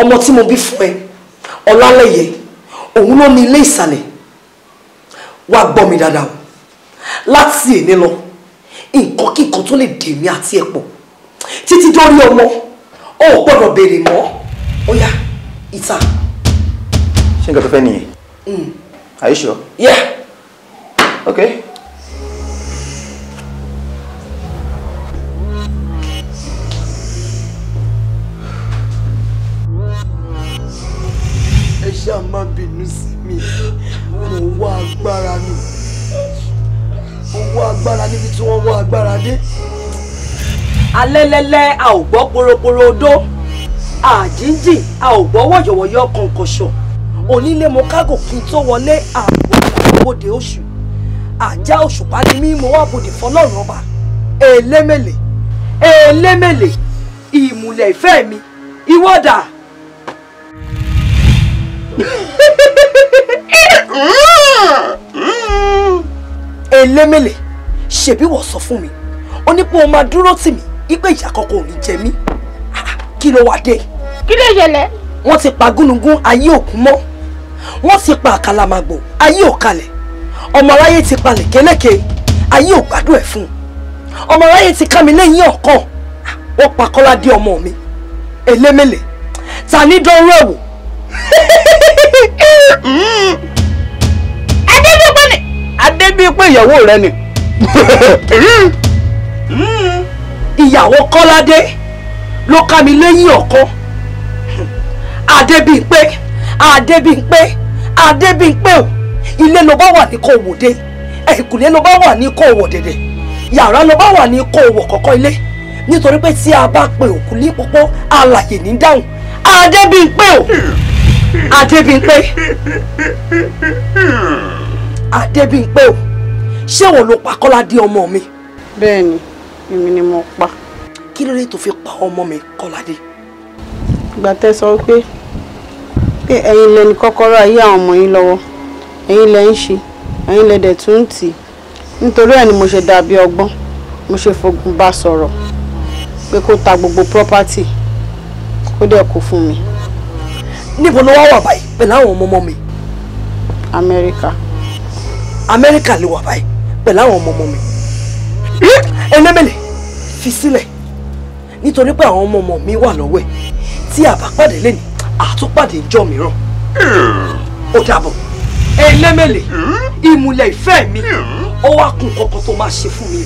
ọmọ tí mo bí fún ẹ Ọlálẹ́yẹ òun ló ní ilé ìsàlẹ̀ wá gbọ́ mi dáadáa o láti èmi lọ nǹkan kí nǹkan tó lè dèmí àti ẹ̀pọ̀ títí dórí ọmọ ó gbọ́dọ̀ béèrè mọ́ ó yá ìta ṣé nǹkan tó fẹ́ nìyẹn. Hmm. Are you sure? Yeah. Okay. ẹ ṣáà má bínú sí mi mo wá agbára ni mo agbára níbi tí wọ́n wá agbára dé. alẹ́lẹ́lẹ́ a ò gbọ́ poroporo odó àjíǹjì a ò gbọ́ wọ̀yọ̀wọ̀yọ̀ kọ̀ǹkọ̀ṣọ̀ onílé mo kágò kí n tó wọlé àbòdè oṣù àjá òṣùpá ni mí mo wá bòdè fọlọ́run ọba èlémèlè èlémèlè ìmùlẹ̀ ìfẹ́ mi ìwọ́dà. èlémèlè ṣebí wọ́n sọ fún mi ó ní pé o máa dúró tì mí ipe ìyà kankan ò ní jẹ mí kí ló wá dé. kí ló ṣẹlẹ̀. wọ́n ti pa gúnugún ayé òkú mọ́ wọ́n ti pa àkàlà màgbò ayé ò kalẹ̀ ọmọ aráyé ti palẹ̀ kẹ́lẹ́kẹ́ ayé ò gbádùn ẹ̀ fún un ọmọ aráyé ti ká mi lẹ́yìn ọ̀kan wọ́n pa kọ́ládé ọmọ mi elémèlè ta ní dánwó ẹ̀wò. *laughs* adébíyipé ni adébíyipé ìyàwó rẹ ni *laughs* ìyàwó kọ́ládé ló ká mi lẹ́yìn ọ̀kan adébíyipé. Adébímpé Adébímpé o ilé ló bá wà ní kò wò dé ẹ̀kúlé ló bá wà ní kò wò dèdè yàrá ló bá wà ní kò wò kọ́kọ́ ilé nítorí pé tí a bá pe òkú ní pópó alàyè ní dáhùn Adébímpé o Adébímpé Adébímpé o ṣé wọn ló pa Kọ́ládé ọmọ mi. bẹ́ẹ̀ni èmi ni mo pa. kí ló dé tó fi pa ọmọ mi Kọ́ládé. ìgbà tẹ́ sọ pé pé ẹ̀yin lẹ ní kọ́kọ́rọ́ ayé àwọn ọmọ yín lọ́wọ́ ẹ̀yin lẹ ń ṣe ẹ̀yin lẹ dẹ̀ tún ń tì í nítorí ẹ̀ ni mo ṣe dàbí ọgbọ́n mo ṣe fogun bá sọ̀rọ̀ pé kó ta gbogbo property kó dẹ̀ kó fún mi. níbo ló wá wà báyìí pẹ̀lú àwọn ọmọ ọmọ mi. amẹ́ríkà. amẹ́ríkà ló wà báyìí pẹ̀lú àwọn ọmọ ọmọ mi. ẹnẹ́mẹ̀lẹ̀ fi sílẹ̀ nítorí pé àwọn ọmọ ọmọ mi wà lọ́wọ́ ẹ̀ tí àbá pàdé lẹ́nìí àtúpàdé ìjọ mìíràn ó dàbọ̀ ẹlẹ́mẹ̀lẹ̀ ìmùlẹ̀ ìfẹ́ mi ó wá kun kankan tó máa ṣe fún mi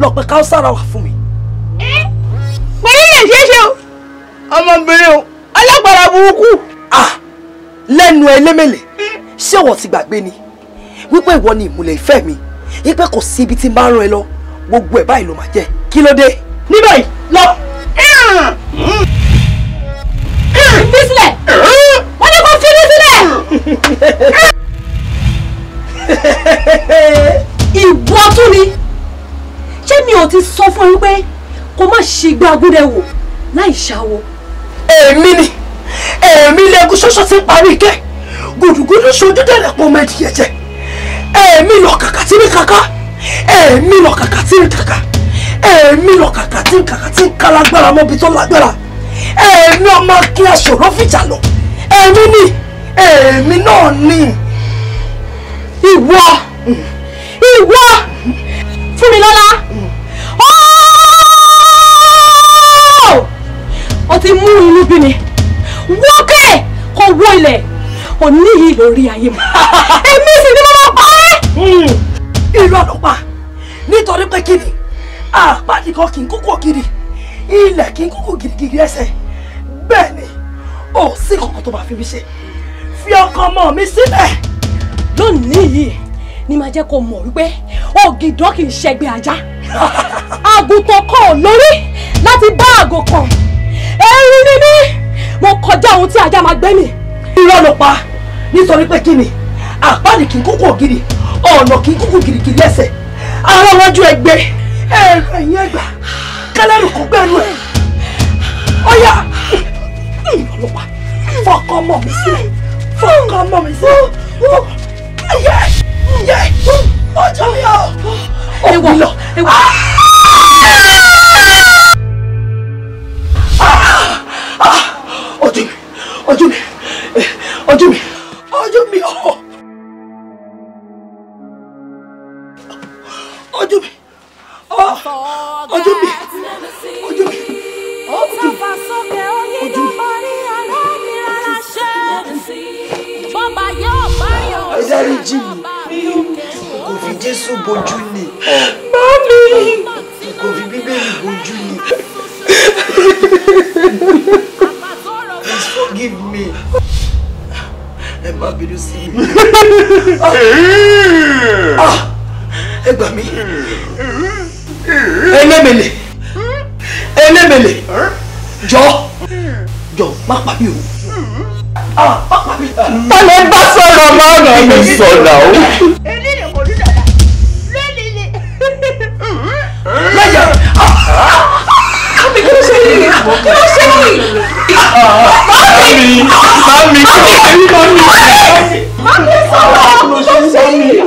lọ́pẹ́ káwọ́sára wà fún mi. mo ní nàìjíríà ṣe o ọmọbìnrin o alágbára burúkú. lẹ́nu ẹlẹ́mẹ̀lẹ̀ ṣé ìwọ ti gbàgbé ni wípé ìwọ ni ìmùlẹ̀ ìfẹ́ mi wípé kò sí ibi tí n bá rán ẹ lọ gbogbo ẹ̀ báyìí ló máa jẹ́ kí ló dé ní báyìí lọ fi sílẹ̀ wọ́n ní kò fi mí sílẹ̀. ìwọ tún ni ṣé mi ò ti sọ fún yín pé kó má ṣe gbá agúdẹ wò láì ṣàwo. èmi ni èmi lẹ́gùn ṣoṣo ti parí kẹ́ gùdùgùdù ṣojú dẹ̀rẹ̀ pọ̀ mẹ́ẹ̀dì yẹn jẹ́ èmi lọ kàkà tí mi kàkà èmi lọ kàkà tí mi kàkà èmi lọ kàkà tí mi kàkà tí mi kàlágbára mọ́bi tó lágbára ẹ̀mí ọmọ kí aṣòro fìjà lọ ẹ̀mí ni èmi náà ni ìwọ ìwọ Fúnmilọ́lá ó ti mú inú bí mi wókè kó wó ilẹ̀ òní yìí lórí ayé mi èmi *laughs* sì ni mo máa pa ẹ́. Hmm. irú àlọ́pàá nítorí pé kí ni àpá nìkan kì í kókó kiri ilẹ̀ kí n kúkú gidigidi ẹsẹ̀ bẹ́ẹ̀ ni ò sí kankan tó bá fi mi ṣe fi ọkọ ọmọ mi sílẹ̀. lónìí yìí ni màá jẹ́ kó mọ̀ wípé ògìdọ́ kì í ṣẹgbẹ́ ajá *laughs* àgùntàn kan ò lórí láti bá àgò kan ẹ̀rù ni mí mo kọjá ohun tí ajá máa gbé mi. irọ́ ló pa nítorí pé kí ni àpáàdì kì í kúkú ògiri ọ̀nà kì í kúkú gidigidi ẹsẹ̀ ara wájú ẹgbẹ́ ẹ̀rọ ẹ̀yìn ẹgbàá kẹlẹ́rì kò gbẹ́nu ẹ̀ ọ̀yà ọlọ́pàá fọkọ ọmọ mi sílẹ̀ fọkọ ọmọ mi sílẹ̀ yẹ yẹ ọjọ́ mi ọ̀ ọ̀gbìn lọ. ojú mi ojú mi ojú ojú mi. Oh, ojú mi ojú mi ojú ojú mi. dárí jì mí kò fi jésù bojú ni. mami. kò fi bíbélì bojú ni. please forgive me ẹ má bínú sí mi. Ah, ẹ gbà mí ẹlẹ́mẹ̀lẹ̀ ẹlẹ́mẹ̀lẹ̀ hmm? hmm? jọ hmm. jọ má pàbí o. Ah, Tálẹ̀ bá sọ̀rọ̀ mọ́ ọ̀nà mi sọ̀nà o. Lẹ́yìn àmì ah, ah, kí ló ṣe yìí? Kí ló ṣe yìí? Mami! Mami! Mami! Mami! Mami sọ̀rọ̀! Kí ló ṣe yìí?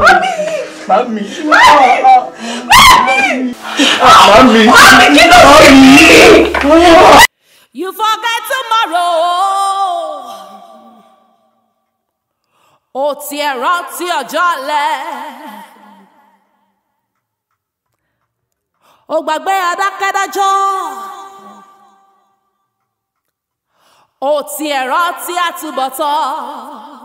Mami! Mami. Mami. Mami. Mami, kí Mami. You forget tomorrow. O tiẹ̀ rántí ọjọ́ ọ̀lẹ́. O gbàgbé adákẹ́dájọ́ ó ti ẹ̀rọ tí a túbọ̀ tán.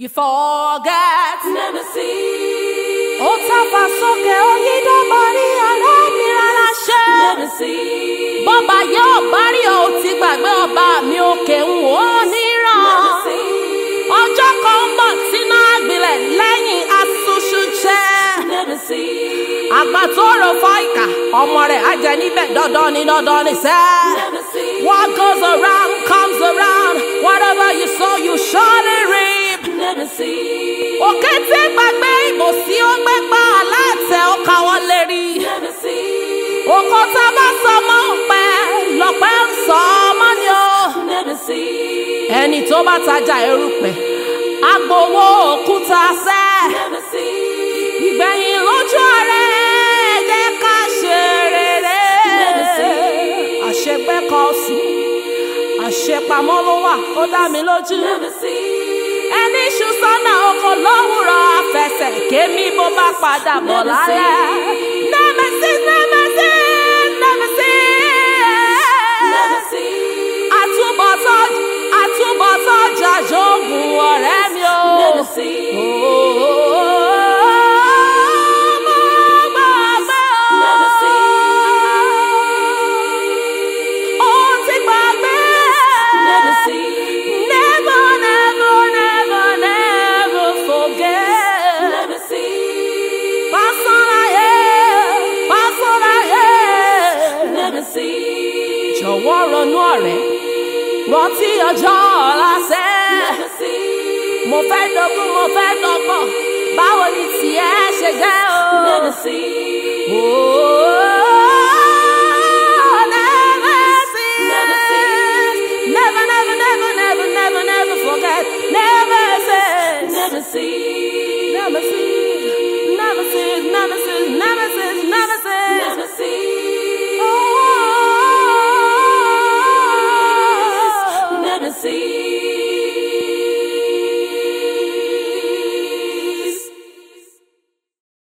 You forget Nemesis. Otapasoke oh, onídọ́bọ̀rí oh, alábìrànláṣẹ́. Nemesis. Bọ́ba yóò bárí o oh, ti gbàgbé ọba mi òkè ń wò ó níran. Nemesis. Ọjọ́ kan ń bọ̀ sínú àgbìlẹ̀ lẹ́yìn aṣoṣù jẹ́. Nemesis. Àgbà tó rò fọ́ ìkà, ọmọ rẹ̀ á jẹ níbẹ̀ dandan ni dandan ni sẹ́. What goes around comes around, whatever you sow you surely reap. òkété gbàgbé ìbòsí ó gbé pa aláàtẹ ọkà wọn lérí òkò tá a bá sọ mọ́ òpẹ lọ́pẹ́ ń sọ ọmọ ni ó ẹni tó bá tajà erùpẹ̀ agbowó òkúta sẹ́ ìgbẹ̀yìn lójú ọ̀rẹ́ jẹ́ ká ṣe rere àṣepẹ́ kan sùn àṣepamọ́ ló wà ó dá mi lójú ẹni ṣùsọ́nà ọkọ̀ lówùrọ̀ afẹsẹ̀ kémi mo bá padà bọ̀ lálẹ́. nẹ́mẹ̀sí nẹ́mẹ̀sí nẹ́mẹ̀sí. àtúbọ̀tọ̀ àtúbọ̀tọ̀ jàjọ́ ògùn ọ̀rẹ́ mi o. nẹ́mẹ̀sí. wọ́rọ̀ nú ọ̀rẹ́ rántí ọjọ́ ọ̀la ṣẹ́ mo fẹ́ dọ́gbọ́n mo fẹ́ dọ́gbọ́n báwo ni tiẹ̀ ṣe jẹ́ o. Oh, never see. never see. Never Never, never, never, never, never, forget. Never see. Never see.